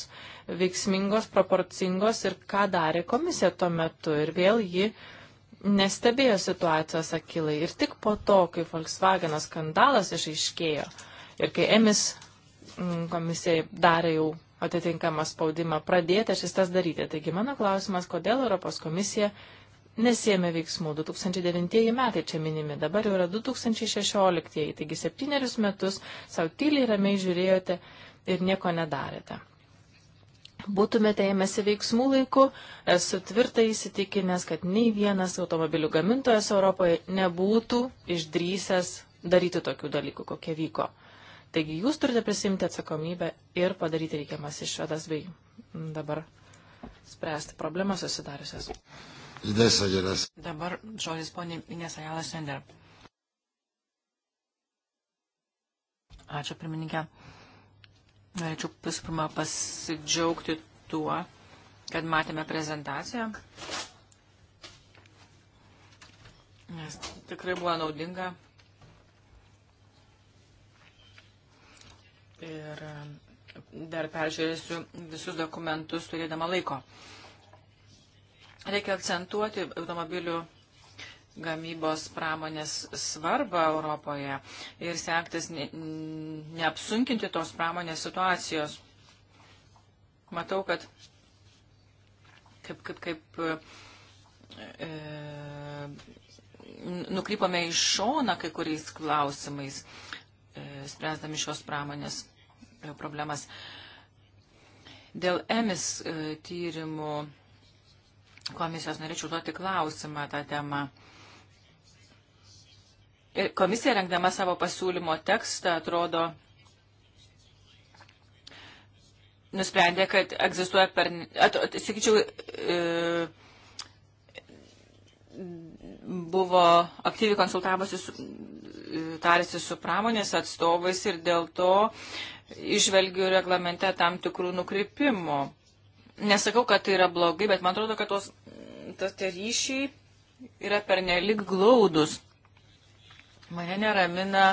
veiksmingos, proporcingos ir ką darė komisija tuo metu? Ir vėl ji nestebėjo situacijos akilai. Ir tik po to, kai Volkswagen skandalas išaiškėjo ir kai Emis mm, komisija darė jau atitinkamą spaudimą pradėti šis tas daryti. Taigi mano klausimas, kodėl Europos komisija nesėmė veiksmų. 2009 metai čia minimi, dabar jau yra 2016, taigi septynerius metus savo tyliai ramiai žiūrėjote ir nieko nedarėte. Būtumėte ėmėsi veiksmų laiku, esu tvirtai įsitikinęs, kad nei vienas automobilių gamintojas Europoje nebūtų išdrysęs daryti tokių dalykų, kokie vyko. Taigi jūs turite prisimti atsakomybę ir padaryti reikiamas išvadas bei dabar spręsti problemas susidariusias. Dabar žodis ponė Inės Ajalas Sender. Ačiū, pirmininkė. Norėčiau visų pirma pasidžiaugti tuo, kad matėme prezentaciją. Nes tikrai buvo naudinga. Ir um, dar peržiūrėsiu visus dokumentus turėdama laiko. Reikia akcentuoti automobilių gamybos pramonės svarbą Europoje ir sektis ne, neapsunkinti tos pramonės situacijos. Matau, kad kaip, kaip, kaip e, nukrypome į šoną kai kuriais klausimais, e, spręsdami šios pramonės e, problemas. Dėl emis e, tyrimų komisijos norėčiau duoti klausimą tą temą. Ir komisija rengdama savo pasiūlymo tekstą atrodo nusprendė, kad egzistuoja per, at, at, sakyčiau, e, buvo aktyviai konsultavosi, su, e, tarėsi su pramonės atstovais ir dėl to išvelgiu reglamente tam tikrų nukrypimų. Nesakau, kad tai yra blogai, bet man atrodo, kad tos, tos tie ryšiai yra pernelik glaudus. Mane neramina,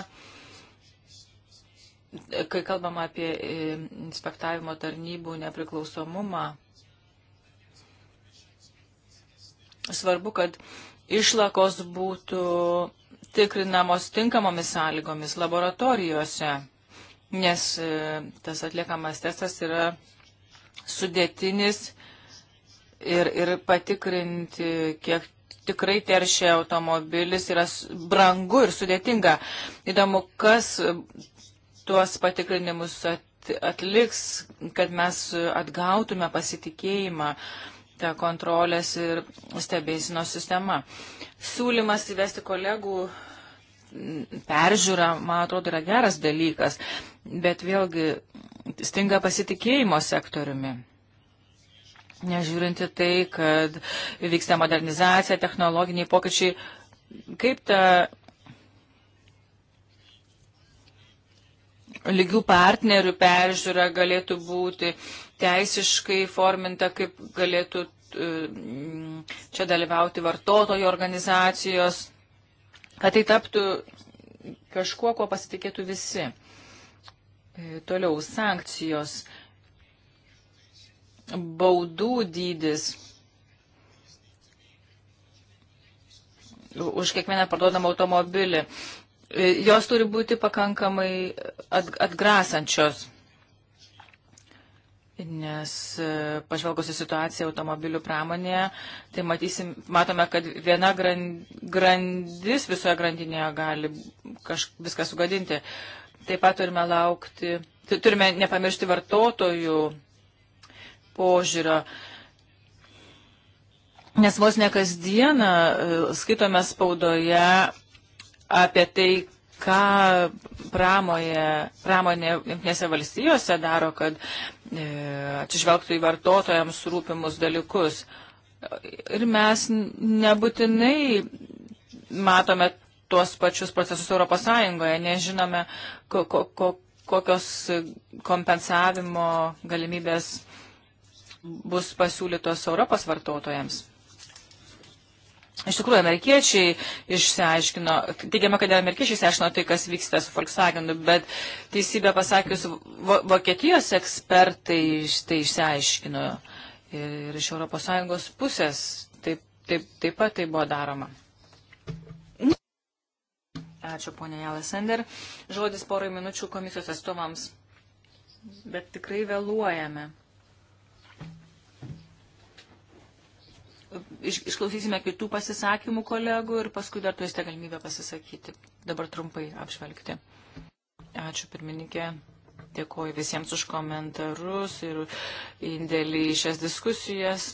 kai kalbam apie e, inspektavimo tarnybų nepriklausomumą. Svarbu, kad išlakos būtų tikrinamos tinkamomis sąlygomis laboratorijose, nes e, tas atliekamas testas yra sudėtinis ir, ir patikrinti, kiek tikrai teršia automobilis, yra brangu ir sudėtinga. Įdomu, kas tuos patikrinimus atliks, kad mes atgautume pasitikėjimą tą kontrolės ir stebėsinos sistema. Siūlymas įvesti kolegų peržiūrą, man atrodo, yra geras dalykas, bet vėlgi stinga pasitikėjimo sektoriumi. Nežiūrinti tai, kad vyksta modernizacija, technologiniai pokyčiai, kaip ta lygių partnerių peržiūra galėtų būti teisiškai forminta, kaip galėtų e, čia dalyvauti vartotojų organizacijos, kad tai taptų kažkuo, kuo pasitikėtų visi. E, toliau sankcijos, baudų dydis. Už kiekvieną parduodamą automobilį. E, jos turi būti pakankamai atgrasančios, nes e, pažvelgusi situaciją automobilių pramonėje, tai matysim, matome, kad viena grandis visoje grandinėje gali kaž, viską sugadinti. Uh, Taip pat turime laukti, turime nepamiršti vartotojų požiūrio. Nes vos ne kasdieną e, skaitome spaudoje apie tai, ką pramoje, pramonė jungtinėse valstijose daro, kad e, atsižvelgtų į vartotojams rūpimus dalykus. Ir mes nebūtinai matome tuos pačius procesus Europos Sąjungoje. Nežinome, ko, ko, kokios kompensavimo galimybės bus pasiūlytos Europos vartotojams. Iš tikrųjų, amerikiečiai išsiaiškino, teigiama, kad amerikiečiai išsiaiškino tai, kas vyksta su Volkswagenu, bet teisybė pasakius, vo, Vokietijos ekspertai tai išsiaiškino ir, ir iš ES pusės taip, taip, taip pat tai buvo daroma. Ačiū, ponė Jalasender. Žodis porai minučių komisijos atstovams. Bet tikrai vėluojame. Iš, išklausysime kitų pasisakymų kolegų ir paskui dar turėsite galimybę pasisakyti. Dabar trumpai apžvelgti. Ačiū, pirmininkė. Dėkuoju visiems už komentarus ir indėlį į šias diskusijas.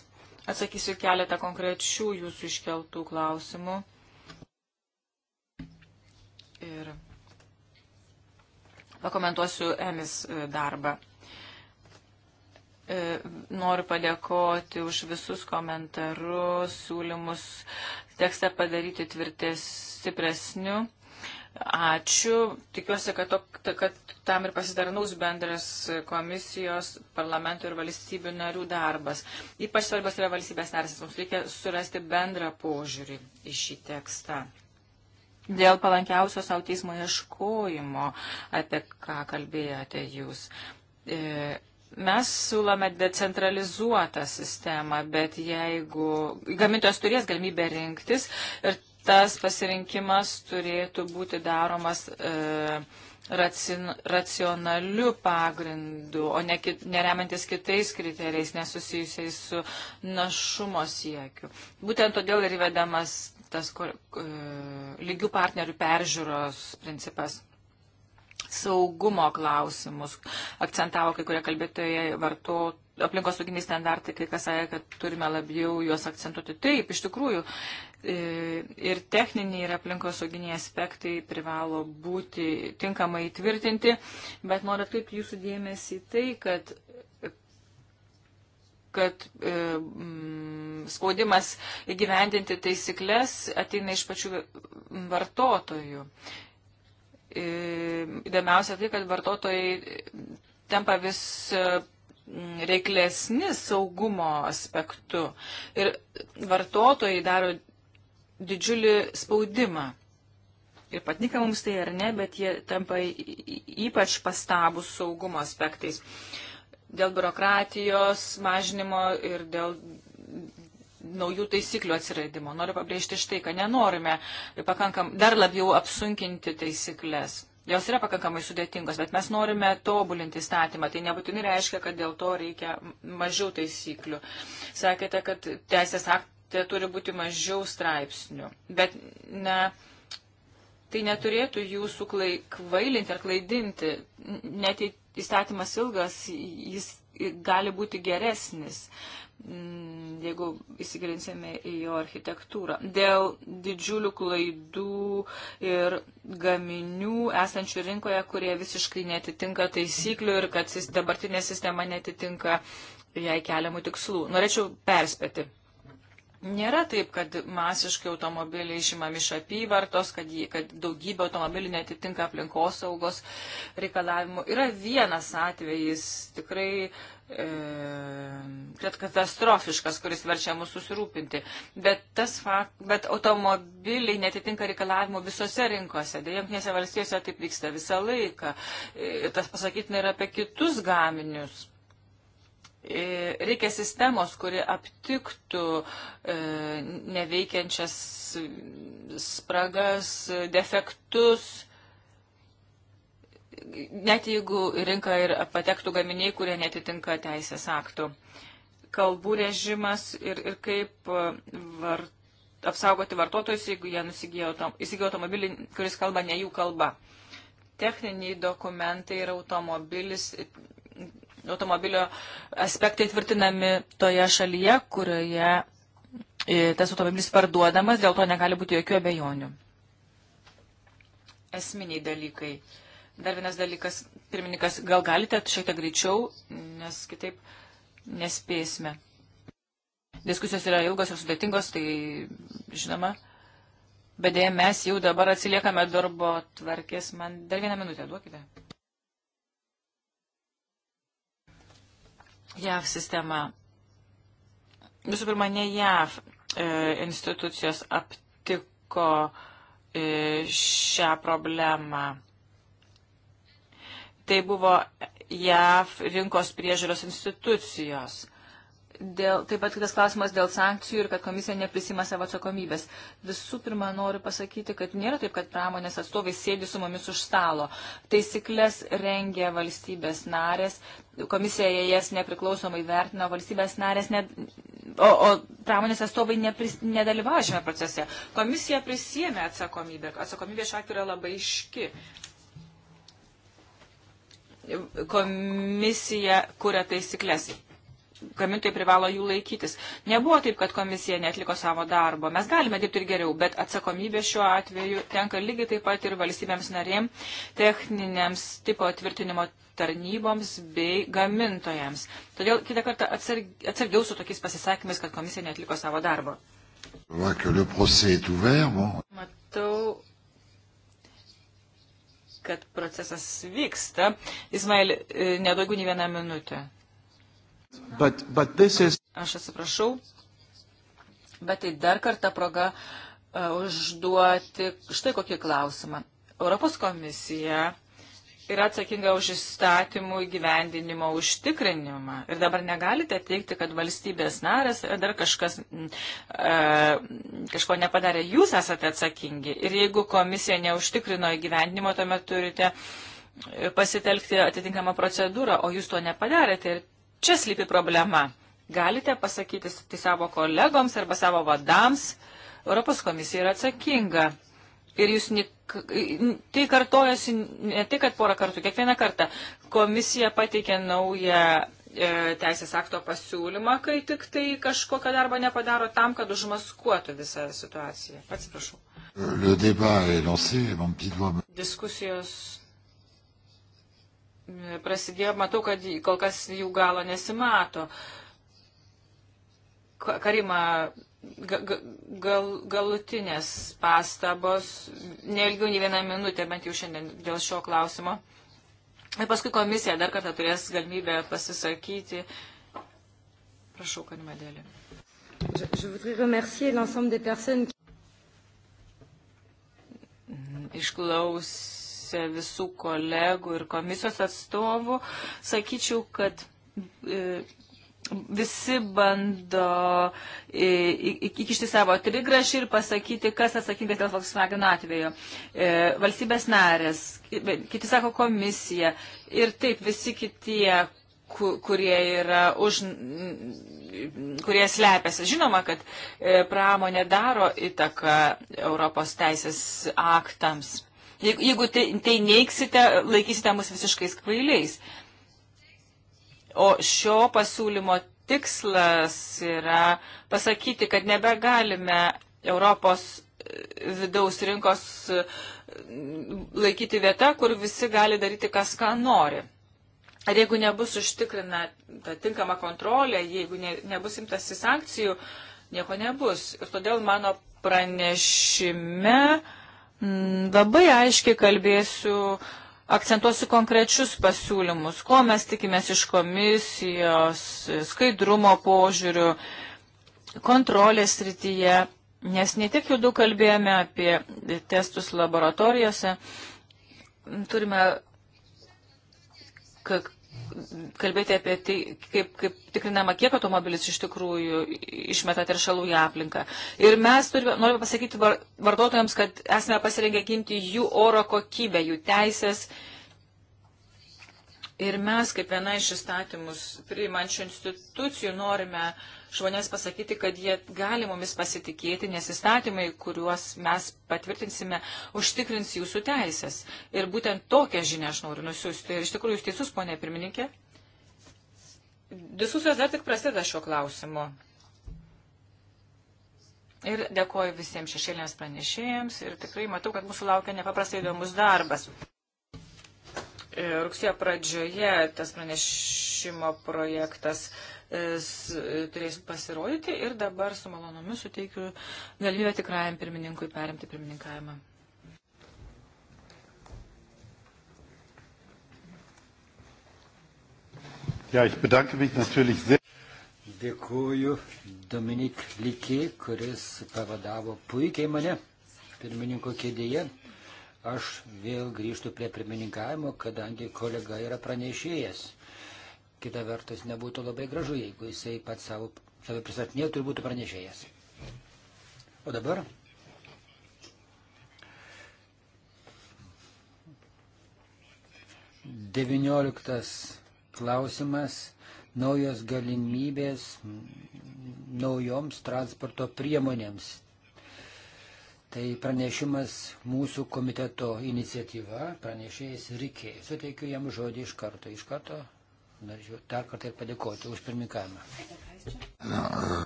Atsakysiu keletą konkrečių jūsų iškeltų klausimų ir pakomentuosiu Emis e, darbą. E, noriu padėkoti už visus komentarus, siūlymus tekstą padaryti tvirtes, stipresniu. Ačiū. Tikiuosi, kad, to, kad tam ir pasidarnaus bendras komisijos, parlamento ir valstybių narių darbas. Ypač svarbios yra valstybės narės. Mums reikia surasti bendrą požiūrį į šį tekstą dėl palankiausios savo teismo ieškojimo, apie ką kalbėjote jūs. E, mes siūlome decentralizuotą sistemą, bet jeigu gamintojas turės galimybę rinktis ir tas pasirinkimas turėtų būti daromas e, racin, racionaliu pagrindu, o ne kit, neremantis kitais kriterijais nesusijusiais su našumo siekiu. Būtent todėl ir įvedamas tas kur, lygių partnerių peržiūros principas saugumo klausimus. Akcentavo kai kurie kalbėtojai varto aplinkos sauginiai standartai, kai kas sąja, kad turime labiau juos akcentuoti. Taip, iš tikrųjų, e, ir techniniai, ir aplinkos sauginiai aspektai privalo būti tinkamai tvirtinti, bet noriu atkreipti jūsų dėmesį tai, kad kad e, spaudimas įgyvendinti taisyklės ateina iš pačių vartotojų. E, įdomiausia tai, kad vartotojai tampa vis e, reiklesni saugumo aspektu ir vartotojai daro didžiulį spaudimą. Ir patinka mums tai ar ne, bet jie tampa ypač pastabus saugumo aspektais. E, dėl biurokratijos mažinimo ir dėl naujų taisyklių atsiradimo. Noriu pabrėžti štai, kad nenorime pakankam, dar labiau apsunkinti taisyklės. Jos yra pakankamai sudėtingos, bet mes norime tobulinti statymą. Tai nebūtinai reiškia, kad dėl to reikia mažiau taisyklių. Sakėte, kad teisės akte turi būti mažiau straipsnių. Bet ne, tai neturėtų jūsų klai, kvailinti ar klaidinti. Netit įstatymas ilgas, jis gali būti geresnis, mm, jeigu įsigilinsime į jo architektūrą. Dėl didžiulių klaidų ir gaminių esančių rinkoje, kurie visiškai netitinka taisyklių ir kad dabartinė sistema netitinka jai keliamų tikslų. Norėčiau perspėti. Nėra taip, kad masiškai automobiliai išimami iš apyvartos, kad, jį, kad daugybė automobilių netitinka aplinkos saugos reikalavimų. Yra vienas atvejis tikrai e, katastrofiškas, kuris verčia mus susirūpinti. Bet, tas fakt, bet automobiliai netitinka reikalavimų visose rinkose. Dėl jungtinėse valstijose taip vyksta visą laiką. E, tas pasakytina ir apie kitus gaminius E, reikia sistemos, kuri aptiktų e, neveikiančias spragas, defektus, net jeigu rinka ir patektų gaminiai, kurie netitinka teisės aktų. Kalbų režimas ir, ir kaip e, var, apsaugoti vartotojus, jeigu jie įsigijo automobilį, kuris kalba ne jų kalba. Techniniai dokumentai ir automobilis automobilio aspektai tvirtinami toje šalyje, kurioje e, tas automobilis parduodamas, dėl to negali būti jokių abejonių. Esminiai dalykai. Dar vienas dalykas, pirmininkas, gal galite šiek tiek greičiau, nes kitaip nespėsime. Diskusijos yra ilgos ir sudėtingos, tai žinoma. Bet dėja, mes jau dabar atsiliekame darbo tvarkės. Man dar vieną minutę duokite. JAV sistema. Visų pirma, ne JAV e, institucijos aptiko e, šią problemą. Tai buvo JAV rinkos priežiūros institucijos. Dėl, taip pat kitas klausimas dėl sankcijų ir kad komisija neprisima savo atsakomybės. Visų pirma, noriu pasakyti, kad nėra taip, kad pramonės atstovai sėdi su mumis už stalo. Taisyklės rengia valstybės narės, komisija jas nepriklausomai vertino, valstybės narės, net, o, o pramonės atstovai nepris, nedalyvauja šiame procese. Komisija prisėmė atsakomybę. Atsakomybė šiuo atveju yra labai iški komisija kuria taisyklės gamintojai privalo jų laikytis. Nebuvo taip, kad komisija netliko savo darbo. Mes galime dirbti ir geriau, bet atsakomybė šiuo atveju tenka lygiai taip pat ir valstybėms narėm, techniniams tipo tvirtinimo tarnyboms bei gamintojams. Todėl kitą kartą atsargiau su tokiais pasisakymais, kad komisija netliko savo darbo. Matau, kad procesas vyksta. Ismail, e, nedaugiau nei vieną minutę. But, but is... Aš atsiprašau, bet tai dar kartą proga uh, užduoti štai kokį klausimą. Europos komisija yra atsakinga už įstatymų įgyvendinimo užtikrinimą. Ir dabar negalite teikti, kad valstybės narės dar kažkas mm, e, kažko nepadarė. Jūs esate atsakingi. Ir jeigu komisija neužtikrino įgyvendinimo, tuomet turite pasitelkti atitinkamą procedūrą, o jūs to nepadarėte ir Čia slypi problema. Galite pasakyti tai savo kolegoms arba savo vadams, Europos komisija yra atsakinga. Ir jūs ne, tai kartojasi ne tik, kad porą kartų, kiekvieną kartą komisija pateikia naują e, teisės akto pasiūlymą, kai tik tai kažkokią darbą nepadaro tam, kad užmaskuotų visą situaciją. Atsiprašau. Diskusijos prasidėjo, matau, kad kol kas jų galo nesimato. Karima, gal, galutinės pastabos, neilgiau nei vieną minutę, bent jau šiandien dėl šio klausimo. Ir paskui komisija dar kartą turės galimybę pasisakyti. Prašau, Kanimadėlė. Išklausė pusę visų kolegų ir komisijos atstovų. Sakyčiau, kad e, visi bando e, įkišti savo trigrašį ir pasakyti, kas atsakingas dėl Volkswagen atvejo. E, valstybės narės, kiti sako komisija ir taip visi kitie, kurie yra už kurie slepiasi. Žinoma, kad pramonė daro įtaką Europos teisės aktams. Jeigu, jeigu tai, tai neiksite, laikysite mus visiškais kvailiais. O šio pasiūlymo tikslas yra pasakyti, kad nebegalime Europos e, vidaus rinkos e, laikyti vieta, kur visi gali daryti, kas ką nori. Ar jeigu nebus užtikrina ta tinkama kontrolė, jeigu ne, nebus imtasi sankcijų, nieko nebus. Ir todėl mano pranešime uh, Mm, labai aiškiai kalbėsiu, akcentuosiu konkrečius pasiūlymus, ko mes tikimės iš komisijos, skaidrumo požiūrių, kontrolės rytyje, nes ne tik jau daug kalbėjome apie testus laboratorijose, turime kalbėti apie tai, kaip, kaip tikrinama, kiek automobilis iš tikrųjų išmeta teršalų į aplinką. Ir mes turime, norime pasakyti var, vartotojams, kad esame pasirengę ginti jų oro kokybę, jų teisės. Ir mes, kaip viena iš įstatymus priimančių institucijų, norime uh, žmonėms pasakyti, kad jie gali mumis pasitikėti, nes įstatymai, kuriuos mes patvirtinsime, užtikrins jūsų teisės. Ir būtent tokią žinią aš noriu nusiųsti. Ir iš tikrųjų jūs teisus, ponė pirmininkė. Diskusijos dar tik prasideda šiuo klausimu. Ir dėkoju visiems šešėlėms pranešėjams ir tikrai matau, kad mūsų laukia nepaprastai įdomus darbas. E, rugsėjo pradžioje tas pranešimo projektas e, turės pasirodyti ir dabar su malonomis suteikiu galimybę tikrajam pirmininkui perimti pirmininkavimą. Ja, ich bedanke mich natürlich sehr. Dėkuoju Dominik Likė, kuris pavadavo puikiai mane pirmininko kėdėje. Aš vėl grįžtu prie pirmininkavimo, kadangi kolega yra pranešėjas. Kita vertus, nebūtų labai gražu, jeigu jisai pats savo, save pristatinėtų ir būtų pranešėjas. O dabar Devynioliktas klausimas - naujos galimybės naujoms transporto priemonėms Tai pranešimas mūsų komiteto iniciatyva, pranešėjas Rikė. Suteikiu jam žodį iš karto. Iš karto norėčiau dar kartą ir padėkoti už pirmininkavimą.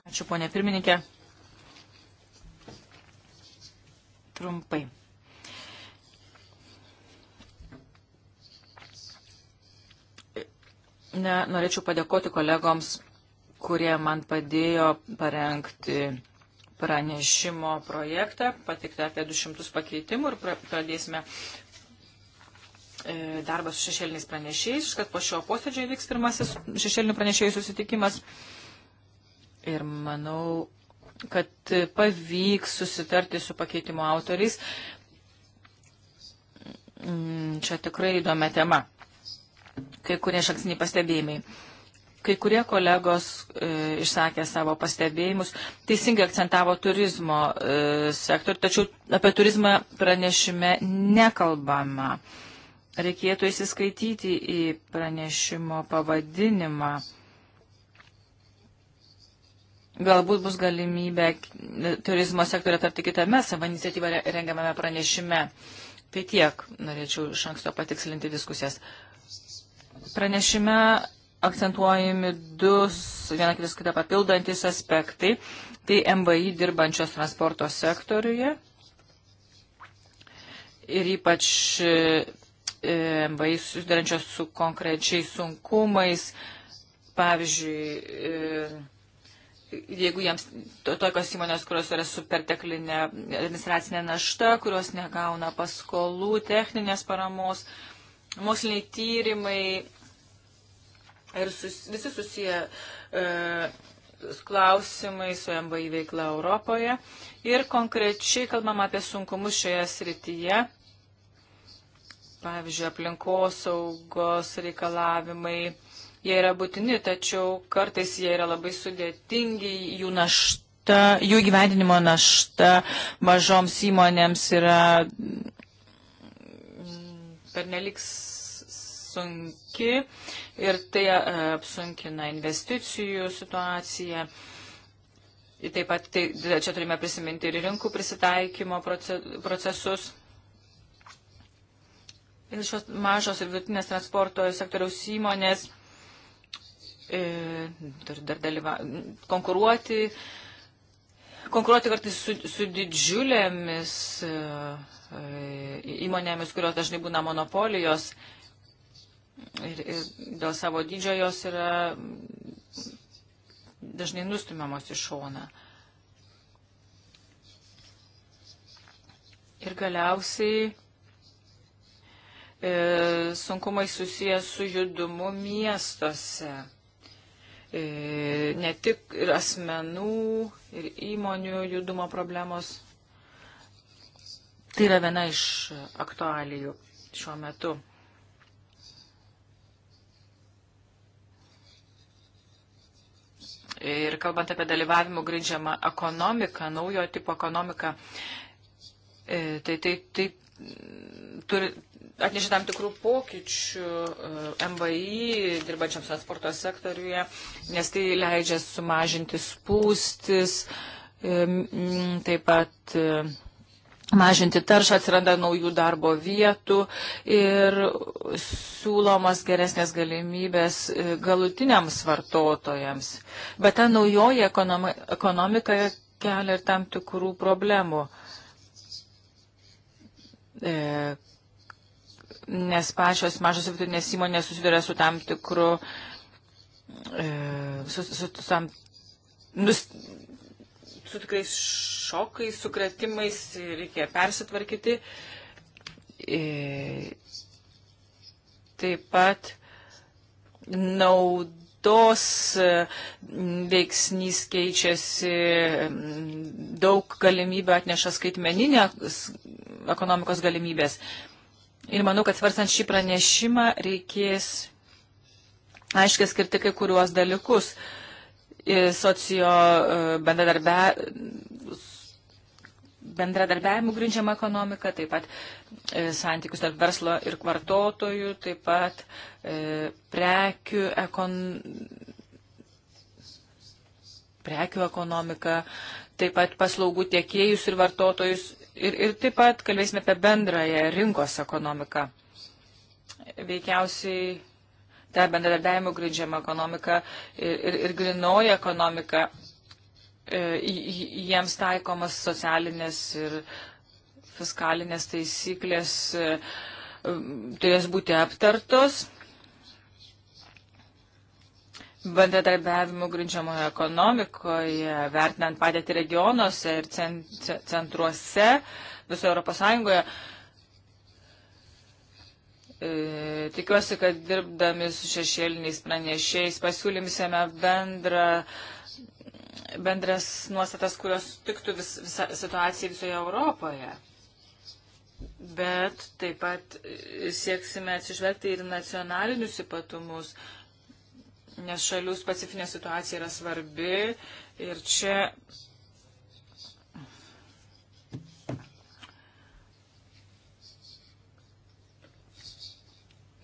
Ačiū, ponė pirmininkė. Trumpai. Ne, norėčiau padėkoti kolegoms, kurie man padėjo parengti pranešimo projektą, patiktą apie 200 pakeitimų ir pradėsime e, darbą su šešėliniais pranešėjais, kad po šio posėdžio įvyks pirmasis šešėlinių pranešėjų susitikimas. Ir manau, kad pavyks susitarti su pakeitimo autoriais. Mm, čia tikrai įdomi tema. Kai kurie šaksiniai pastebėjimai. Kai kurie kolegos e, išsakė savo pastebėjimus, teisingai akcentavo turizmo e, sektorių, tačiau apie turizmą pranešime nekalbama. Reikėtų įsiskaityti į pranešimo pavadinimą galbūt bus galimybė turizmo sektorių aptarti kitame savo iniciatyvą rengiamame pranešime. Tai tiek norėčiau iš anksto patikslinti diskusijas. Pranešime akcentuojami du viena kitas kitą papildantis aspektai. Tai MVI dirbančios transporto sektoriuje ir ypač e, MVI susidarančios su konkrečiais sunkumais. Pavyzdžiui, e, jeigu jiems tokios įmonės, kurios yra su perteklinė administracinė našta, kurios negauna paskolų, techninės paramos, moksliniai tyrimai, ir sus, visi susiję e, klausimai su MVI veikla Europoje. Ir konkrečiai kalbam apie sunkumus šioje srityje. Pavyzdžiui, aplinkosaugos reikalavimai. Jie yra būtini, tačiau kartais jie yra labai sudėtingi, jų našta, jų gyvendinimo našta mažoms įmonėms yra mm, perneliks sunki ir tai e, apsunkina investicijų situaciją. Taip pat tai, čia turime prisiminti ir rinkų prisitaikymo procesus. Ir šios mažos ir vidutinės transporto sektoriaus įmonės dar, e, dar dalyva, konkuruoti, konkuruoti kartais su, su didžiulėmis e, įmonėmis, kurios dažnai būna monopolijos. E, ir, ir dėl savo dydžio jos yra dažnai nustumiamos į šoną. Ir galiausiai e, sunkumai susijęs su judumu miestuose. E, ne tik ir asmenų, ir įmonių judumo problemos. Tai yra viena iš aktualijų šiuo metu. Ir kalbant apie dalyvavimų grindžiamą ekonomiką, naujo tipo ekonomiką, e, tai, tai, tai turi, atnešė tam tikrų pokyčių e, MVI dirbančiams transporto sektoriuje, nes tai leidžia sumažinti spūstis, e, taip pat mažinti taršą, atsiranda naujų darbo vietų ir siūlomas geresnės galimybės e, galutiniams vartotojams. Bet ta naujoji ekonomika kelia ir tam tikrų problemų. E, nes pačios mažos vidutinės įmonės susiduria su tam tikru, e, su, su, su tam, nus, su tikrais šokais, sukretimais, reikia persitvarkyti. E, taip pat naudos e, veiksnys keičiasi, e, daug galimybių atneša skaitmeninė ekonomikos galimybės. Ir manau, kad svarstant šį pranešimą reikės aiškiai skirti kai kuriuos dalykus. Uh, E, socio e, bendradarbia, bendradarbiavimų grindžiama ekonomika, taip pat e, santykius tarp verslo ir vartotojų, taip pat e, prekių, ekon, prekių ekonomika, taip pat paslaugų tiekėjus ir vartotojus ir, ir taip pat kalbėsime apie bendrąją rinkos ekonomiką. Veikiausiai tą bendradarbiavimų grindžiamą ekonomiką ir, ir, ir grinoja ekonomiką, e, jiems taikomas socialinės ir fiskalinės taisyklės e, turės būti aptartos bendradarbiavimų grindžiamoje ekonomikoje, vertinant padėtį regionuose ir centruose viso Europos Sąjungoje, E, tikiuosi, kad dirbdami su šešėliniais pranešėjais pasiūlymsime bendrą, bendras nuostatas, kurios tiktų vis, visa, situacijai visoje Europoje. Bet taip pat sieksime atsižvelgti ir nacionalinius ypatumus, nes šalių specifinė situacija yra svarbi ir čia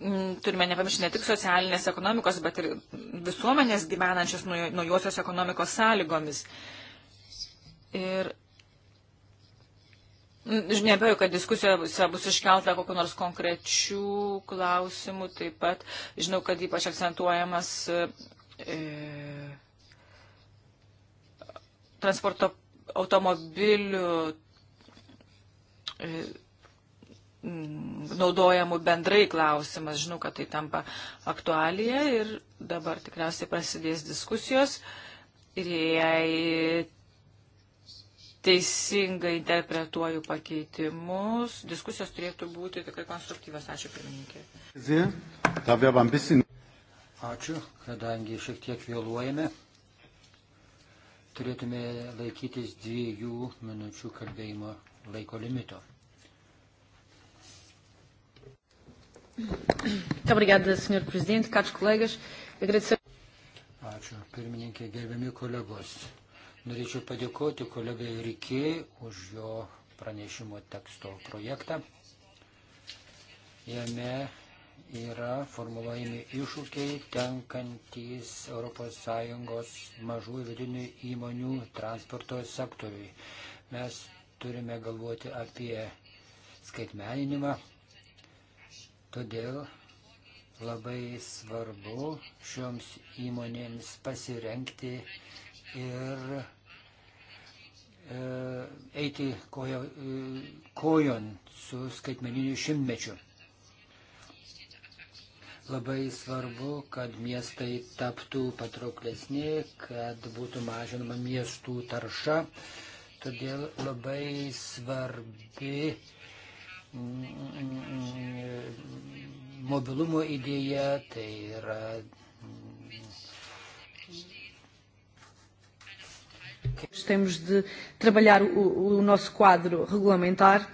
Mm, turime nepamiršti ne tik socialinės ekonomikos, bet ir visuomenės gyvenančios naujosios ekonomikos sąlygomis. Ir mm, Nebejoju, kad diskusijose bus iškelta kokiu nors konkrečių klausimų, taip pat žinau, kad ypač akcentuojamas e, transporto automobilių e, Mm, naudojamų bendrai klausimas. Žinau, kad tai tampa aktualija ir dabar tikriausiai prasidės diskusijos. Ir jei teisingai interpretuoju pakeitimus, diskusijos turėtų būti tikrai konstruktyvios. Ačiū, pirmininkė. Ačiū, kadangi šiek tiek vėluojame. Turėtume laikytis dviejų minučių kalbėjimo laiko limito. Muito obrigada, Sr. Presidente, caros colegas. Agradecer... Ačiū, pirmininkė, gerbiami kolegos. Norėčiau padėkoti kolegai Rikiai už jo pranešimo teksto projektą. Jame yra formuluojami iššūkiai tenkantys ES mažų ir vidinių įmonių transporto sektoriui. Mes turime galvoti apie skaitmeninimą, Todėl labai svarbu šioms įmonėms pasirenkti ir e, eiti kojo, e, kojon su skaitmeniniu šimtmečiu. Labai svarbu, kad miestai taptų patrauklesni, kad būtų mažinama miestų tarša. Todėl labai svarbi mobilumo idėja, tai yra Temos de trabalhar o, o nosso quadro regulamentar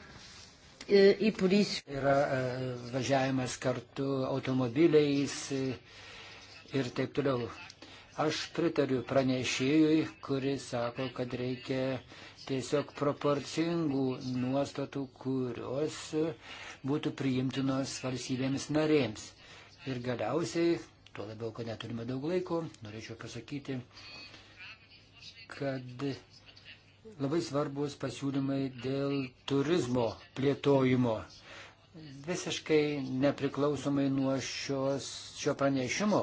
eh, e por isso. Yra eh, važiavimas kartu automobiliais eh, ir taip toliau. Aš pritariu pranešėjui, kuris sako, kad reikia uh, tiesiog proporcingų nuostatų, kurios būtų priimtinos valstybėms narėms. Ir galiausiai, tuo labiau, kad neturime daug laiko, norėčiau pasakyti, kad labai svarbus pasiūlymai dėl turizmo plėtojimo. Visiškai nepriklausomai nuo šios, šio pranešimo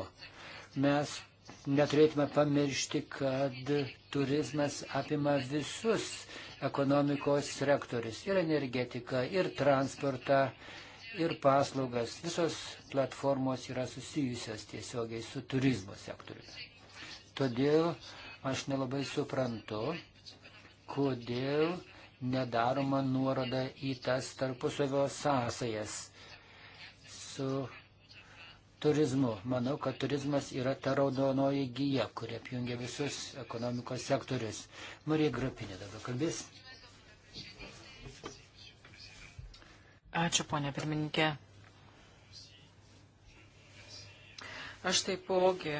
mes neturėtume pamiršti, kad turizmas apima visus ekonomikos sektorius - ir energetiką, ir transportą, ir paslaugas. Visos platformos yra susijusios tiesiogiai su turizmo sektoriumi. Todėl aš nelabai suprantu, kodėl nedaroma nuoroda į tas tarpusavio sąsajas su turizmu. Manau, kad turizmas yra ta raudonoji gyja, kuri apjungia visus ekonomikos sektorius. Marija Grapinė dabar kalbės. Ačiū, ponė pirmininkė. Aš taipogi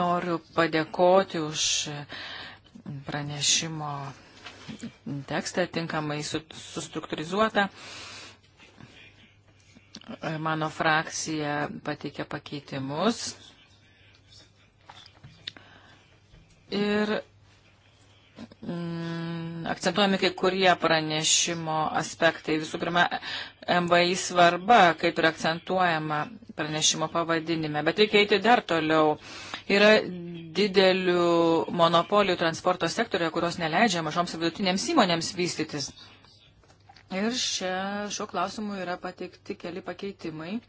noriu padėkoti už pranešimo tekstą tinkamai sustruktūrizuotą. Su Mano frakcija pateikė pakeitimus. Ir mm, akcentuojami kai kurie pranešimo aspektai. Visų pirma, MVI svarba, kaip ir akcentuojama pranešimo pavadinime. Bet reikia eiti dar toliau. Yra didelių monopolijų transporto sektorioje, kurios neleidžia mažoms ir vidutinėms įmonėms vystytis. Ir šia, šiuo klausimu yra pateikti keli pakeitimai.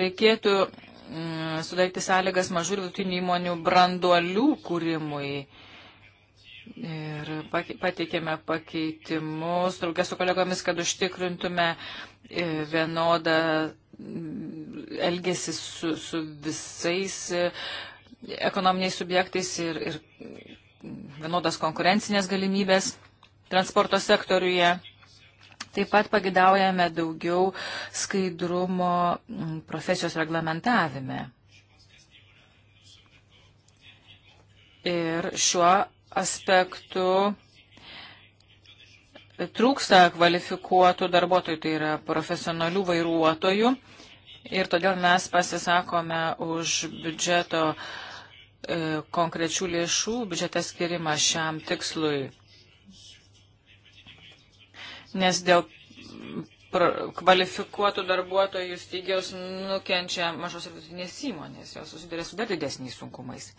Reikėtų mm, sudaryti sąlygas mažų ir vidutinių įmonių branduolių kūrimui. Uh, Ir pateikėme pakeitimus, draugės su kolegomis, kad užtikrintume e, vienodą mm, elgesį su, su visais e, ekonominiais subjektais ir, ir mm, vienodas konkurencinės galimybės transporto sektoriuje. Taip pat pagidaujame daugiau skaidrumo mm, profesijos reglamentavime. Ir šiuo aspektu trūksta kvalifikuotų darbuotojų, tai yra profesionalių vairuotojų. Ir todėl mes pasisakome už biudžeto e, konkrečių lėšų, biudžetą skirimą šiam tikslui. Nes dėl kvalifikuotų darbuotojų stygiaus nukenčia mažos ir vidutinės įmonės, jos susiduria su dar didesniais sunkumais.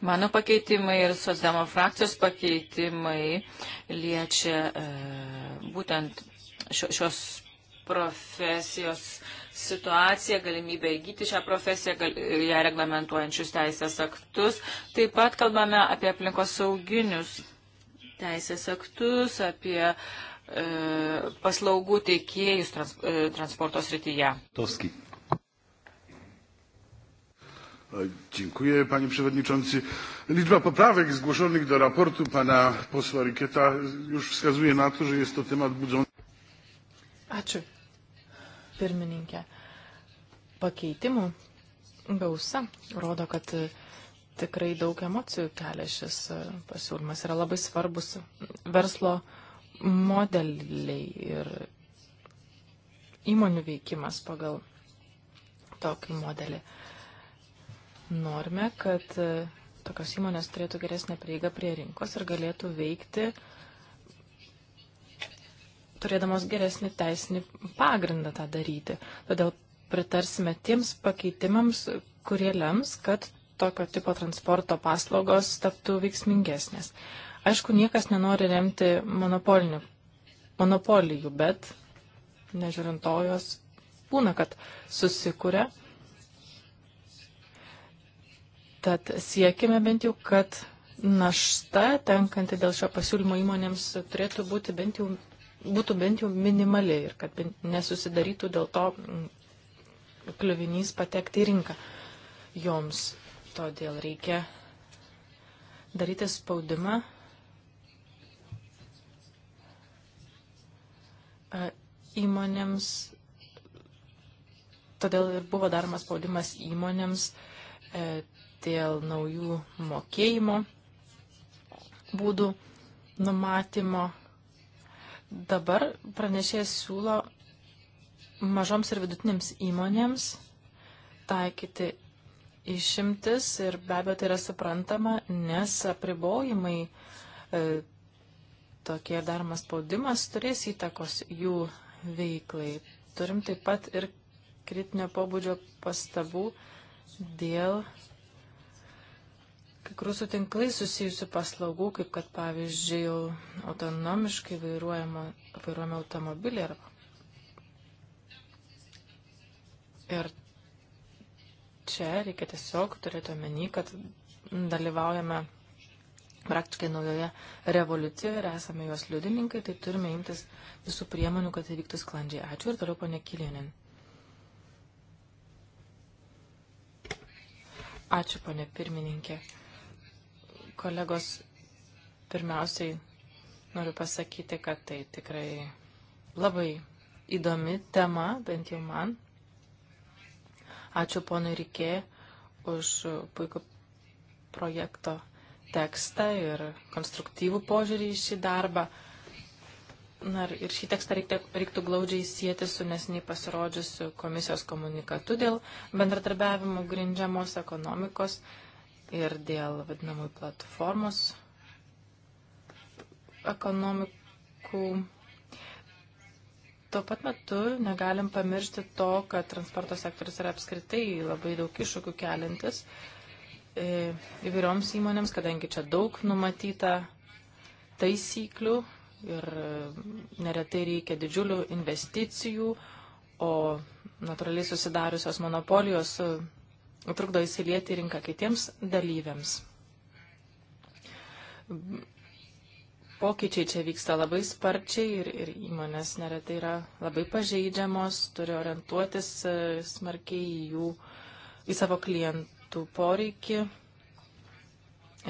Mano pakeitimai ir socdemo frakcijos pakeitimai liečia e, būtent šios profesijos situaciją, galimybę įgyti šią profesiją, gal, ją reglamentuojančius teisės aktus. Taip pat kalbame apie aplinkos sauginius teisės aktus, apie e, paslaugų teikėjus trans, e, transporto srityje. Toski. Dziękuję panie przewodniczący. Liczba poprawek zgłoszonych do raportu pana posła Rikieta już wskazuje na to, że jest to temat budzący. Ačiū, pirmininkė. Pakeitimų gausa rodo, kad e, tikrai daug emocijų kelia šis e, pasiūlymas. Yra labai svarbus verslo modeliai ir įmonių veikimas pagal tokį modelį. Uh, Norime, kad e, tokios įmonės turėtų geresnę prieigą prie rinkos ir galėtų veikti turėdamos geresnį teisinį pagrindą tą daryti. Todėl pritarsime tiems pakeitimams, kurie lems, kad tokio tipo transporto paslaugos taptų veiksmingesnės. Aišku, niekas nenori remti monopolijų, bet nežiūrint to jos būna, kad susikuria Tad siekime bent jau, kad našta tenkanti dėl šio pasiūlymo įmonėms turėtų būti bent jau, būtų bent jau minimali ir kad nesusidarytų dėl to mm, kliuvinys patekti į rinką. Joms todėl reikia daryti spaudimą įmonėms, todėl ir buvo daromas spaudimas įmonėms e, dėl naujų mokėjimo būdų numatymo. Dabar pranešėjas siūlo mažoms ir vidutinėms įmonėms taikyti išimtis ir be abejo tai yra suprantama, nes apribojimai, e, tokie daromas spaudimas turės įtakos jų veiklai. Turim taip pat ir kritinio pobūdžio pastabų dėl kai kurių su tinklais susijusių paslaugų, kaip kad pavyzdžiui autonomiškai vairuojami automobiliai. Ir čia reikia tiesiog turėti omeny, kad dalyvaujame praktiškai naujoje revoliucijoje ir esame jos liudininkai, tai turime imtis visų priemonių, kad įvyktų tai sklandžiai. Ačiū ir toliau ponė Kilienin. Ačiū, ponė pirmininkė. Kolegos, pirmiausiai noriu pasakyti, kad tai tikrai labai įdomi tema, bent jau man. Ačiū ponui Rikė už puikų projekto tekstą ir konstruktyvų požiūrį į šį darbą. Na, ir šį tekstą reiktų, reiktų glaudžiai sieti su nesiniai pasirodžiusiu komisijos komunikatu dėl bendradarbiavimo grindžiamos ekonomikos ir dėl vadinamųjų platformos ekonomikų. Tuo pat metu negalim pamiršti to, kad transporto sektorius yra apskritai labai daug iššūkių kelintis e, įvairioms įmonėms, kadangi čia daug numatyta taisyklių ir neretai reikia didžiulių investicijų, o natūraliai susidariusios monopolijos trukdo įsilieti rinką kitiems dalyviams. Pokyčiai čia vyksta labai sparčiai ir, ir įmonės neretai yra labai pažeidžiamos, turi orientuotis e, smarkiai į jų, į savo klientų poreikį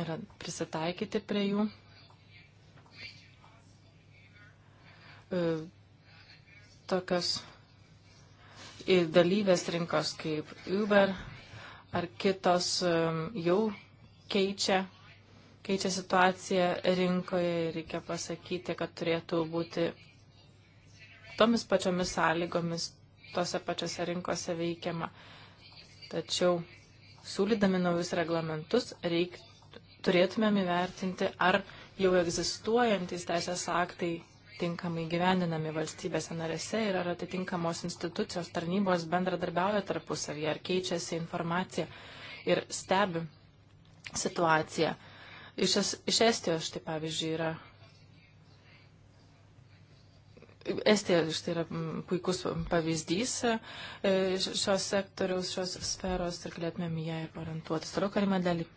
ir prisitaikyti prie jų. E, tokios dalyvės rinkos kaip Uber ar kitos jau keičia, keičia situaciją rinkoje ir reikia pasakyti, kad turėtų būti tomis pačiomis sąlygomis tose pačiose rinkose veikiama. Tačiau siūlydami naujus reglamentus reik, turėtumėm įvertinti, ar jau egzistuojantis teisės aktai tinkamai gyvendinami valstybėse narėse ir ar atitinkamos institucijos tarnybos bendradarbiauja tarpusavyje, ar keičiasi informacija ir stebi situaciją. Iš, es, iš Estijos štai pavyzdžiui yra. Estija štai yra puikus pavyzdys e, šios sektoriaus, šios sferos ir galėtumėm ją ir orientuotis. Toliau, Karimą Delį.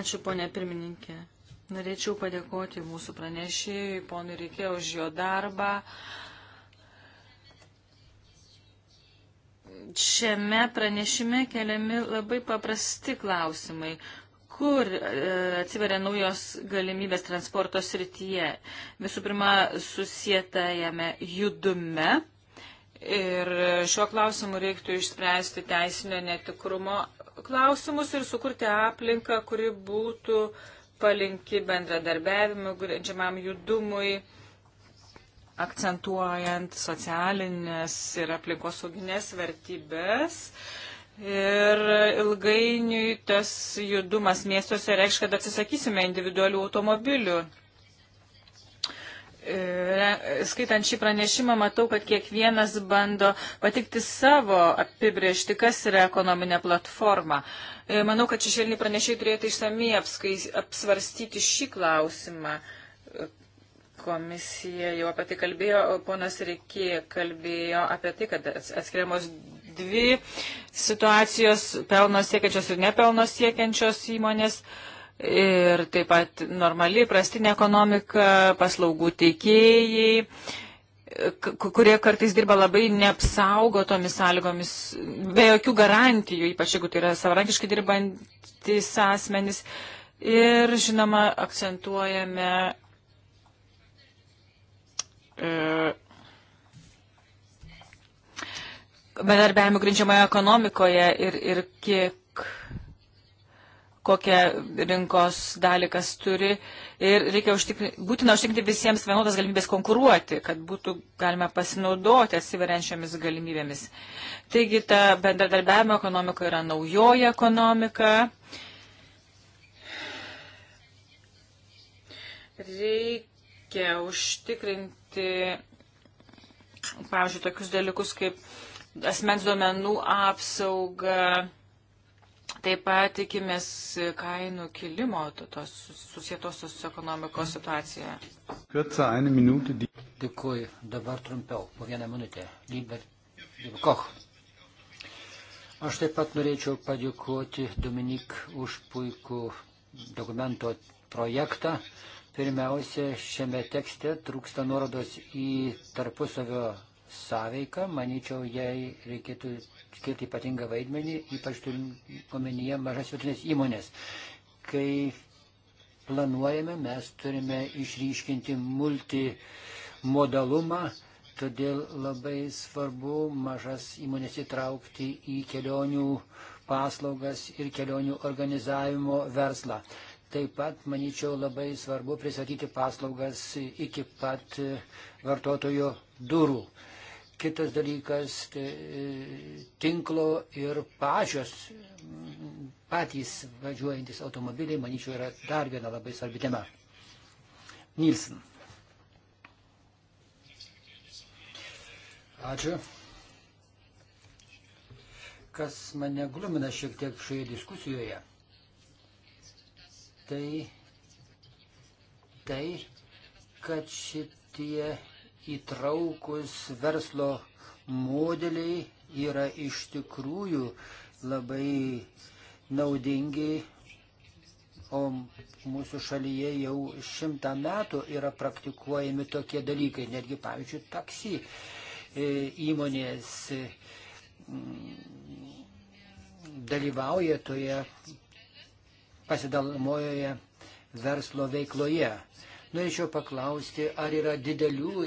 Ačiū, ponė pirmininkė. Norėčiau padėkoti mūsų pranešėjui, ponui reikėjo už jo darbą. Šiame pranešime keliami labai paprasti klausimai kur e, atsiveria naujos galimybės transporto srityje. Visų pirma, susieta jame judume. Ir šiuo klausimu reiktų išspręsti teisinio netikrumo klausimus ir sukurti aplinką, kuri būtų uh, palinki bendradarbiavimui, grindžiamam judumui, akcentuojant socialinės ir aplinkosauginės vertybės. Ir ilgainiui tas judumas miestuose reiškia, kad atsisakysime individualių automobilių. E, skaitant šį pranešimą, matau, kad kiekvienas bando patikti savo apibriežti, kas yra ekonominė platforma. E, manau, kad šešėliniai pranešiai turėtų išsamei apsvarstyti šį klausimą. E, komisija jau apie tai kalbėjo, ponas Rikė kalbėjo apie tai, kad atskiriamos dvi situacijos, pelno siekiančios ir nepelno siekiančios įmonės. Uh, ir taip pat normali prastinė ekonomika, paslaugų teikėjai kurie kartais dirba labai neapsaugotomis sąlygomis, be jokių garantijų, ypač jeigu tai yra savarankiškai dirbantis asmenys. Ir, žinoma, akcentuojame e, bendarbiavimo grindžiamoje ekonomikoje ir, ir kiek kokią rinkos dalį kas turi ir reikia užtikrinti, būtina užtikrinti visiems vienodas galimybės konkuruoti, kad būtų galima pasinaudoti atsiveriančiomis galimybėmis. Taigi ta bendradarbiavimo ekonomika yra naujoji ekonomika. Reikia užtikrinti, pavyzdžiui, tokius dalykus kaip asmens duomenų apsauga Taip pat tikimės kainų kilimo tos susietosios ekonomikos situacijoje. Dėkui, dabar trumpiau, po vieną minutę. Liber, Liber Koch. Aš taip pat norėčiau padėkoti Dominik už puikų dokumento projektą. Pirmiausia, šiame tekste trūksta nuorodos į tarpusavio sąveiką, manyčiau, jai reikėtų skirti ypatingą vaidmenį, ypač turint omenyje mažas vietinės įmonės. Kai planuojame, mes turime išryškinti multimodalumą, todėl labai svarbu mažas įmonės įtraukti į kelionių paslaugas ir kelionių organizavimo verslą. Taip pat, manyčiau, labai svarbu pristatyti paslaugas iki pat vartotojo durų. Kitas dalykas tai, e, tinklo ir pažios patys važiuojantis automobiliai, manyčiau, yra dar viena labai svarbi tema. Nilsen. Ačiū. Kas mane glumina šiek tiek šioje diskusijoje, tai, tai kad šitie įtraukus verslo modeliai yra iš tikrųjų labai naudingi, o mūsų šalyje jau šimtą metų yra praktikuojami tokie dalykai, netgi pavyzdžiui taksi e, įmonės mm, dalyvauja toje pasidalimojoje verslo veikloje. Norėčiau paklausti, ar yra didelių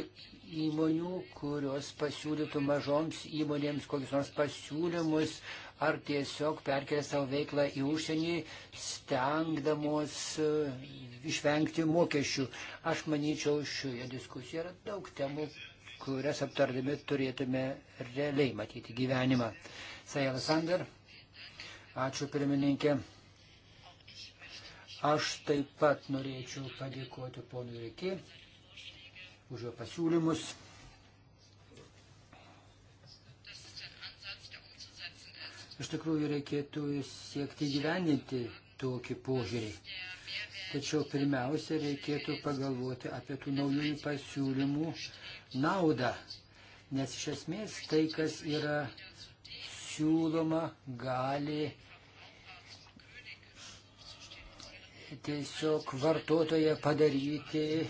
įmonių, kurios pasiūlytų mažoms įmonėms kokius nors pasiūlymus, ar tiesiog perkelia savo veiklą į užsienį, stengdamos e, išvengti mokesčių. Aš manyčiau, šioje diskusijoje yra daug temų, kurias aptardami turėtume realiai matyti gyvenimą. Sajal Sander, ačiū pirmininkė. Aš taip pat norėčiau padėkoti ponui Reikė už jo pasiūlymus. Iš tikrųjų reikėtų siekti gyveninti tokį požiūrį. Tačiau pirmiausia, reikėtų pagalvoti apie tų naujųjų pasiūlymų naudą. Nes iš esmės tai, kas yra siūloma, gali tiesiog vartotoje padaryti e,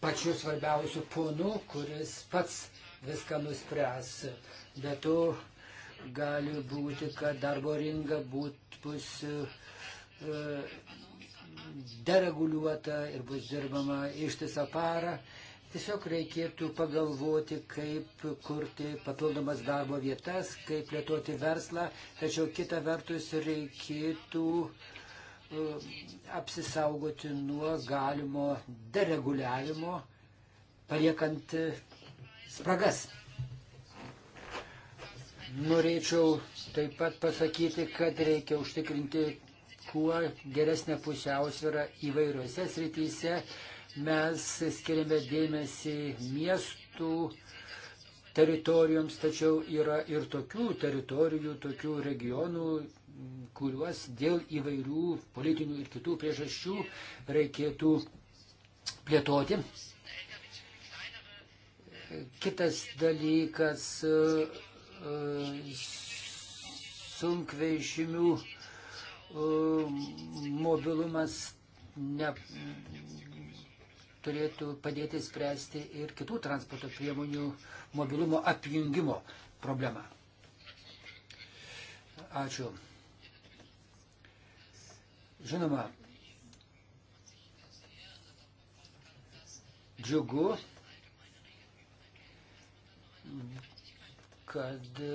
pačiu svarbiausiu ponu, kuris pats viską nuspręs. Be to gali būti, kad darbo rinka būt, bus e, dereguliuota ir bus dirbama ištisą parą. Tiesiog reikėtų pagalvoti, kaip kurti papildomas darbo vietas, kaip plėtoti verslą, tačiau kita vertus reikėtų uh, apsisaugoti nuo galimo dereguliavimo, paliekant spragas. Norėčiau taip pat pasakyti, kad reikia užtikrinti kuo geresnę pusiausvyrą įvairiose srityse. Mes skiriame dėmesį miestų teritorijoms, tačiau yra ir tokių teritorijų, tokių regionų, kuriuos dėl įvairių politinių ir kitų priežasčių reikėtų plėtoti. Kitas dalykas e, sunkvežimių e, mobilumas ne, turėtų padėti spręsti ir kitų transporto priemonių mobilumo apjungimo problemą. Ačiū. Žinoma, džiugu, kad e,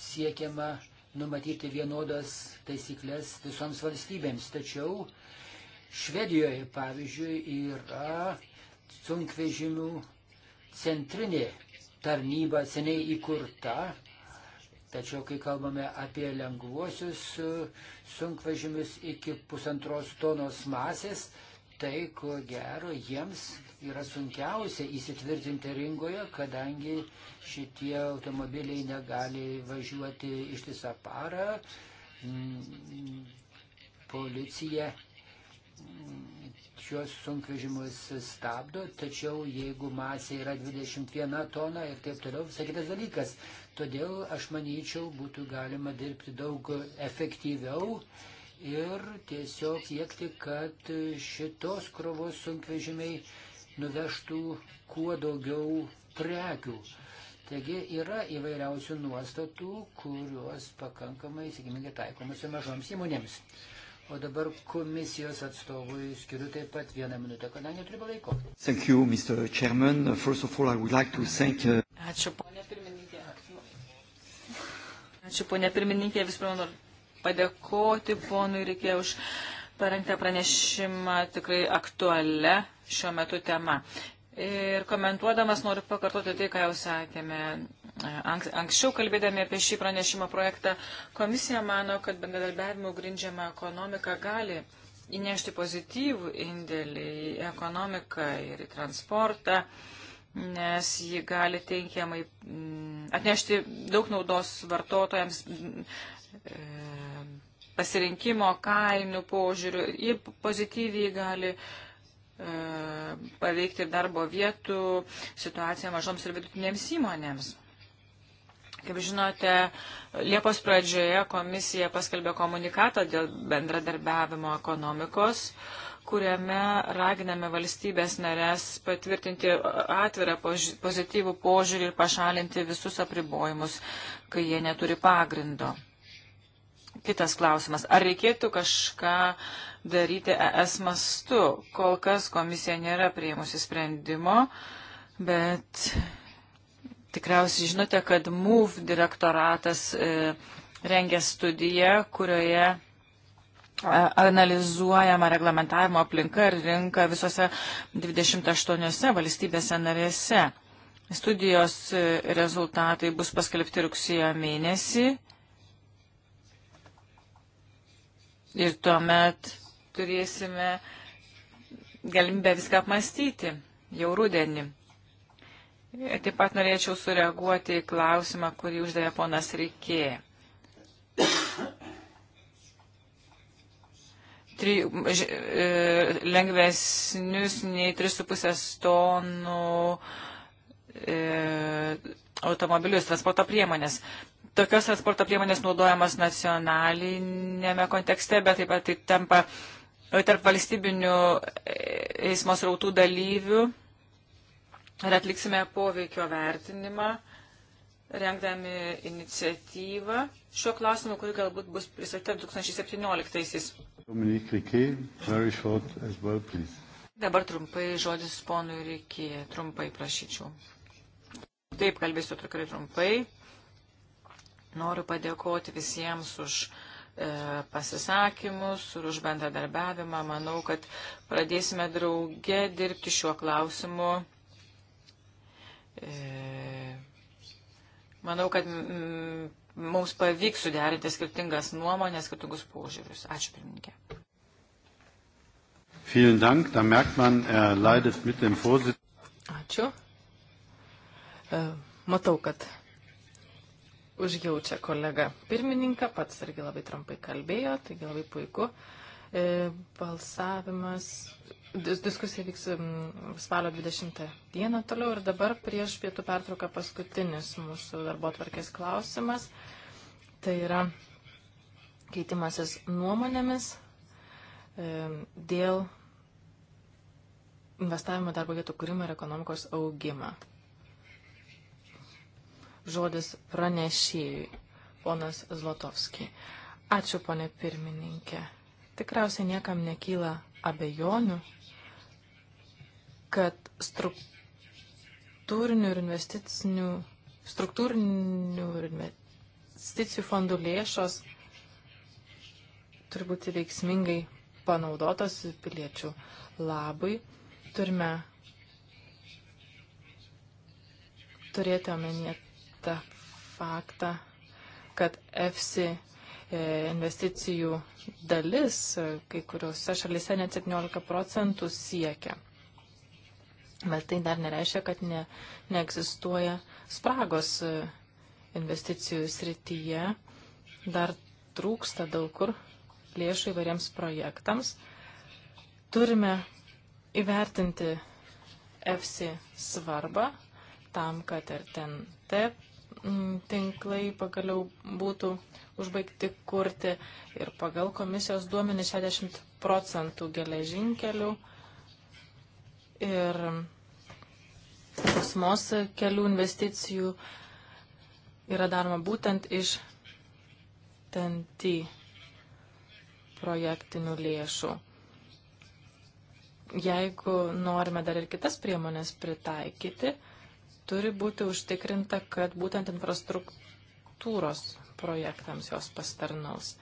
siekiama numatyti vienodas taisyklės visoms valstybėms. Tačiau Švedijoje, pavyzdžiui, yra sunkvežimių centrinė tarnyba seniai įkurta Tačiau, kai kalbame apie lengvuosius e, sunkvežimius iki pusantros tonos masės, tai ko gero jiems yra sunkiausia įsitvirtinti rinkoje, kadangi šitie automobiliai negali važiuoti ištisą parą. Mm, policija mm, šios sunkvežimus stabdo, tačiau jeigu masė yra 21 tona ir taip toliau, visai kitas dalykas. Todėl aš manyčiau, būtų galima dirbti daug efektyviau ir tiesiog siekti, kad šitos krovos sunkvežimiai nuvežtų kuo daugiau prekių. Taigi yra įvairiausių nuostatų, kurios pakankamai sėkmingai taikomas ir mažoms įmonėms. O dabar komisijos atstovui skiriu taip pat vieną minutę, kadangi turiu laiko. Thank you, Mr. Chairman. First of all, I would like to thank... Uh, Ačiū, ponė pirmininkė. Ačiū, ponė pirmininkė, vis pirma noriu padėkoti ponui reikėjo už parengtą pranešimą tikrai aktualią šiuo metu tema. Ir komentuodamas noriu pakartoti tai, ką jau sakėme. E, anks, anksčiau kalbėdami apie šį pranešimo projektą, komisija mano, kad bendradarbiavimo grindžiama ekonomika gali įnešti pozityvų indėlį į ekonomiką ir į transportą. Uh, nes ji gali teikiamai mm, atnešti daug naudos vartotojams mm, e, pasirinkimo kainų požiūrių. Ji pozityviai gali e, paveikti darbo vietų situaciją mažoms ir vidutinėms įmonėms. Kaip žinote, Liepos pradžioje komisija paskelbė komunikatą dėl bendradarbiavimo ekonomikos. Uh, kuriame raginame valstybės narės patvirtinti atvirą pozityvų požiūrį ir pašalinti visus apribojimus, kai jie neturi pagrindo. Kitas klausimas. Ar reikėtų kažką daryti ES mastu? Kol kas komisija nėra prieimusi sprendimo, bet tikriausiai žinote, kad MUV direktoratas e, rengia studiją, kurioje analizuojama reglamentavimo aplinka ir rinka visose 28 valstybėse narėse. Studijos e, rezultatai bus paskelbti rugsėjo mėnesį ir tuomet turėsime galimybę viską apmastyti jau rudenį. Taip pat norėčiau sureaguoti į klausimą, kurį uždavė ponas Rikė tri, ž, e, lengvesnius nei 3,5 tonų e, automobilius, transporto priemonės. Tokios transporto priemonės naudojamos nacionalinėme kontekste, bet taip pat tai tampa tarp valstybinių eismo srautų dalyvių ir atliksime poveikio vertinimą, rengdami iniciatyvą šiuo klausimu, kuri galbūt bus pristatyta 2017. -aisiais. Dominik Rikė, very short as well, please. Dabar trumpai žodis ponui Rikė, trumpai prašyčiau. Taip, kalbėsiu tikrai trumpai. Noriu padėkoti visiems už e, pasisakymus ir už bendradarbiavimą. Manau, kad pradėsime drauge dirbti šiuo klausimu. E, manau, kad. Mm, mums pavyks suderinti skirtingas nuomonės, skirtingus požiūrius. Ačiū, pirmininkė. Er Ačiū. E, matau, kad užjaučia kolega pirmininką, pats irgi labai trumpai kalbėjo, taigi labai puiku. E, balsavimas, diskusija vyks spalio 20 dieną toliau ir dabar prieš pietų pertrauką paskutinis mūsų darbo tvarkės klausimas. Tai yra keitimasis nuomonėmis e, dėl investavimo darbo vietų kūrimą ir ekonomikos augimą. Žodis pranešėjui, ponas Zlotovski. Ačiū, ponė pirmininkė. Tikriausiai niekam nekyla abejonių, kad struktūrinių ir investicinių, struktūrinių ir investicijų fondų lėšos turi būti veiksmingai panaudotos piliečių labai. Turime turėti omenyje tą faktą, kad EFSI E, investicijų dalis e, kai kuriuose šalise net 17 procentų siekia. Bet tai dar nereiškia, kad ne, neegzistuoja spragos e, investicijų srityje. Dar trūksta daug kur lėšų įvairiems projektams. Turime įvertinti EFSI svarbą tam, kad ir ten te mm, tinklai pagaliau būtų užbaigti kurti ir pagal komisijos duomenį 60 procentų geležinkelių ir kosmos kelių investicijų yra daroma būtent iš TNT projektinių lėšų. Jeigu norime dar ir kitas priemonės pritaikyti, turi būti užtikrinta, kad būtent infrastruktūros projektams jos pastarnaus.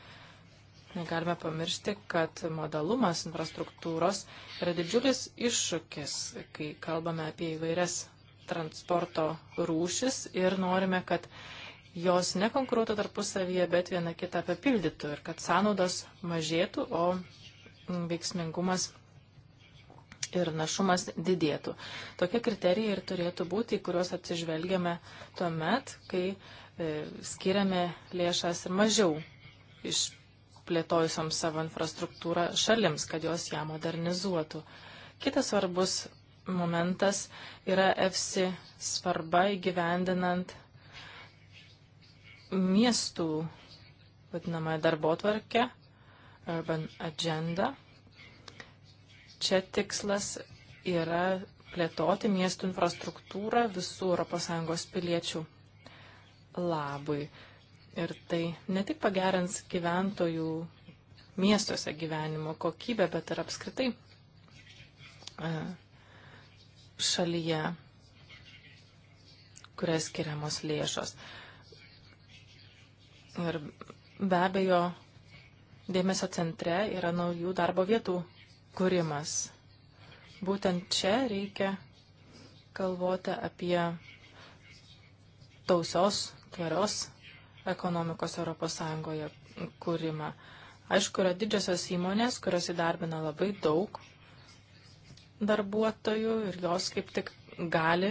Negalime pamiršti, kad modalumas infrastruktūros yra didžiulis iššūkis, kai kalbame apie įvairias transporto rūšis ir norime, kad jos nekonkuruotų tarpusavyje, bet viena kitą papildytų ir kad sąnaudos mažėtų, o veiksmingumas ir našumas didėtų. Tokie kriterijai ir turėtų būti, į kuriuos atsižvelgiame tuo met, kai E, skiriame lėšas ir mažiau išplėtojusiom savo infrastruktūrą šalims, kad jos ją modernizuotų. Kitas svarbus momentas yra EFSI svarba įgyvendinant miestų vadinamąją darbo tvarkę, urban agenda. Čia tikslas yra plėtoti miestų infrastruktūrą visų ES piliečių labui. Ir tai ne tik pagerins gyventojų miestuose gyvenimo kokybę, bet ir apskritai e, šalyje, kurias skiriamos lėšos. Ir be abejo, dėmesio centre yra naujų darbo vietų kūrimas. Būtent čia reikia galvoti apie tausios tvarios ekonomikos ES kūrimą. Aišku, yra didžiosios įmonės, kurios įdarbina labai daug darbuotojų ir jos kaip tik gali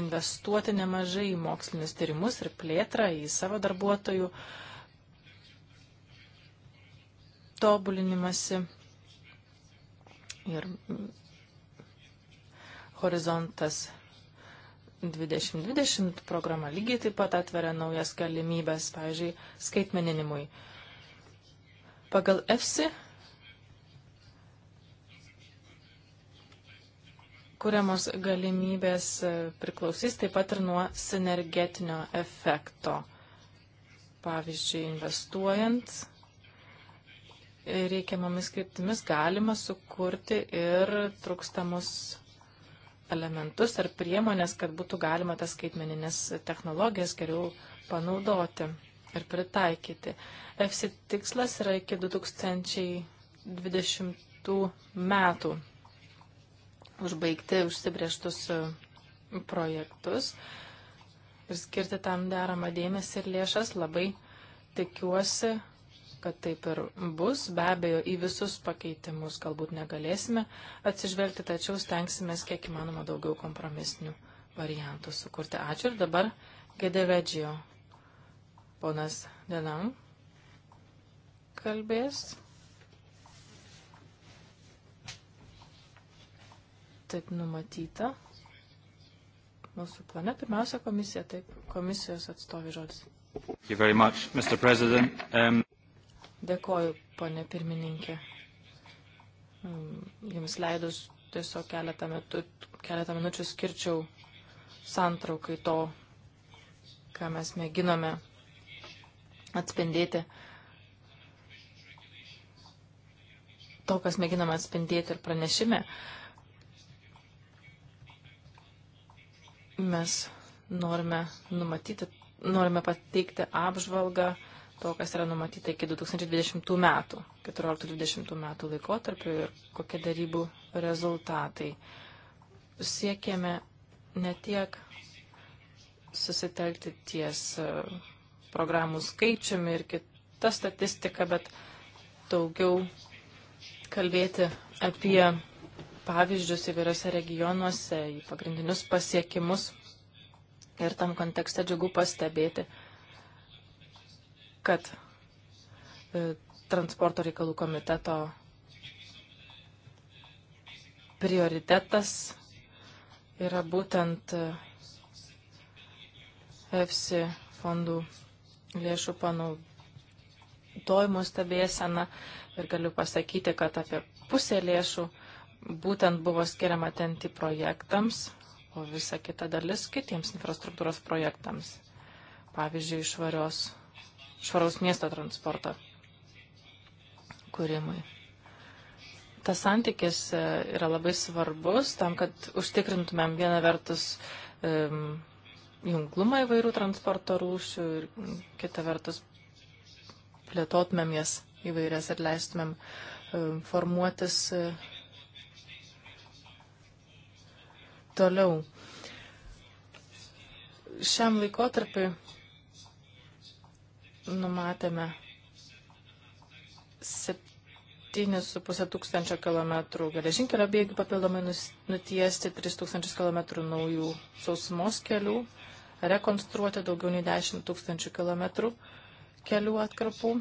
investuoti nemažai į mokslinius tyrimus ir plėtrą, į savo darbuotojų tobulinimąsi. Ir horizontas 2020 programa lygiai taip pat atveria naujas galimybės, pavyzdžiui, skaitmeninimui. Pagal EFSI kuriamos galimybės e, priklausys taip pat ir nuo sinergetinio efekto. Pavyzdžiui, investuojant e, reikiamomis kryptimis galima sukurti ir trūkstamus elementus ar priemonės, kad būtų galima tas skaitmeninės technologijas geriau panaudoti ir pritaikyti. EFSI tikslas yra iki 2020 metų užbaigti užsibrieštus e, projektus ir skirti tam deramą dėmesį ir lėšas. Labai tikiuosi, kad taip ir bus. Be abejo, į visus pakeitimus galbūt negalėsime atsižvelgti, tačiau stengsime kiek įmanoma daugiau kompromisinių variantų sukurti. Ačiū ir dabar Gedevedžio ponas Denang kalbės. Taip numatyta mūsų plane. Pirmiausia, komisija, taip, komisijos atstovė žodis. Much, um... Dėkoju, ponė pirmininkė. Mm, jums leidus tiesiog keletą, metu, keletą minučių skirčiau santraukai to, ką mes mėginome atspindėti. To, kas mėginame atspindėti ir pranešime. Mes norime numatyti, norime pateikti apžvalgą to, kas yra numatyta iki 2020 metų, 14-20 metų laikotarpiu ir kokie darybų rezultatai. Siekėme ne tiek susitelkti ties e, programų skaičiumi ir kita statistika, bet daugiau kalbėti apie pavyzdžius įvairiose regionuose, į pagrindinius pasiekimus. Ir tam kontekste džiugu pastebėti, kad e, transporto reikalų komiteto prioritetas yra būtent e, EFSI fondų lėšų panaudojimo stebėsena ir galiu pasakyti, kad apie pusę lėšų būtent buvo skiriama tenti projektams, o visa kita dalis kitiems infrastruktūros projektams. Pavyzdžiui, švarios švaraus miesto transporto kūrimui. Tas santykis e, yra labai svarbus tam, kad užtikrintumėm vieną vertus um, junglumą įvairių transporto rūšių ir kitą vertus plėtotumėm jas įvairias ir leistumėm um, formuotis uh, toliau. Šiam laikotarpiu numatėme 7,5 tūkstančio kilometrų geležinkelio bėgių papildomai nutiesti, 3 tūkstančius kilometrų naujų sausumos kelių, rekonstruoti daugiau nei 10 tūkstančių kilometrų kelių atkarpų,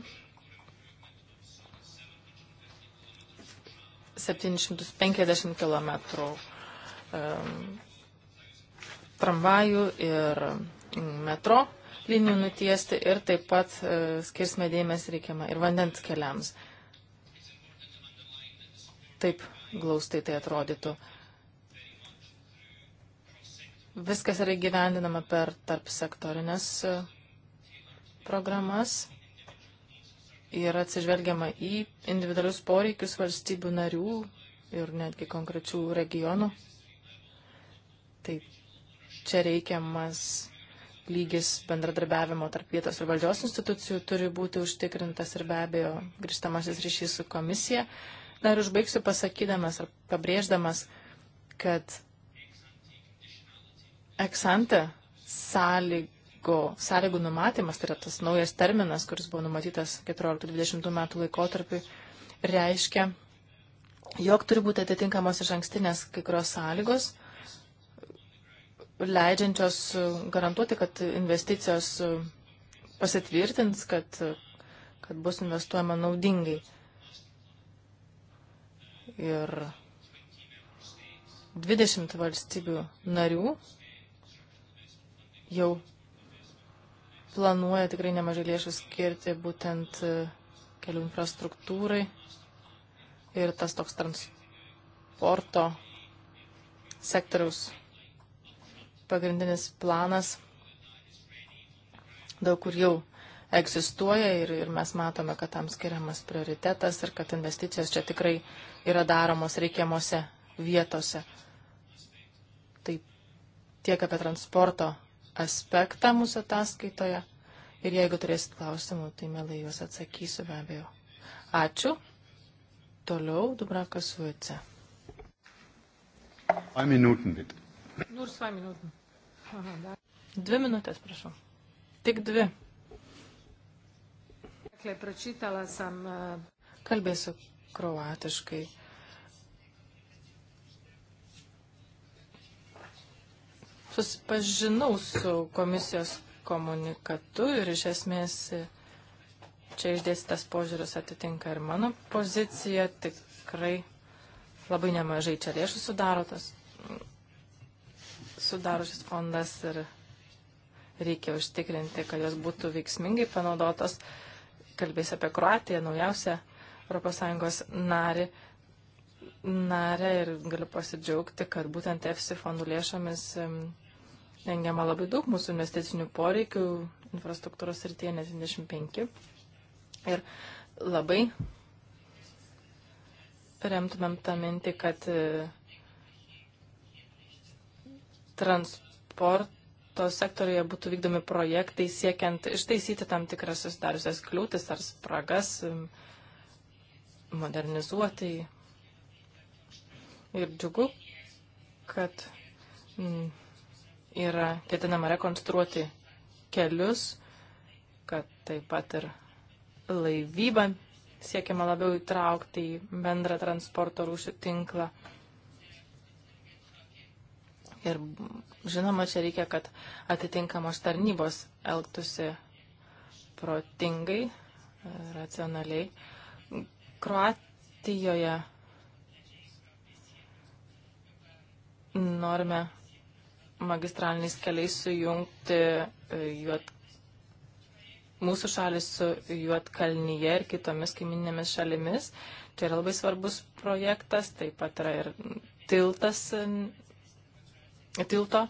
750 kilometrų um, tramvajų ir metro linijų nutiesti ir taip pat e, skirsime dėmesį reikiamą ir vandens keliams. Taip glaustai tai atrodytų. Viskas yra įgyvendinama per tarp sektorinės e, programas ir atsižvelgiama į individualius poreikius valstybių narių ir netgi konkrečių regionų. Tai čia reikiamas lygis bendradarbiavimo tarp vietos ir valdžios institucijų turi būti užtikrintas ir be abejo grįžtamasis ryšys su komisija. Dar užbaigsiu pasakydamas ar pabrėždamas, kad eksante sąlygo, sąlygų numatymas, tai yra tas naujas terminas, kuris buvo numatytas 14-20 metų laikotarpiu, reiškia, jog turi būti atitinkamos iš ankstinės kai kurios sąlygos leidžiančios e, garantuoti, kad investicijos e, pasitvirtins, kad, e, kad bus investuojama naudingai. Ir 20 valstybių narių jau planuoja tikrai nemažai lėšų skirti būtent kelių infrastruktūrai ir tas toks transporto sektoriaus pagrindinis planas daug kur jau egzistuoja ir, ir mes matome, kad tam skiriamas prioritetas ir kad investicijos čia tikrai yra daromos reikiamose vietose. Tai tiek apie transporto aspektą mūsų ataskaitoje. Ir jeigu turėsit klausimų, tai mielai juos atsakysiu be abejo. Ačiū. Toliau Dubrakas Vuice. Minuten, bitte. Nors 2 minutį. Dvi minutės, prašau. Tik dvi. Eh, Kalbėsiu kroatiškai. Susipažinau su komisijos komunikatu ir iš esmės čia išdėstytas požiūris atitinka ir mano pozicija. Tikrai labai nemažai čia lėšų sudaro tas sudaro šis fondas ir reikia užtikrinti, kad jos būtų veiksmingai panaudotos. Kalbės apie Kroatiją, naujausią ES narį, narę ir galiu pasidžiaugti, kad būtent EFSI fondų lėšomis rengiama labai daug mūsų investicinių poreikių, infrastruktūros ir tie 75. Ir labai remtumėm tą mintį, kad transporto sektoriuje būtų vykdomi projektai siekiant ištaisyti tam tikras susidariusias kliūtis ar spragas, modernizuoti. Ir džiugu, kad yra ketinama rekonstruoti kelius, kad taip pat ir laivybą siekiama labiau įtraukti į bendrą transporto rūšių tinklą. Ir žinoma, čia reikia, kad atitinkamos tarnybos elgtųsi protingai, racionaliai. Kroatijoje norime magistraliniais keliais sujungti e, juot, mūsų šalis su Juotkalnyje ir kitomis kaiminėmis šalimis. Tai yra labai svarbus projektas, taip pat yra ir tiltas tilto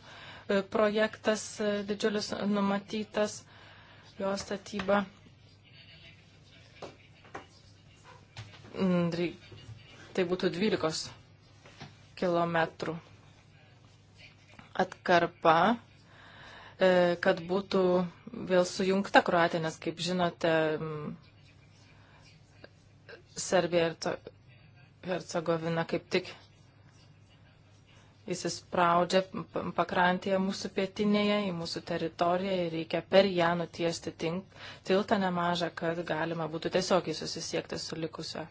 e, projektas e, didžiulis numatytas, jo statyba. Mm, tai būtų 12 km atkarpa, e, kad būtų vėl sujungta Kroatija, nes, kaip žinote, mm, Serbija ir Hercegovina kaip tik įsispraudžia pakrantėje mūsų pietinėje į mūsų teritoriją ir reikia per ją nutiesti tink, tiltą nemažą, kad galima būtų tiesiogiai susisiekti su likusio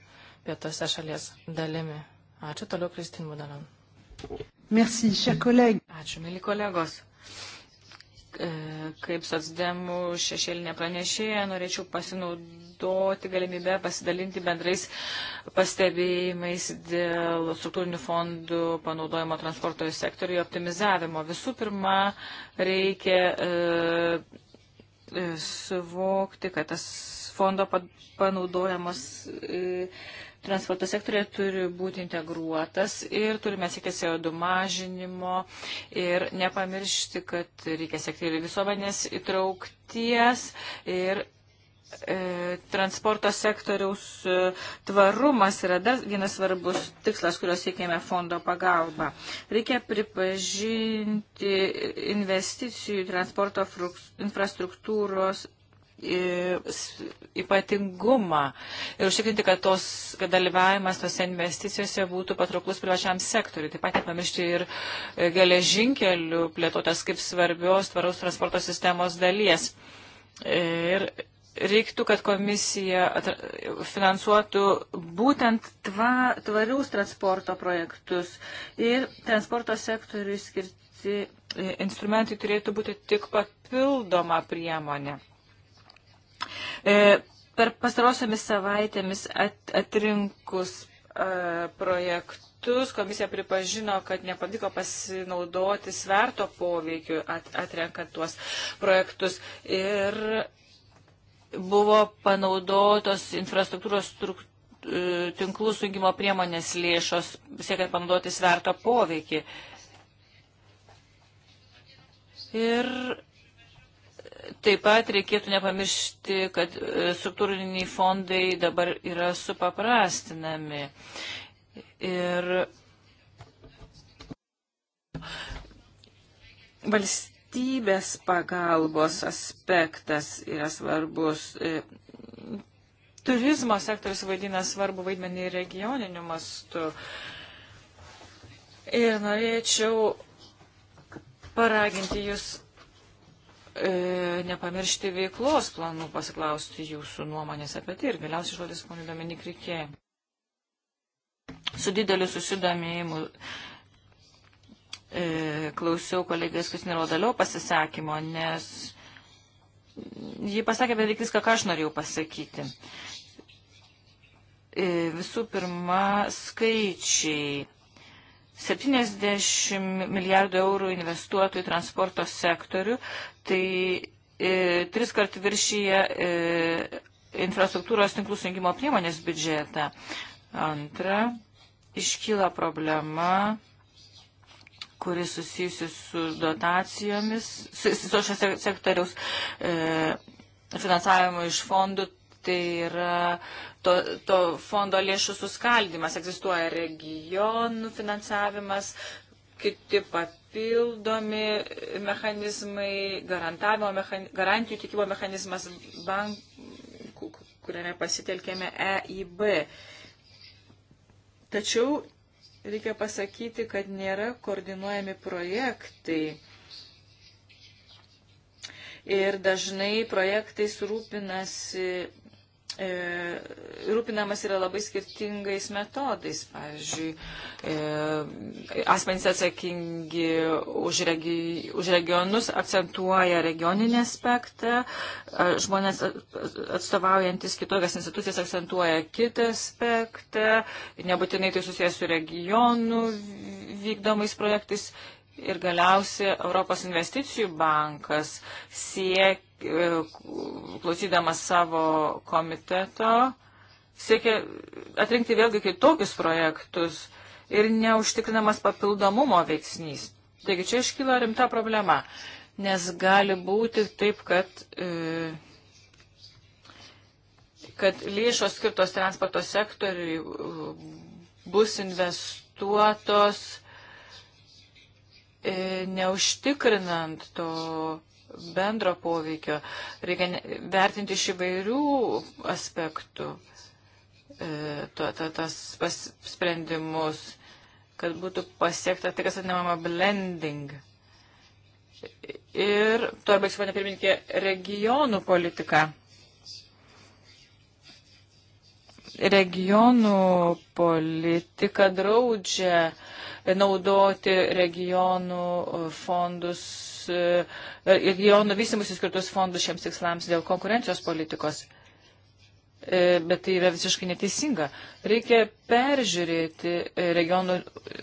pietose šalies dalimi. Ačiū toliau, Kristin Budalan. Merci, Ačiū, mėly kolegos. E, kaip socdemų šešėlinė pranešėja, norėčiau pasinaudoti galimybę pasidalinti bendrais pastebėjimais dėl struktūrinių fondų panaudojimo transporto sektoriuje optimizavimo. Visų pirma, reikia e, e suvokti, kad tas fondo panaudojamos e, transporto sektorija turi būti integruotas ir turime siekti CO2 mažinimo ir nepamiršti, kad reikia siekti ir visuomenės įtraukties ir e, transporto sektoriaus e, tvarumas yra dar vienas svarbus tikslas, kurios siekėme fondo pagalba. Reikia pripažinti investicijų transporto infrastruktūros ypatingumą ir užtikrinti, kad, tos, kad dalyvavimas tose investicijose būtų patrauklus privačiam sektoriui. Taip pat nepamiršti ir e, geležinkelių plėtotės kaip svarbios tvaraus transporto sistemos dalies. E, ir reiktų, kad komisija finansuotų būtent tva, tvarius transporto projektus ir transporto sektoriui skirti e, instrumentai turėtų būti tik papildoma priemonė. E, per pastarosiamis savaitėmis at, atrinkus e, projektus komisija pripažino, kad nepavyko pasinaudoti sverto poveikiu at, atrenkant tuos projektus. Ir buvo panaudotos infrastruktūros struktūros e, tinklų sujungimo priemonės lėšos, siekiant panaudoti sverto poveikį. Ir Taip pat reikėtų nepamiršti, kad e, struktūriniai fondai dabar yra supaprastinami. Ir valstybės pagalbos aspektas yra svarbus. E, turizmo sektorius vaidina svarbu vaidmenį regioniniu mastu. Ir norėčiau paraginti jūs e, nepamiršti veiklos planų, pasiklausti jūsų nuomonės apie tai ir galiausiai žodis ponui Dominik Rikė. Su dideliu susidomėjimu e, klausiau kolegės Kristinero Daliau pasisakymo, nes ji pasakė beveik viską, ką aš norėjau pasakyti. E, visų pirma, skaičiai 70 milijardų eurų investuotų į transporto sektorių, tai e, tris kart viršyje e, infrastruktūros tinklų sujungimo priemonės biudžetą. Antra, iškyla problema kuris susijusi su dotacijomis, su, su šios sektoriaus e, finansavimu iš fondų tai yra to, to fondo lėšų suskaldimas. Egzistuoja regionų finansavimas, kiti papildomi mechanizmai, garantavimo mechan, garantijų tikimo mechanizmas, bank, kuriame pasitelkėme EIB. Tačiau reikia pasakyti, kad nėra koordinuojami projektai. Ir dažnai projektais rūpinasi e, rūpinamas yra labai skirtingais metodais. Pavyzdžiui, e, asmenys atsakingi už, regi, už regionus akcentuoja regioninį aspektą, e, žmonės atstovaujantis kitokias institucijas akcentuoja kitą aspektą, nebūtinai tai susijęs su regionų vykdomais projektais Ir galiausiai Europos investicijų bankas siek, e, klausydamas savo komiteto, siekia atrinkti vėlgi kitokius projektus ir neužtikrinamas papildomumo veiksnys. Taigi čia iškyla rimta problema, nes gali būti taip, kad, e, kad lėšos skirtos transporto sektoriui e, bus investuotos E, neužtikrinant to bendro poveikio. Reikia vertinti iš įvairių aspektų e, to, to, tas pas, sprendimus, kad būtų pasiekta tai, kas atnamama blending. Ir to arba, pane pirmininkė, regionų politika. regionų politika draudžia naudoti regionų fondus, e, regionų vysimus įskirtus fondus šiems tikslams dėl konkurencijos politikos. E, bet tai yra visiškai neteisinga. Reikia peržiūrėti regionų,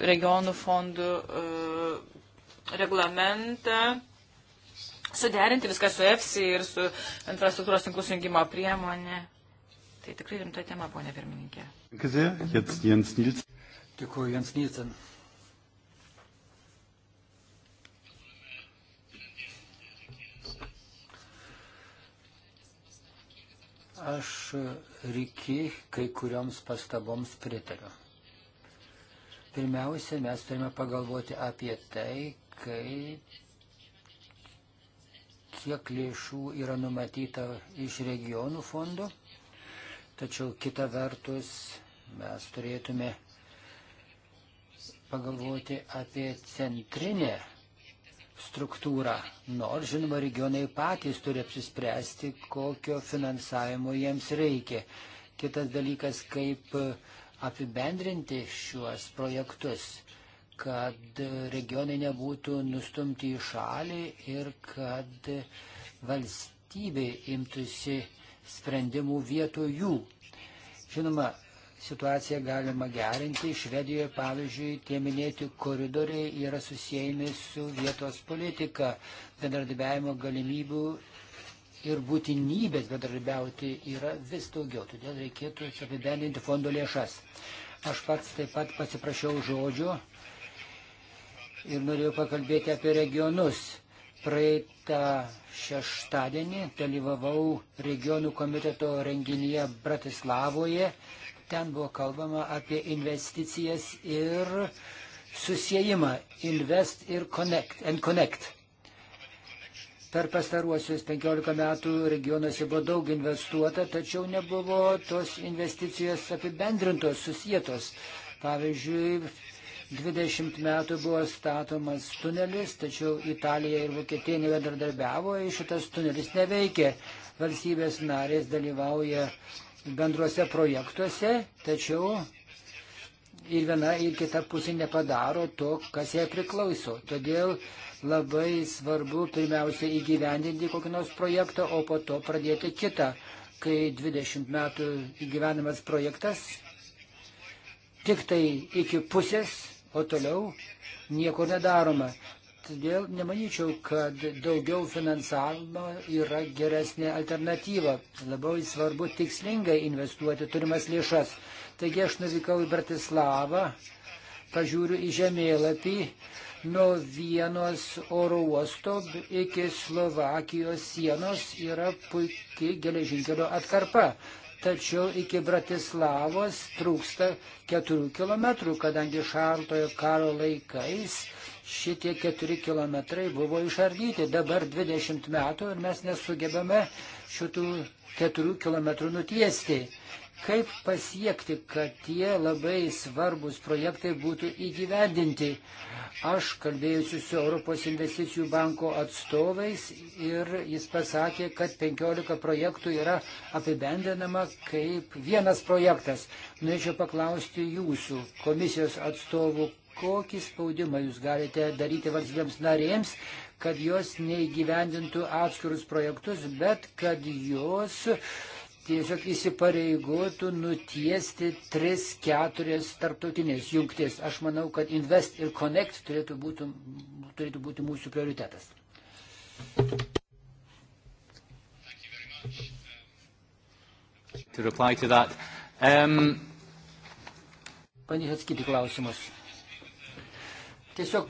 regionų fondų e, reglamentą suderinti viską su EFSI ir su infrastruktūros tinklų sujungimo priemonė. Tai tikrai rimta tema, ponė pirmininkė. Dėkuoju, Jens Nilsen. Aš rykiai kai kurioms pastaboms pritariu. Pirmiausia, mes turime pagalvoti apie tai, kaip kiek lėšų yra numatyta iš regionų fondo Tačiau kita vertus mes turėtume pagalvoti apie centrinę struktūrą. Nors, žinoma, regionai patys turi apsispręsti, kokio finansavimo jiems reikia. Kitas dalykas, kaip apibendrinti šiuos projektus, kad regionai nebūtų nustumti į šalį ir kad valstybė imtųsi uh, sprendimų vietoj jų. Žinoma, situaciją galima gerinti. Švedijoje, pavyzdžiui, tie minėti koridoriai yra susijęmi su vietos politika, bendradarbiavimo galimybių ir būtinybės bendradarbiauti yra vis daugiau. Todėl reikėtų apibendrinti fondo lėšas. Aš pats taip pat pasiprašiau žodžio ir norėjau pakalbėti apie regionus. Praeitą šeštadienį dalyvavau regionų komiteto renginyje Bratislavoje. Ten buvo kalbama apie investicijas ir susijimą Invest ir Connect. And connect. Per pastaruosius 15 metų regionuose buvo daug investuota, tačiau nebuvo tos investicijos apibendrintos, susijėtos. Pavyzdžiui, 20 metų buvo statomas tunelis, tačiau Italija ir Vokietija nebendradarbiavo ir šitas tunelis neveikė. Valstybės narės dalyvauja bendruose projektuose, tačiau ir viena ir kita pusė nepadaro to, kas jai priklauso. Todėl labai svarbu pirmiausia įgyvendinti kokį nors projektą, o po to pradėti kitą, kai 20 metų įgyvenimas projektas tik tai iki pusės o toliau nieko nedaroma. Todėl nemanyčiau, kad daugiau finansavimo yra geresnė alternatyva. Labai svarbu tikslingai investuoti turimas lėšas. Taigi aš nuvykau į Bratislavą, pažiūriu į žemėlapį nuo vienos oro uosto iki Slovakijos sienos yra puikiai geležinkelio atkarpa tačiau iki Bratislavos trūksta 4 km, kadangi šartojo karo laikais šitie 4 km buvo išardyti. Dabar 20 metų ir mes nesugebame šitų 4 km nutiesti. Kaip pasiekti, kad tie labai svarbus projektai būtų įgyvendinti? Aš kalbėjusiu su Europos investicijų banko atstovais ir jis pasakė, kad 15 projektų yra apibendinama kaip vienas projektas. Norėčiau paklausti jūsų komisijos atstovų, kokį spaudimą jūs galite daryti valstybėms narėms, kad jos neįgyvendintų atskirus projektus, bet kad jos uh, tiesiog įsipareigotų nutiesti 3-4 tarptautinės jungtis. Aš manau, kad Invest ir Connect turėtų būti, turėtų būti mūsų prioritetas. To reply to that. Um... Bandysiu atsakyti klausimus. Tiesiog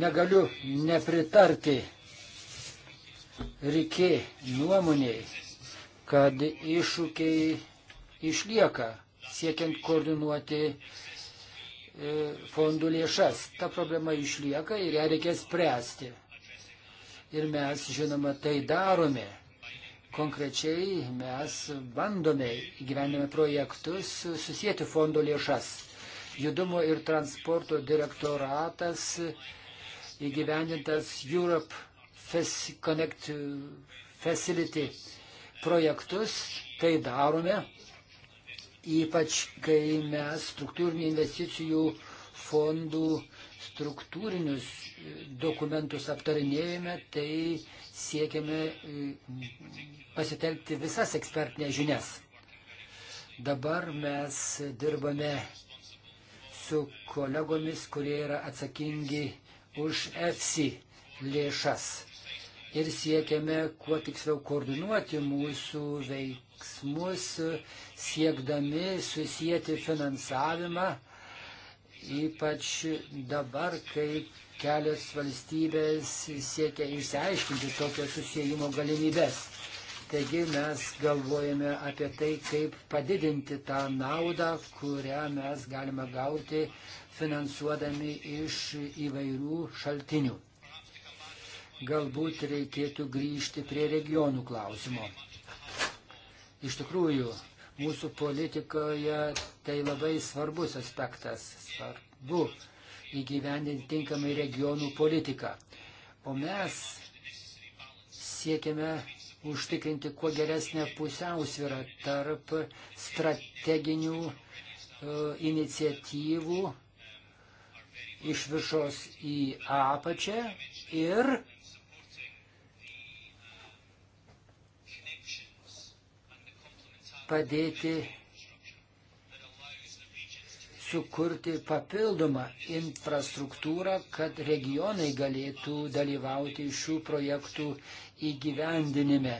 negaliu nepritarti Rikė nuomonėjai kad iššūkiai išlieka siekiant koordinuoti e, fondų lėšas. Ta problema išlieka ir ją reikės spręsti. Ir mes, žinoma, tai darome. Konkrečiai mes bandome įgyvendame projektus susijęti fondo lėšas. Judumo ir transporto direktoratas įgyvendintas Europe Connect Facility projektus, tai darome, ypač kai mes struktūrinių investicijų fondų struktūrinius dokumentus aptarinėjame, tai siekiame mm, pasitelkti visas ekspertinės žinias. Dabar mes dirbame su kolegomis, kurie yra atsakingi už EFSI lėšas ir siekiame kuo tiksliau koordinuoti mūsų veiksmus, siekdami susijęti finansavimą, ypač dabar, kai kelios valstybės siekia išsiaiškinti tokio susijimo galimybės. Taigi mes galvojame apie tai, kaip padidinti tą naudą, kurią mes galime gauti finansuodami iš įvairių šaltinių galbūt reikėtų grįžti prie regionų klausimo. Iš tikrųjų, mūsų politikoje tai labai svarbus aspektas, svarbu įgyvendinti tinkamai regionų politiką. O mes siekiame užtikrinti kuo geresnę pusiausvyrą tarp strateginių e, iniciatyvų iš viršos į apačią ir padėti sukurti papildomą infrastruktūrą, kad regionai galėtų dalyvauti šių projektų įgyvendinime.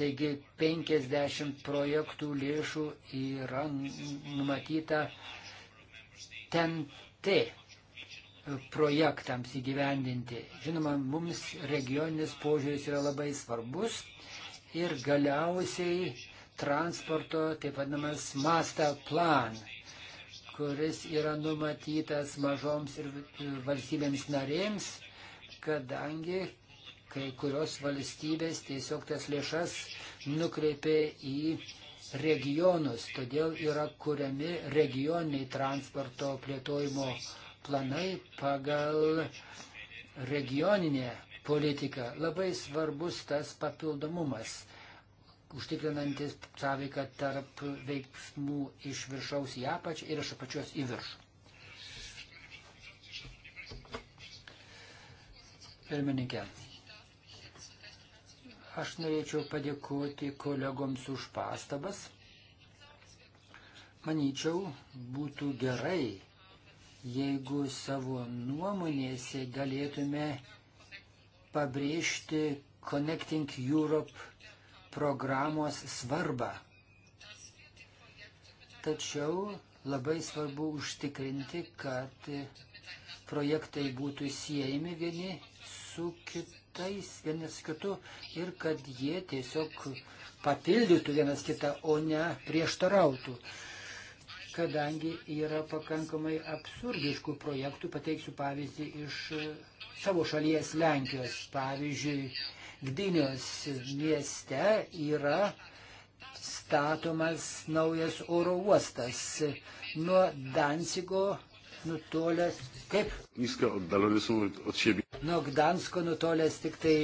Taigi 50 projektų lėšų yra numatyta TNT projektams įgyvendinti. Žinoma, mums regioninis požiūris yra labai svarbus ir galiausiai transporto, taip vadinamas master plan, kuris yra numatytas mažoms ir valstybėms narėms, kadangi kai kurios valstybės tiesiog tas lėšas nukreipė į regionus. Todėl yra kuriami regioniniai transporto plėtojimo planai pagal regioninę politiką. Labai svarbus tas papildomumas užtikrinantis sąveiką tarp veiksmų iš viršaus į apačią ir iš apačios į viršų. Pirmininkė, aš norėčiau padėkoti kolegoms už pastabas. Manyčiau, būtų gerai, jeigu savo nuomonėse galėtume pabrėžti Connecting Europe programos svarbą. Tačiau labai svarbu užtikrinti, kad projektai būtų siejami vieni su kitais, vieni su kitu ir kad jie tiesiog papildytų vienas kitą, o ne prieštarautų. Kadangi yra pakankamai absurdiškų projektų, pateiksiu pavyzdį iš savo šalies Lenkijos. Pavyzdžiui, Gdynios mieste yra statomas naujas oro uostas nuo Dansigo nutolęs, kaip? Nisko oddalony są od siebie. Nuo Gdansko nutolęs tik tai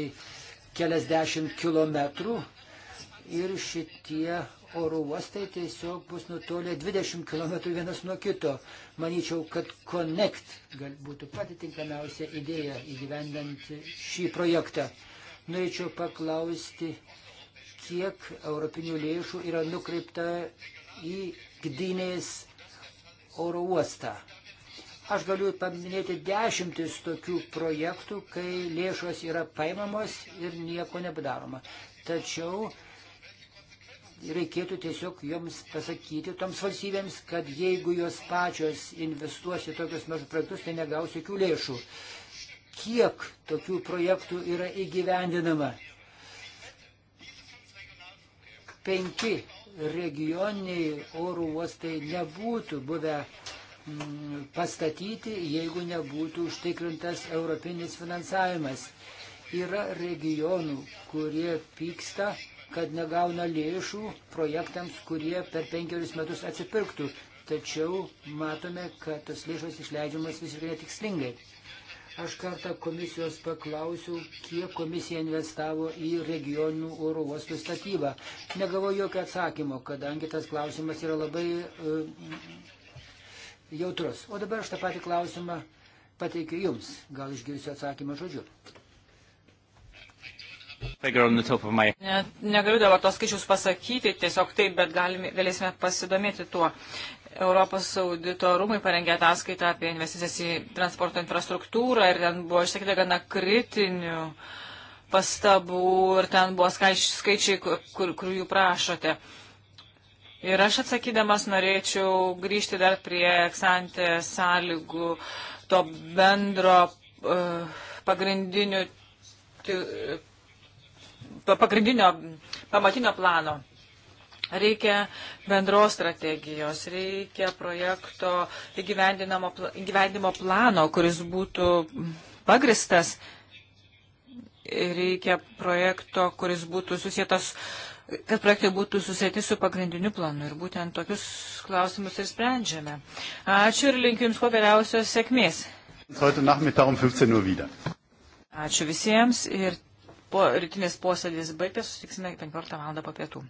keliasdešimt kilometrų ir šitie oro uostai tiesiog bus nutolę 20 km vienas nuo kito. Manyčiau, kad Connect gal būtų pati tinkamiausia idėja įgyvendant šį projektą. Norėčiau paklausti, kiek europinių lėšų yra nukreipta į Gdynės oro uostą. Aš galiu paminėti dešimtis tokių projektų, kai lėšos yra paimamos ir nieko nepadaroma. Tačiau reikėtų tiesiog joms pasakyti, toms valstybėms, kad jeigu jos pačios investuos į tokius mažus projektus, tai negaus jokių lėšų kiek tokių projektų yra įgyvendinama. Penki regioniniai oro uostai nebūtų buvę mm, pastatyti, jeigu nebūtų užtikrintas europinis finansavimas. Yra regionų, kurie pyksta, kad negauna lėšų projektams, kurie per penkerius metus atsipirktų. Tačiau matome, kad tos lėšos išleidžiamas visiškai netikslingai. Aš kartą komisijos paklausiau, kiek komisija investavo į regioninių oro uostų statybą. Negavau jokio atsakymo, kadangi tas klausimas yra labai uh, jautrus. O dabar aš tą patį klausimą pateikiu Jums. Gal išgirsiu atsakymą žodžiu. My... Ne, negaliu dabar tos skaičius pasakyti, tiesiog taip, bet galime, galėsime pasidomėti tuo. Europos audito rūmai parengė ataskaitą apie investicijas į transporto infrastruktūrą ir ten buvo išsakyta gana kritinių pastabų ir ten buvo skaičiai, kur, kur jų prašote. Ir aš atsakydamas norėčiau grįžti dar prie eksantė sąlygų to bendro uh, pagrindinių, uh, pagrindinio pamatinio plano. Reikia bendros strategijos, reikia projekto įgyvendimo plano, kuris būtų pagristas, reikia projekto, kuris būtų susijęs, kad projektai būtų susijęti su pagrindiniu planu. Ir būtent tokius klausimus ir sprendžiame. Ačiū ir linkiu Jums kuo geriausios sėkmės. Um Ačiū visiems ir po rytinės posėdės baigtas, susitiksime 15 val. po pietų.